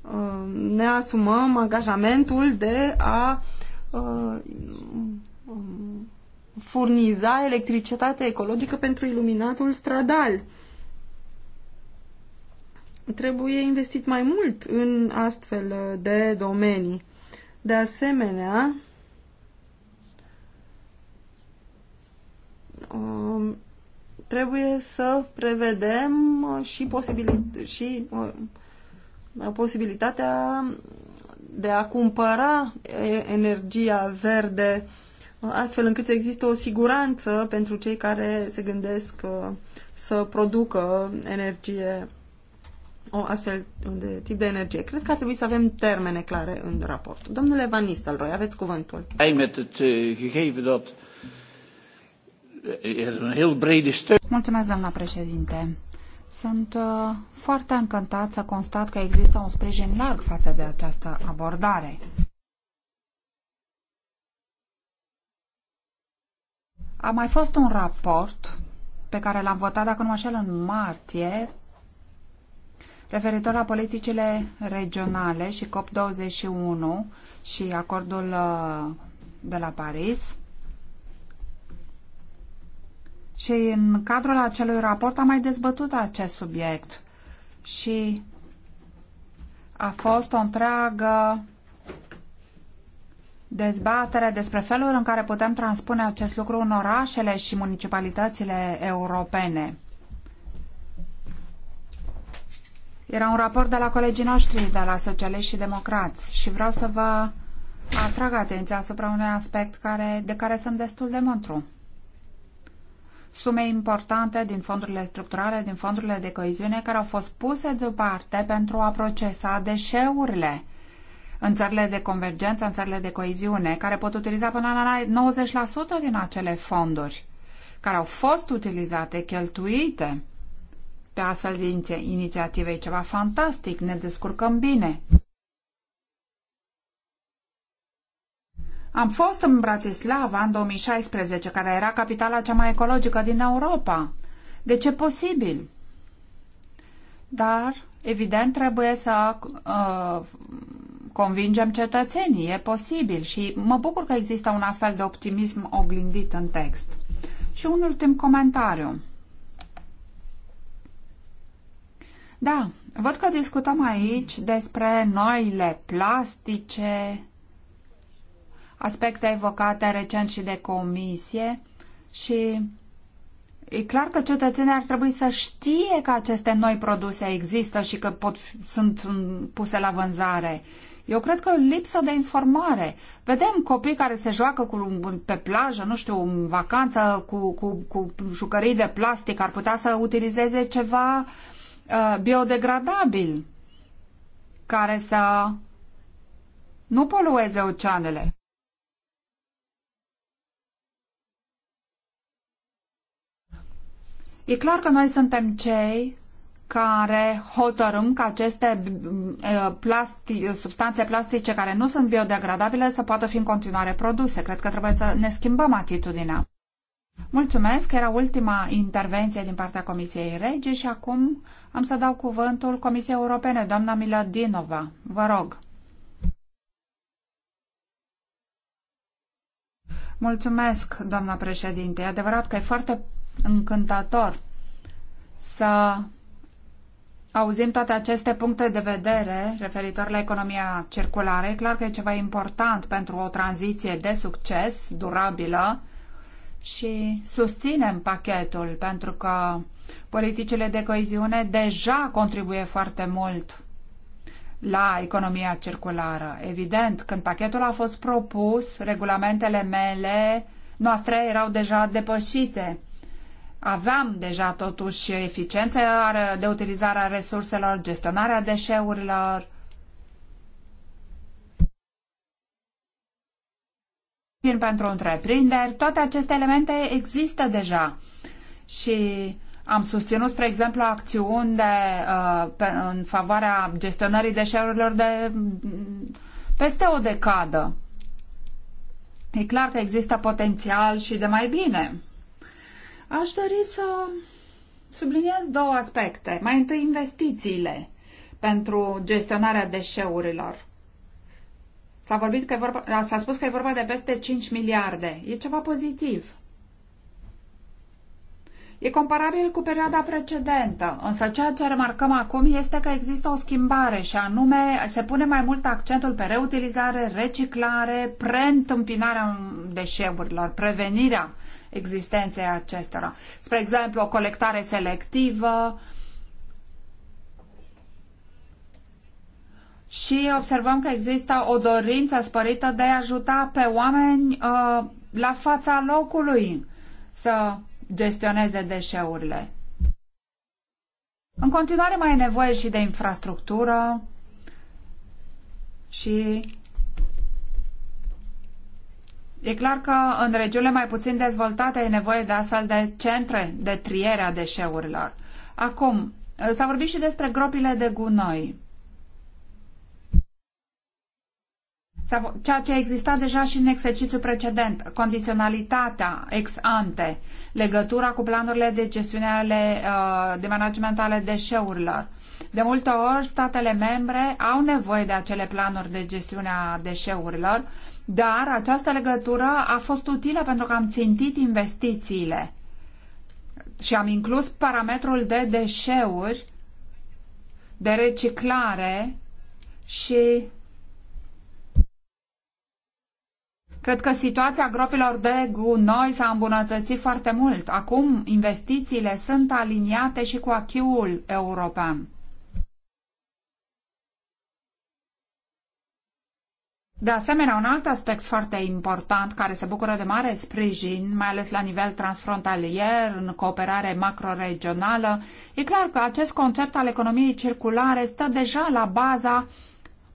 B: uh, ne asumăm angajamentul de a uh, furniza electricitate ecologică pentru iluminatul stradal? Trebuie investit mai mult în astfel de domenii de asemenea, um, trebuie să prevedem uh, și, posibilit- și uh, posibilitatea de a cumpăra energia verde uh, astfel încât să există o siguranță pentru cei care se gândesc să producă energie o astfel de tip de energie. Cred că ar trebui să avem termene clare în raport. Domnule Van Nistelrooy,
A: aveți cuvântul. Eh, er Mulțumesc, doamna președinte. Sunt uh, foarte încântat să constat că există un sprijin larg față de această abordare. A mai fost un raport pe care l-am votat, dacă nu mă în martie, referitor la politicile regionale și COP21 și acordul uh, de la Paris. Și în cadrul acelui raport am mai dezbătut acest subiect și a fost o întreagă dezbatere despre felul în care putem transpune acest lucru în orașele și municipalitățile europene. Era un raport de la colegii noștri, de la socialiști și democrați și vreau să vă atrag atenția asupra unui aspect care, de care sunt destul de mântru. Sume importante din fondurile structurale, din fondurile de coeziune, care au fost puse deoparte pentru a procesa deșeurile în țările de convergență, în țările de coeziune, care pot utiliza până la 90% din acele fonduri, care au fost utilizate, cheltuite pe astfel de inițiative. E ceva fantastic, ne descurcăm bine. Am fost în Bratislava în 2016, care era capitala cea mai ecologică din Europa. De ce posibil. Dar, evident, trebuie să uh, convingem cetățenii. E posibil și mă bucur că există un astfel de optimism oglindit în text. Și un ultim comentariu. Da, văd că discutăm aici despre noile plastice, aspecte evocate recent și de comisie și e clar că cetățenii ar trebui să știe că aceste noi produse există și că pot, sunt puse la vânzare. Eu cred că o lipsă de informare. Vedem copii care se joacă cu, pe plajă, nu știu, în vacanță, cu, cu, cu jucării de plastic, ar putea să utilizeze ceva uh, Uh, biodegradabil care să nu polueze oceanele. E clar că noi suntem cei care hotărâm că aceste uh, plastic, substanțe plastice care nu sunt biodegradabile să poată fi în continuare produse. Cred că trebuie să ne schimbăm atitudinea. Mulțumesc, era ultima intervenție din partea Comisiei Rege și acum am să dau cuvântul Comisiei Europene, doamna Miladinova. Vă rog. Mulțumesc, doamna președinte. E adevărat că e foarte încântător să auzim toate aceste puncte de vedere referitor la economia circulară. E clar că e ceva important pentru o tranziție de succes, durabilă, și susținem pachetul pentru că politicile de coeziune deja contribuie foarte mult la economia circulară. Evident, când pachetul a fost propus, regulamentele mele noastre erau deja depășite. Aveam deja totuși eficiență de utilizarea resurselor, gestionarea deșeurilor, pentru întreprinderi, toate aceste elemente există deja. Și am susținut, spre exemplu, acțiuni de, uh, pe, în favoarea gestionării deșeurilor de mm, peste o decadă. E clar că există potențial și de mai bine. Aș dori să subliniez două aspecte. Mai întâi, investițiile pentru gestionarea deșeurilor. S-a vorbit că e vorba, s-a spus că e vorba de peste 5 miliarde. E ceva pozitiv. E comparabil cu perioada precedentă, însă ceea ce remarcăm acum este că există o schimbare și anume se pune mai mult accentul pe reutilizare, reciclare, preîntâmpinarea deșeurilor, prevenirea existenței acestora. Spre exemplu, o colectare selectivă, uh, și observăm că există o dorință spărită de a ajuta pe oameni uh, la fața locului să gestioneze deșeurile. În continuare mai e nevoie și de infrastructură și e clar că în regiunile mai puțin dezvoltate e nevoie de astfel de centre de triere a deșeurilor. Acum, s-a vorbit și despre gropile de gunoi. ceea ce exista deja și în exercițiul precedent, condiționalitatea ex ante, legătura cu planurile de gestiune ale, uh, de management ale deșeurilor. De multe ori, statele membre au nevoie de acele planuri de gestiune a deșeurilor, dar această legătură a fost utilă pentru că am țintit investițiile și am inclus parametrul de deșeuri, de reciclare și Cred că situația gropilor de gunoi s-a îmbunătățit foarte mult. Acum investițiile sunt aliniate și cu achiul european. De asemenea, un alt aspect foarte important care se bucură de mare sprijin, mai ales la nivel transfrontalier, în cooperare macroregională, e clar că acest concept al economiei circulare stă deja la baza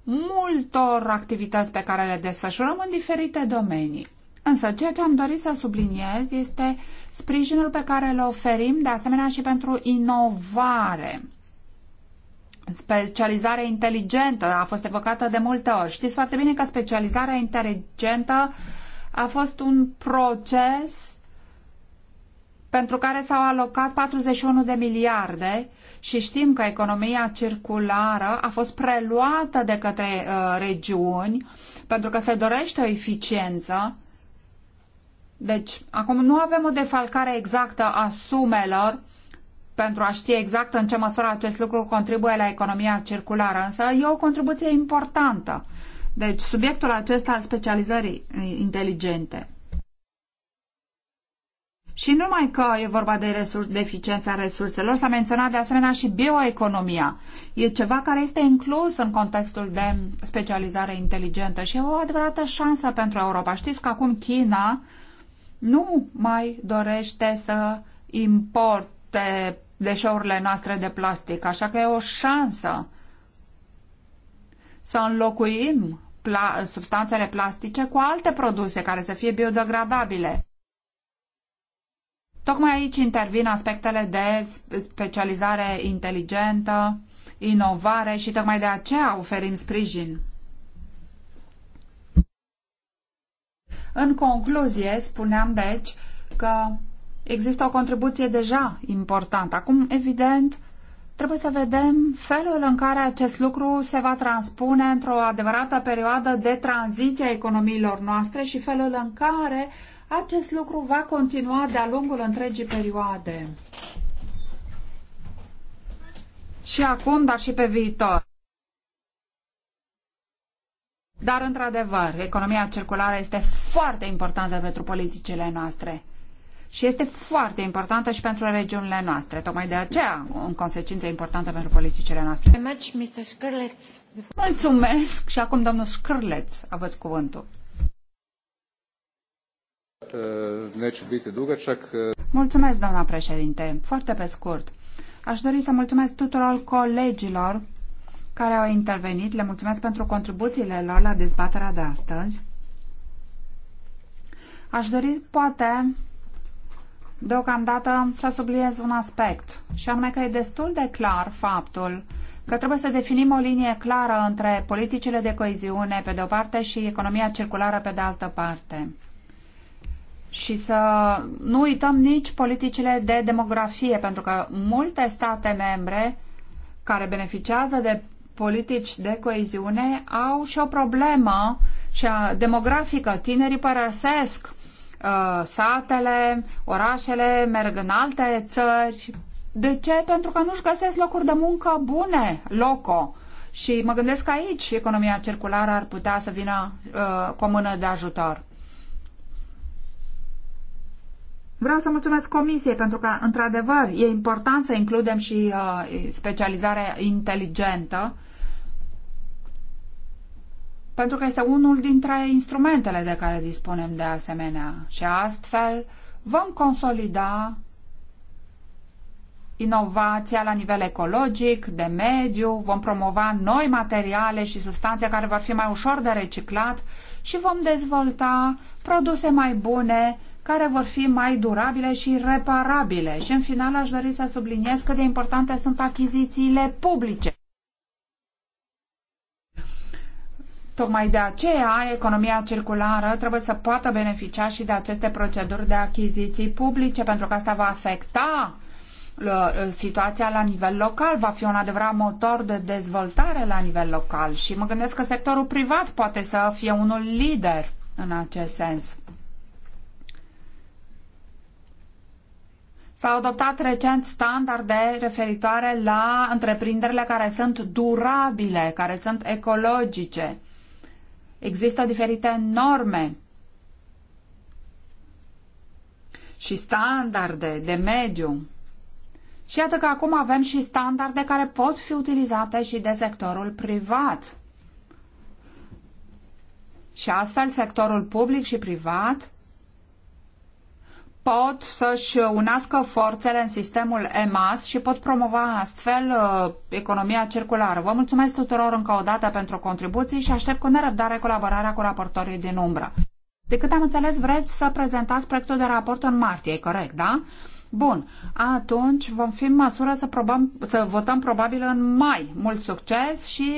A: multor activități pe care le desfășurăm în diferite domenii. Însă ceea ce am dorit să subliniez este sprijinul pe care îl oferim de asemenea și pentru inovare. Specializarea inteligentă a fost evocată de multe ori. Știți foarte bine că specializarea inteligentă a fost un proces pentru care s-au alocat 41 de miliarde și știm că economia circulară a fost preluată de către uh, regiuni pentru că se dorește o eficiență. Deci, acum nu avem o defalcare exactă a sumelor pentru a ști exact în ce măsură acest lucru contribuie la economia circulară, însă e o contribuție importantă. Deci, subiectul acesta al specializării uh, inteligente. Și numai că e vorba de, resurs, de eficiența resurselor, s-a menționat de asemenea și bioeconomia. E ceva care este inclus în contextul de specializare inteligentă și e o adevărată șansă pentru Europa. Știți că acum China nu mai dorește să importe deșeurile noastre de plastic, așa că e o șansă să înlocuim pla- substanțele plastice cu alte produse care să fie biodegradabile. Tocmai aici intervin aspectele de specializare inteligentă, inovare și tocmai de aceea oferim sprijin. În concluzie, spuneam deci că există o contribuție deja importantă. Acum, evident, trebuie să vedem felul în care acest lucru se va transpune într-o adevărată perioadă de tranziție a economiilor noastre și felul în care acest lucru va continua de-a lungul întregii perioade. Și acum, dar și pe viitor. Dar, într-adevăr, economia circulară este foarte importantă pentru politicile noastre și este foarte importantă și pentru regiunile noastre. Tocmai de aceea, în consecință, importantă pentru politicile noastre. Mulțumesc și acum, domnul Scârleț, aveți cuvântul.
C: Eh, eh.
A: Mulțumesc, doamna președinte. Foarte pe scurt. Aș dori să mulțumesc tuturor colegilor care au intervenit. Le mulțumesc pentru contribuțiile lor la dezbaterea de astăzi. Aș dori, poate, deocamdată să subliniez un aspect, și anume că e destul de clar faptul că trebuie să definim o linie clară între politicile de coeziune, pe de o parte, și economia circulară, pe de altă parte și să nu uităm nici politicile de demografie, pentru că multe state membre care beneficiază de politici de coeziune au și o problemă și a demografică. Tinerii părăsesc uh, satele, orașele, merg în alte țări. De ce? Pentru că nu-și găsesc locuri de muncă bune, loco. Și mă gândesc că aici economia circulară ar putea să vină uh, cu o mână de ajutor. Vreau să mulțumesc Comisiei pentru că, într-adevăr, e important să includem și uh, specializarea inteligentă pentru că este unul dintre instrumentele de care dispunem de asemenea și astfel vom consolida inovația la nivel ecologic, de mediu, vom promova noi materiale și substanțe care vor fi mai ușor de reciclat și vom dezvolta produse mai bune care vor fi mai durabile și reparabile. Și în final aș dori să subliniez cât de importante sunt achizițiile publice. Tocmai de aceea, economia circulară trebuie să poată beneficia și de aceste proceduri de achiziții publice, pentru că asta va afecta uh, situația la nivel local, va fi un adevărat motor de dezvoltare la nivel local și mă gândesc că sectorul privat poate să fie unul lider în acest sens. S-au adoptat recent standarde referitoare la întreprinderile care sunt durabile, care sunt ecologice. Există diferite norme și standarde de mediu. Și iată că acum avem și standarde care pot fi utilizate și de sectorul privat. Și astfel sectorul public și privat pot să-și unească forțele în sistemul EMAS și pot promova astfel uh, economia circulară. Vă mulțumesc tuturor încă o dată pentru contribuții și aștept cu nerăbdare colaborarea cu raportorii din umbră. De cât am înțeles, vreți să prezentați proiectul de raport în martie, corect, da? Bun, atunci vom fi în măsură să, probăm, să votăm probabil în mai. Mult succes și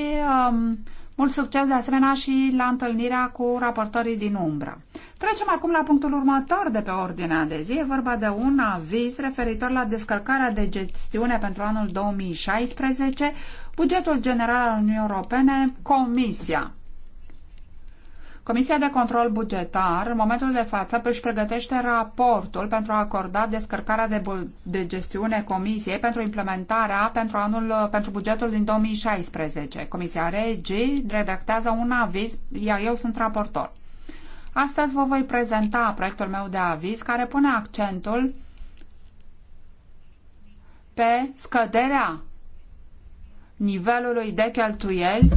A: um, mult succes de asemenea și la întâlnirea cu raportorii din umbră. Trecem acum la punctul următor de pe ordinea de zi. E vorba de un aviz referitor la descărcarea de gestiune pentru anul 2016, bugetul general al Uniunii Europene, Comisia. Comisia de Control Bugetar, în momentul de față, își pregătește raportul pentru a acorda descărcarea de, de gestiune Comisiei pentru implementarea pentru, anul, pentru bugetul din 2016. Comisia Regii redactează un aviz, iar eu sunt raportor. Astăzi vă voi prezenta proiectul meu de aviz care pune accentul pe scăderea nivelului de cheltuieli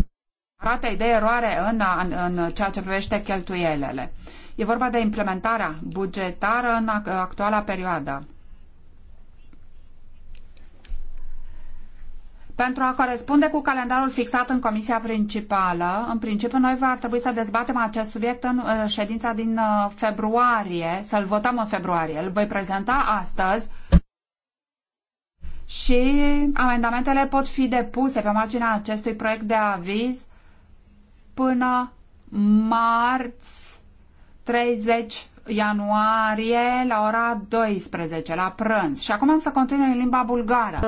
A: arată idei eroare în, în, în ceea ce privește cheltuielele. E vorba de implementarea bugetară în actuala perioadă. Pentru a corespunde cu calendarul fixat în comisia principală, în principiu noi va trebui să dezbatem acest subiect în ședința din uh, februarie, să-l votăm în februarie. Îl voi prezenta astăzi și amendamentele pot fi depuse pe marginea acestui proiect de aviz până marți 30 ianuarie la ora 12, la prânz. Și acum am să continui în limba bulgară.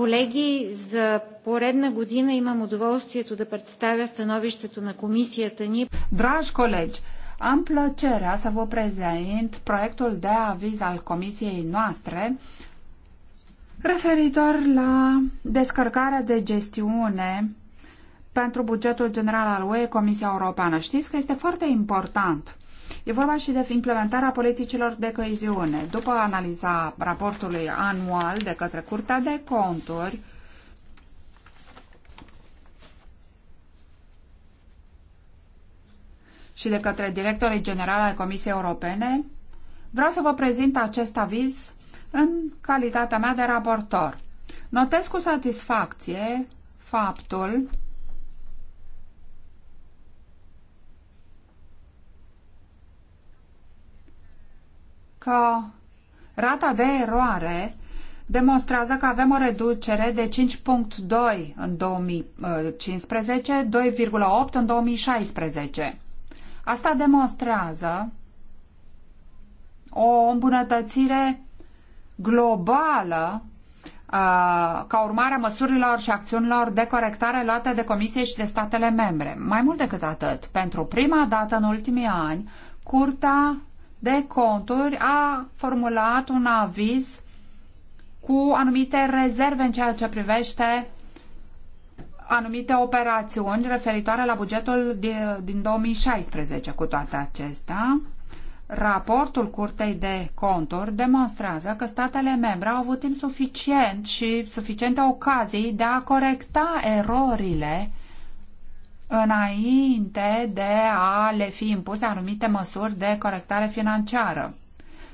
A: Колеги, за поредна година имам удоволствието да представя становището на комисията ни. Dragi colegi, am plăcerea să vă prezint proiectul de aviz al comisiei noastre referitor la descărcarea de gestiune pentru bugetul general al UE, Comisia Europeană. Știți că este foarte important. E vorba și de implementarea politicilor de coeziune. După analiza raportului anual de către Curtea de Conturi, și de către directorii general al Comisiei Europene, vreau să vă prezint acest aviz în calitatea mea de raportor. Notez cu satisfacție faptul că rata de eroare demonstrează că avem o reducere de 5.2 în 2015, 2,8 în 2016. Asta demonstrează o îmbunătățire globală uh, ca urmare a măsurilor și acțiunilor de corectare luate de Comisie și de statele membre. Mai mult decât atât, pentru prima dată în ultimii ani, Curtea de Conturi a formulat un aviz cu anumite rezerve în ceea ce privește anumite operațiuni referitoare la bugetul din 2016. Cu toate acestea, raportul Curtei de Conturi demonstrează că statele membre au avut timp suficient și suficiente ocazii de a corecta erorile înainte de a le fi impuse anumite măsuri de corectare financiară.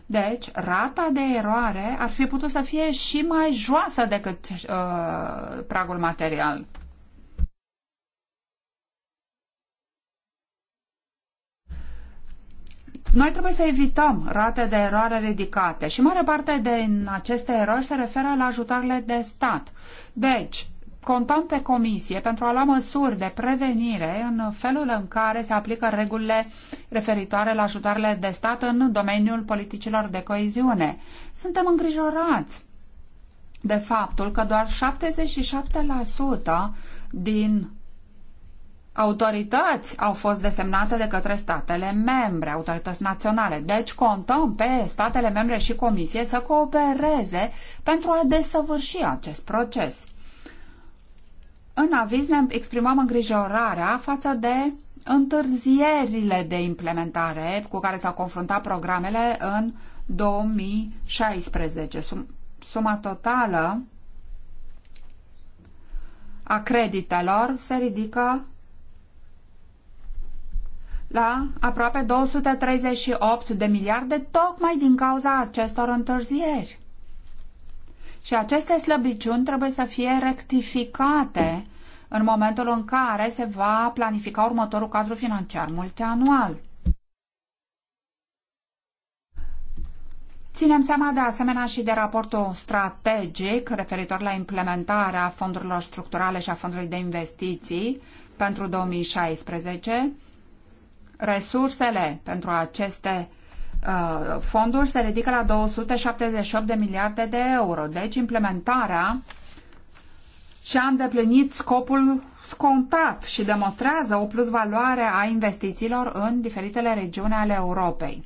A: Deci, rata de eroare ar fi putut să fie și mai joasă decât uh, pragul material. Noi trebuie să evităm rate de eroare ridicate și mare parte din aceste erori se referă la ajutoarele de stat. Deci, contăm pe comisie pentru a lua măsuri de prevenire în felul în care se aplică regulile referitoare la ajutoarele de stat în domeniul politicilor de coeziune. Suntem îngrijorați de faptul că doar 77% din autorități au fost desemnate de către statele membre, autorități naționale. Deci contăm pe statele membre și comisie să coopereze pentru a desăvârși acest proces în aviz ne exprimăm îngrijorarea față de întârzierile de implementare cu care s-au confruntat programele în 2016. suma totală a creditelor se ridică la aproape 238 de miliarde tocmai din cauza acestor întârzieri. Și aceste slăbiciuni trebuie să fie rectificate în momentul în care se va planifica următorul cadru financiar multianual. Ținem seama de asemenea și de raportul strategic referitor la implementarea fondurilor structurale și a fondului de investiții pentru 2016. Resursele pentru aceste Uh, fonduri se ridică la 278 de miliarde de euro. Deci implementarea și-a îndeplinit scopul scontat și demonstrează o plusvaloare a investițiilor în diferitele regiuni ale Europei.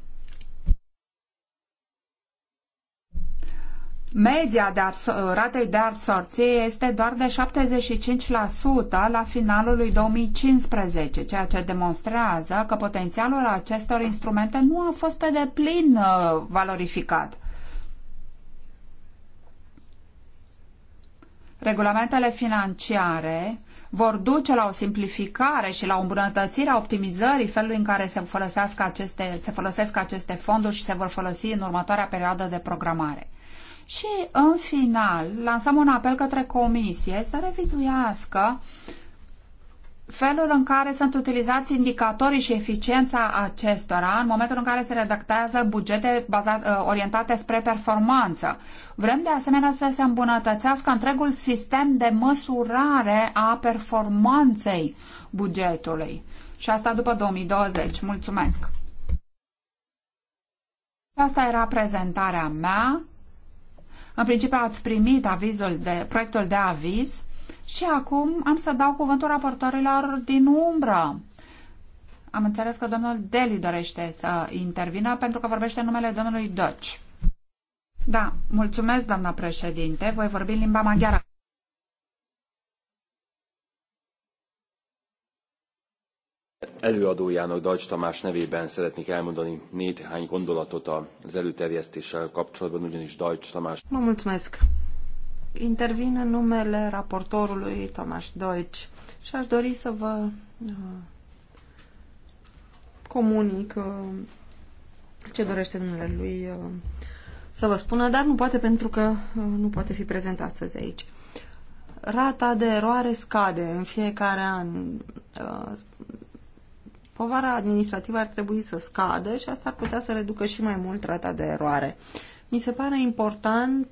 A: Media de uh, ratei de absorție este doar de 75% la finalul lui 2015, ceea ce demonstrează că potențialul acestor instrumente nu a fost pe deplin uh, valorificat. Regulamentele financiare vor duce la o simplificare și la o îmbunătățire a optimizării felului în care se, aceste, se folosesc aceste fonduri și se vor folosi în următoarea perioadă de programare. Și, în final, lansăm un apel către Comisie să revizuiască felul în care sunt utilizați indicatorii și eficiența acestora în momentul în care se redactează bugete bazat, ă, orientate spre performanță. Vrem de asemenea să se îmbunătățească întregul sistem de măsurare a performanței bugetului. Și asta după 2020. Mulțumesc! Asta era prezentarea mea. În principiu ați primit avizul de, proiectul de aviz și acum am să dau cuvântul raportorilor din umbră. Am înțeles că domnul Deli dorește să intervină pentru că vorbește numele domnului Doci. Da, mulțumesc, doamna președinte. Voi vorbi în limba maghiară. Előadójának Dajcs Tamás nevében szeretnék elmondani néhány gondolatot az előterjesztéssel kapcsolatban, ugyanis Dajcs Tamás... Mă
B: mulțumesc! Intervin în numele raportorului Tamás Dajcs și aș dori să vă uh, comunic uh, ce dorește numele lui uh, să vă spună, dar nu poate pentru că nu poate fi prezent astăzi aici. Rata de eroare scade în fiecare an povara administrativă ar trebui să scadă și asta ar putea să reducă și mai mult rata de eroare. Mi se pare important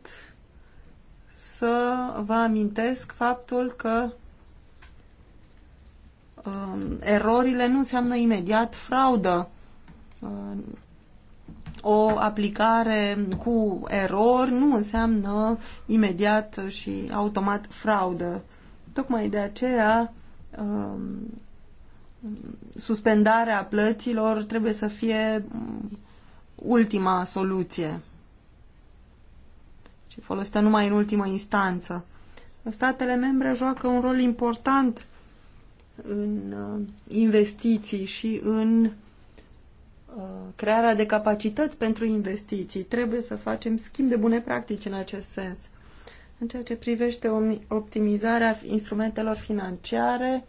B: să vă amintesc faptul că um, erorile nu înseamnă imediat fraudă. Um, o aplicare cu erori nu înseamnă imediat și automat fraudă. Tocmai de aceea um, suspendarea plăților trebuie să fie ultima soluție și folosită numai în ultimă instanță. Statele membre joacă un rol important în uh, investiții și în uh, crearea de capacități pentru investiții. Trebuie să facem schimb de bune practici în acest sens. În ceea ce privește optimizarea instrumentelor financiare,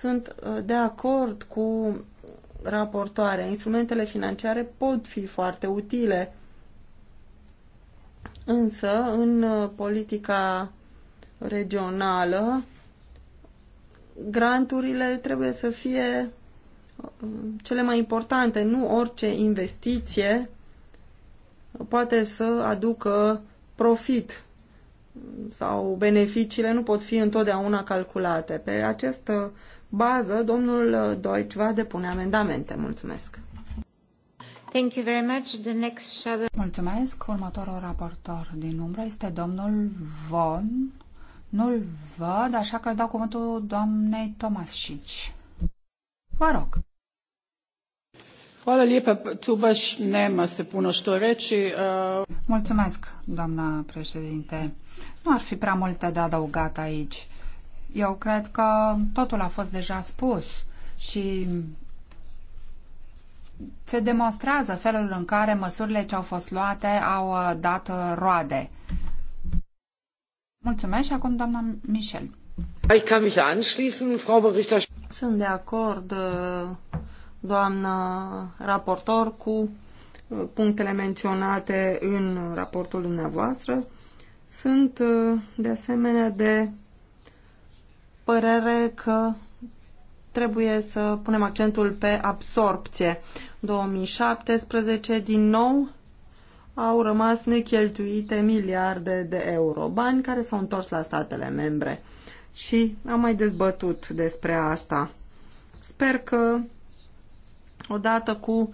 B: sunt uh, de acord cu raportoarea. Instrumentele financiare pot fi foarte utile, însă în uh, politica regională granturile trebuie să fie uh, cele mai importante, nu orice investiție poate să aducă profit sau beneficiile nu pot fi întotdeauna calculate. Pe acest bază, domnul Deutsch va depune amendamente. Mulțumesc!
A: Thank you very much. The next shadow... Mulțumesc. Următorul raportor din umbră este domnul Von. Nu-l văd, așa că dau cuvântul doamnei Tomașici. Vă rog. Hvala lijepa, tu baš nema se puno što reći. Mulțumesc, doamna președinte. Nu ar fi prea multe de adăugat aici. Eu cred că totul a fost deja spus și se demonstrează felul în care măsurile ce au fost luate au uh, dat uh, roade. Mulțumesc și acum doamna Michel. Sunt de acord, uh, doamnă
B: raportor, cu punctele menționate în raportul dumneavoastră. Sunt de asemenea de părere că trebuie să punem accentul pe absorpție. 2017, din nou, au rămas necheltuite miliarde de euro, bani care s-au întors la statele membre. Și am mai dezbătut despre asta. Sper că, odată cu uh,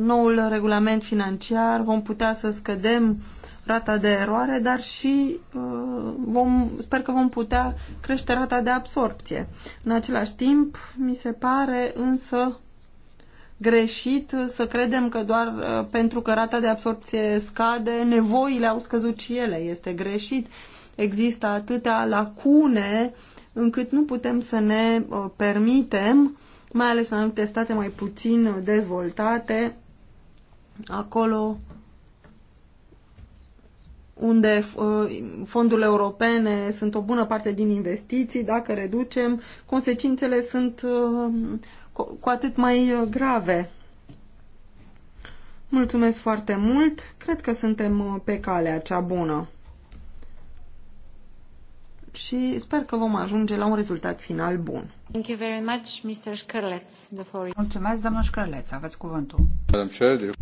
B: noul regulament financiar, vom putea să scădem uh, rata de eroare, dar și uh, vom, sper că vom putea crește rata de absorpție. În același timp, mi se pare însă greșit să credem că doar uh, pentru că rata de absorpție scade, nevoile au scăzut și ele. Este greșit. Există atâtea lacune încât nu putem să ne uh, permitem, mai ales în anumite state mai puțin dezvoltate, acolo unde uh, fondurile europene sunt o bună parte din investiții, dacă reducem, consecințele sunt uh, cu atât mai uh, grave. Mulțumesc foarte mult. Cred că suntem pe calea cea bună. Și sper că vom ajunge la un rezultat final
A: bun. Thank you very much, Mr. Scarlett, the Mulțumesc, domnul Șcărleț. Aveți cuvântul.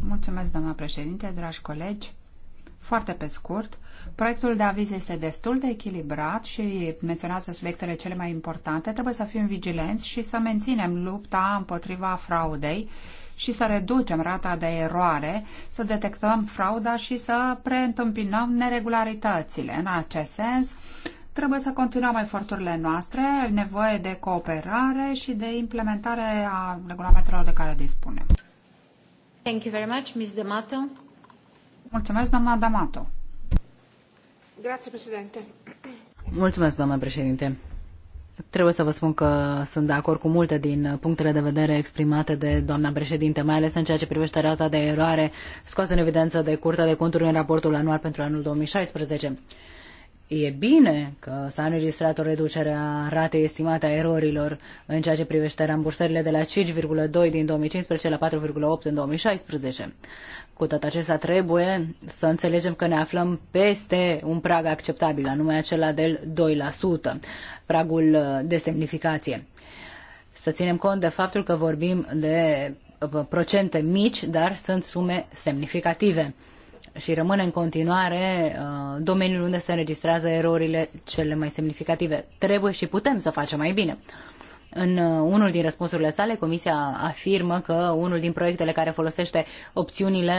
A: Mulțumesc, doamna președinte, dragi colegi. Foarte pe scurt, proiectul de aviz este destul de echilibrat și menționează subiectele cele mai importante. Trebuie să fim vigilenți și să menținem lupta împotriva fraudei și să reducem rata de eroare, să detectăm frauda și să preîntâmpinăm neregularitățile. În acest sens, trebuie să continuăm eforturile noastre, nevoie de cooperare și de implementare a regulamentelor de care dispunem. Thank you very much, Ms. D'Amato. Mulțumesc, doamna D'Amato. Grazie, președinte.
C: Mulțumesc, doamna președinte. Trebuie să vă spun că sunt de acord cu multe din punctele de vedere exprimate de doamna președinte, mai ales în ceea ce privește rata de eroare scoasă în evidență de Curtea de Conturi în raportul anual pentru anul 2016. E bine că s-a înregistrat o reducere a ratei estimate a erorilor în ceea ce privește rambursările de la 5,2 din 2015 la 4,8 în 2016. Cu tot acesta trebuie să înțelegem că ne aflăm peste un prag acceptabil, anume acela del 2%, pragul uh, de semnificație. Să ținem cont de faptul că vorbim de uh, procente mici, dar sunt sume semnificative și rămâne în continuare uh, domeniul unde se înregistrează erorile cele mai semnificative. Trebuie și putem să facem mai bine. În uh, unul din răspunsurile sale, Comisia afirmă că unul din proiectele care folosește opțiunile,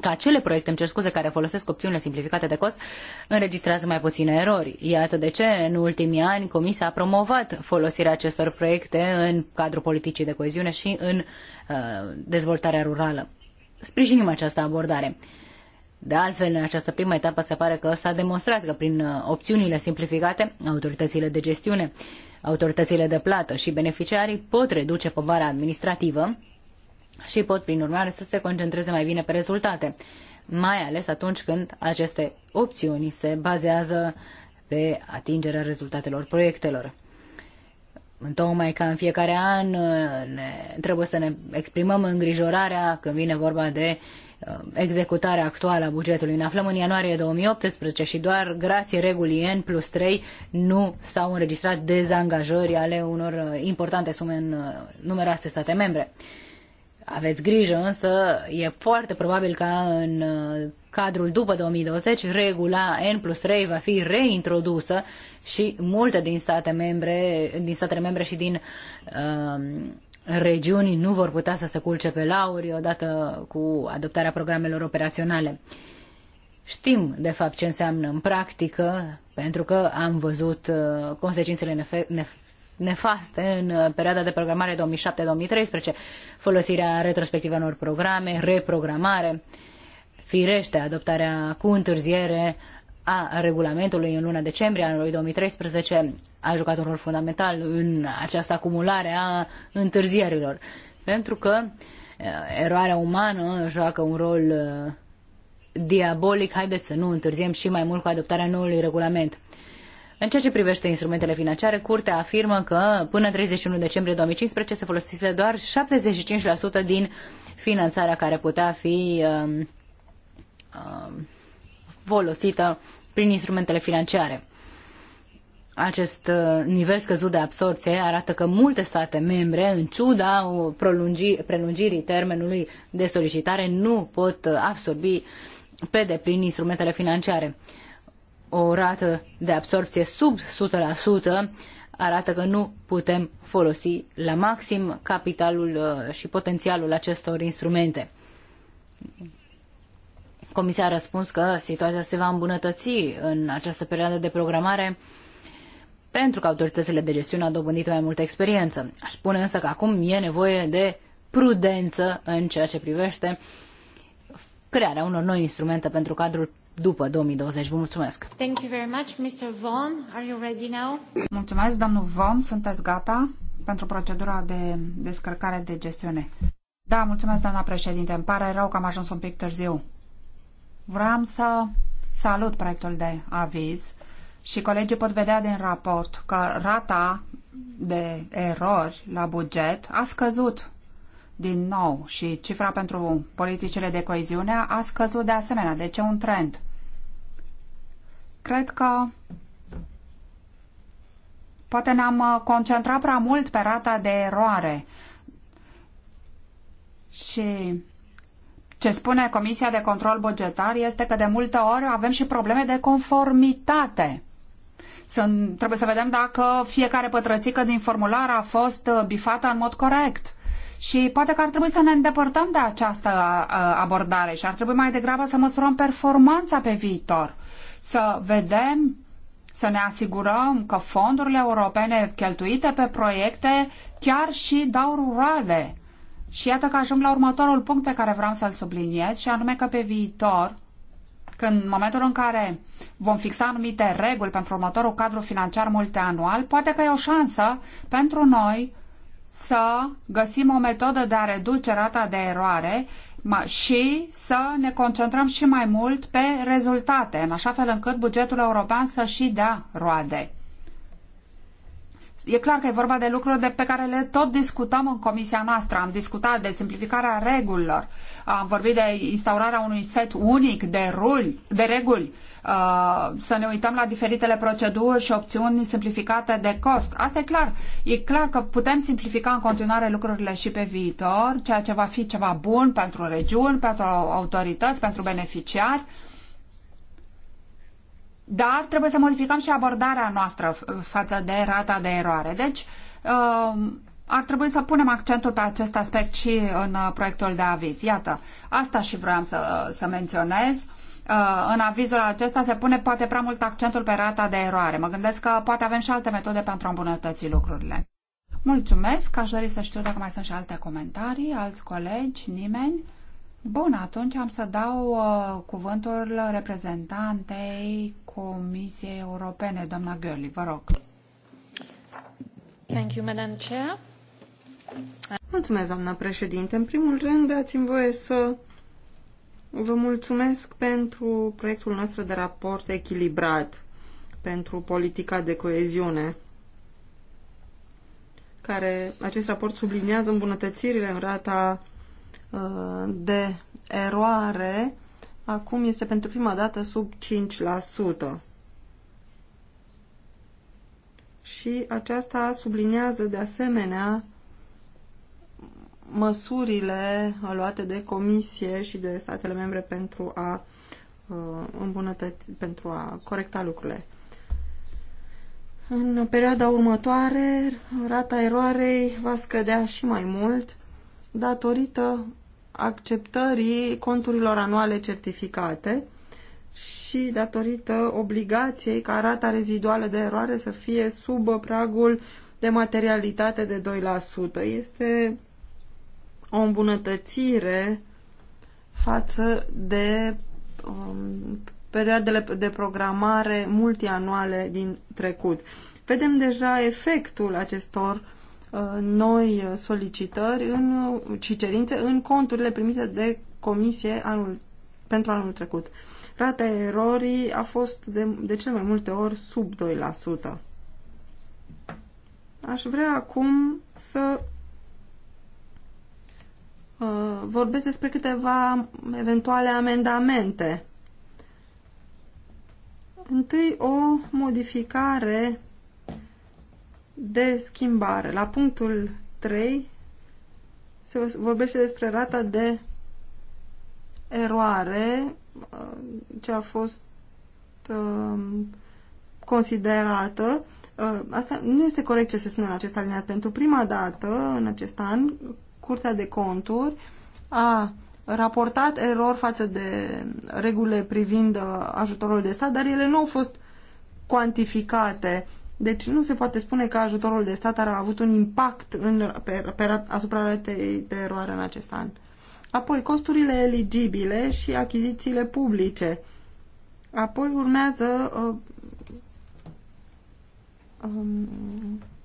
C: că acele proiecte, îmi cer scuze, care folosesc opțiunile simplificate de cost, înregistrează mai puține erori. Iată de ce, în ultimii ani, Comisia a promovat folosirea acestor proiecte în cadrul politicii de coeziune și în uh, dezvoltarea rurală. Sprijinim această abordare. Uh, de altfel, în această primă etapă se pare că s-a demonstrat că prin uh, opțiunile simplificate, autoritățile de gestiune, autoritățile de plată și beneficiarii pot reduce povara administrativă și pot, prin urmare, să se concentreze mai bine pe rezultate, mai ales atunci când aceste opțiuni se bazează pe atingerea rezultatelor proiectelor. Întocmai ca în fiecare an uh, ne, trebuie să ne exprimăm îngrijorarea când vine vorba de uh, Uh, executarea actuală a bugetului. Ne aflăm în ianuarie 2018 și doar grație regulii N plus 3 nu s-au înregistrat dezangajări ale unor uh, importante sume în uh, numeroase state membre. Aveți grijă, însă e foarte probabil ca în cadrul după 2020 regula N plus 3 va fi reintrodusă și multe din, state membre, din statele membre și din uh, regiuni nu vor putea să se culce pe lauri odată cu adoptarea programelor operaționale. Știm, de fapt, ce înseamnă în practică, pentru că am văzut uh, consecințele nef nef nefaste în uh, perioada de programare 2007-2013, folosirea retrospectivă unor programe, reprogramare, firește adoptarea cu întârziere a regulamentului în luna decembrie anului 2013 a jucat un rol fundamental în această acumulare a întârzierilor. Pentru că eh, eroarea umană joacă un rol eh, diabolic, haideți să nu întârziem și mai mult cu adoptarea noului regulament. În ceea ce privește instrumentele financiare, Curtea afirmă că până 31 decembrie 2015 se folosise doar 75% din finanțarea care putea fi uh, folosită prin instrumentele financiare. Acest uh, nivel scăzut de absorție arată că multe state membre, în ciuda prelungirii termenului de solicitare, nu pot uh, absorbi pe deplin instrumentele financiare. O rată de absorție sub 100% arată că nu putem folosi la maxim capitalul uh, și potențialul acestor instrumente. Comisia a răspuns că situația se va îmbunătăți în această perioadă de programare pentru că autoritățile de gestiune au dobândit mai multă experiență. Aș spune însă că acum e nevoie de prudență în ceea ce privește crearea unor noi instrumente pentru cadrul după 2020. Vă mulțumesc.
A: Thank you very much, Mr. Vaughan. Are you ready now? Mulțumesc, domnul Vaughan. Sunteți gata pentru procedura de descărcare de gestiune? Da, mulțumesc, doamna președinte. Îmi pare rău că am ajuns un pic târziu. Vreau să salut proiectul de aviz și colegii pot vedea din raport că rata de erori la buget a scăzut din nou și cifra pentru politicile de coeziune a scăzut de asemenea. Deci e un trend. Cred că poate ne-am uh, concentrat prea mult pe rata de eroare și ce spune Comisia de Control Bugetar este că de multe ori avem și probleme de conformitate. Sunt, trebuie să vedem dacă fiecare pătrățică din formular a fost uh, bifată în mod corect. Și poate că ar trebui să ne îndepărtăm de această uh, abordare și ar trebui mai degrabă să măsurăm performanța pe viitor. Să vedem, să ne asigurăm că fondurile europene cheltuite pe proiecte chiar și dau roade și iată că ajung la următorul punct pe care vreau să-l subliniez și anume că pe viitor, când în momentul în care vom fixa anumite reguli pentru următorul cadru financiar multianual, poate că e o șansă pentru noi să găsim o metodă de a reduce rata de eroare și să ne concentrăm și mai mult pe rezultate, în așa fel încât bugetul european să și dea roade. E clar că e vorba de lucruri de pe care le tot discutăm în comisia noastră. Am discutat de simplificarea regulilor, am vorbit de instaurarea unui set unic de, ruli, de reguli, uh, să ne uităm la diferitele proceduri și opțiuni simplificate de cost. Asta e clar. E clar că putem simplifica în continuare lucrurile și pe viitor, ceea ce va fi ceva bun pentru regiuni, pentru autorități, pentru beneficiari dar trebuie să modificăm și abordarea noastră față de rata de eroare. Deci, um, ar trebui să punem accentul pe acest aspect și în uh, proiectul de aviz. Iată, asta și vreau să, uh, să menționez. Uh, în avizul acesta se pune poate prea mult accentul pe rata de eroare. Mă gândesc că poate avem și alte metode pentru a îmbunătăți lucrurile. Mulțumesc, aș dori să știu dacă mai sunt și alte comentarii, alți colegi, nimeni. Bun, atunci am să dau uh, cuvântul reprezentantei Comisiei Europene, doamna Gurley. Vă rog.
B: Thank you, Madam Chair. Mulțumesc, doamna președinte. În primul rând, dați-mi voie să vă mulțumesc pentru proiectul nostru de raport echilibrat pentru politica de coeziune care acest raport subliniază îmbunătățirile în rata uh, de eroare Acum este pentru prima dată sub 5%. Și aceasta sublinează de asemenea măsurile luate de Comisie și de statele membre pentru a uh, îmbunătăți, pentru a corecta lucrurile. În perioada următoare, rata eroarei va scădea și mai mult datorită acceptării conturilor anuale certificate și datorită obligației ca rata reziduală de eroare să fie sub pragul de materialitate de 2%. Este o îmbunătățire față de um, perioadele de programare multianuale din trecut. Vedem deja efectul acestor Uh, noi solicitări în, uh, și cerințe în conturile primite de comisie anul, pentru anul trecut. Rata erorii a fost de, de cel mai multe ori sub 2%. Aș vrea acum să uh, vorbesc despre câteva eventuale amendamente. Întâi o modificare de schimbare. La punctul 3 se vorbește despre rata de eroare uh, ce a fost uh, considerată. Uh, asta nu este corect ce se spune în acest alineat. Pentru prima dată în acest an, Curtea de Conturi a raportat erori față de regulile privind ajutorul de stat, dar ele nu au fost cuantificate deci nu se poate spune că ajutorul de stat ar a avut un impact în, pe, pe, asupra ratei de eroare în acest an. Apoi costurile eligibile și achizițiile publice. Apoi urmează uh, um,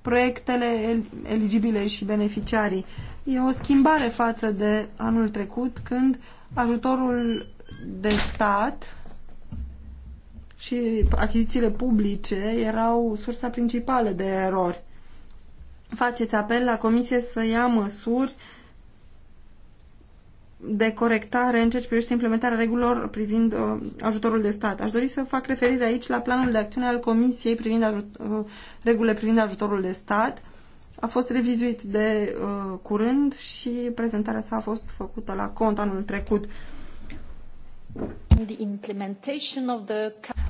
B: proiectele el, eligibile și beneficiarii. E o schimbare față de anul trecut când ajutorul de stat și achizițiile publice erau sursa principală de erori. Faceți apel la Comisie să ia măsuri de corectare în ceea ce privește implementarea regulilor privind uh, ajutorul de stat. Aș dori să fac referire aici la planul de acțiune al Comisiei privind uh, regulile privind ajutorul de stat. A fost revizuit de uh, curând și prezentarea sa a fost făcută la cont anul trecut. Uh, în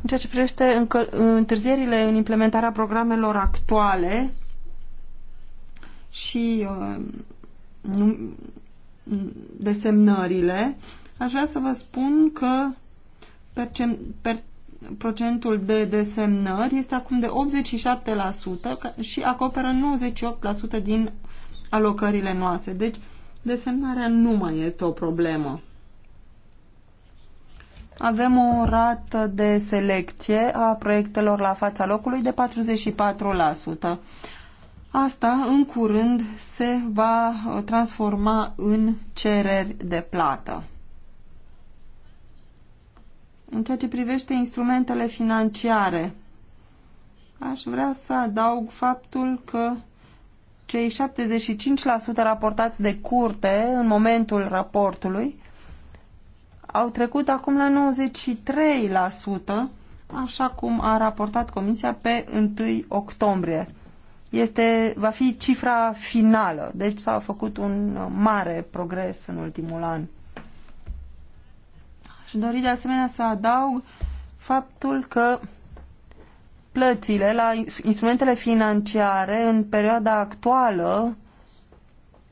B: ceea ce privește întârzierile în implementarea programelor actuale și uh, desemnările, aș vrea să vă spun că per, procentul de desemnări este acum de 87% și acoperă 98% din alocările noastre. Deci, desemnarea nu mai este o problemă avem o rată de selecție a proiectelor la fața locului de 44%. Asta în curând se va transforma în cereri de plată. În ceea ce privește instrumentele financiare, aș vrea să adaug faptul că cei 75% raportați de curte în momentul raportului au trecut acum la 93%, așa cum a raportat Comisia pe 1 octombrie. Este, va fi cifra finală, deci s-a făcut un mare progres în ultimul an. Aș dori de asemenea să adaug faptul că plățile la instrumentele financiare în perioada actuală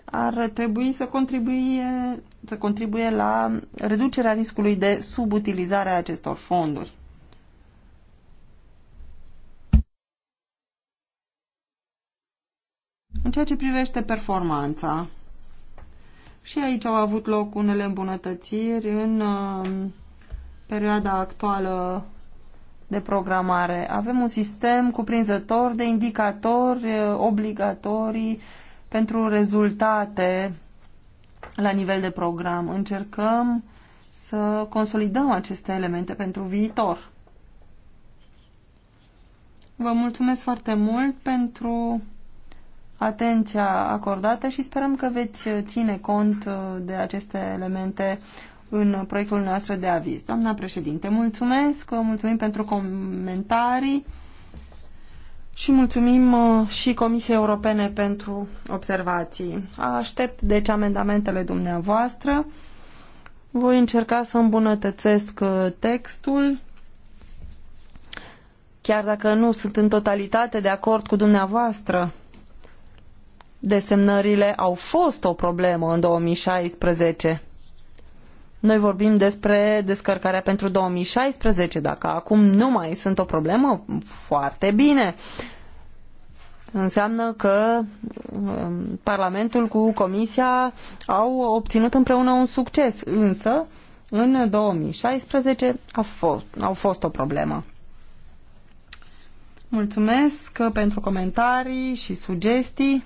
B: ar trebui să contribuie să contribuie la reducerea riscului de subutilizare a acestor fonduri. În ceea ce privește performanța, și aici au avut loc unele îmbunătățiri în um, perioada actuală de programare. Avem un sistem cuprinzător de indicatori uh, obligatorii pentru rezultate la nivel de program. Încercăm să consolidăm aceste elemente pentru viitor. Vă mulțumesc foarte mult pentru atenția acordată și sperăm că veți ține cont uh, de aceste elemente în proiectul nostru de aviz. Doamna președinte, mulțumesc, mulțumim pentru comentarii. Și mulțumim uh, și Comisiei Europene pentru observații. Aștept deci amendamentele dumneavoastră. Voi încerca să îmbunătățesc uh, textul, chiar dacă nu sunt în totalitate de acord cu dumneavoastră. Desemnările au fost o problemă în 2016 noi vorbim despre descărcarea pentru 2016. Dacă acum nu mai sunt o problemă, foarte bine. Înseamnă că um, Parlamentul cu Comisia au obținut împreună un succes, însă în 2016 a fost, au fost o problemă. Mulțumesc pentru comentarii și sugestii.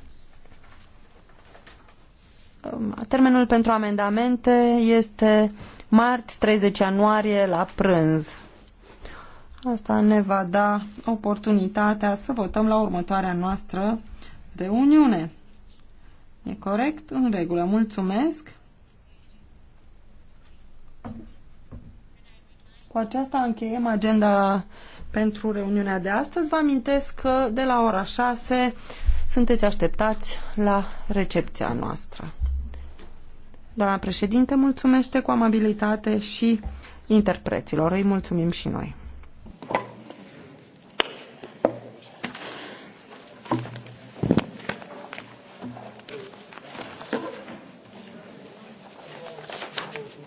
B: Um, termenul pentru amendamente este marți 30 ianuarie la prânz. Asta ne va da oportunitatea să votăm la următoarea noastră reuniune. E corect? În regulă. Mulțumesc! Cu aceasta încheiem agenda pentru reuniunea de astăzi. Vă amintesc că de la ora 6 sunteți așteptați la recepția noastră. Doamna președinte, mulțumește cu amabilitate și interpreților. Îi mulțumim și noi.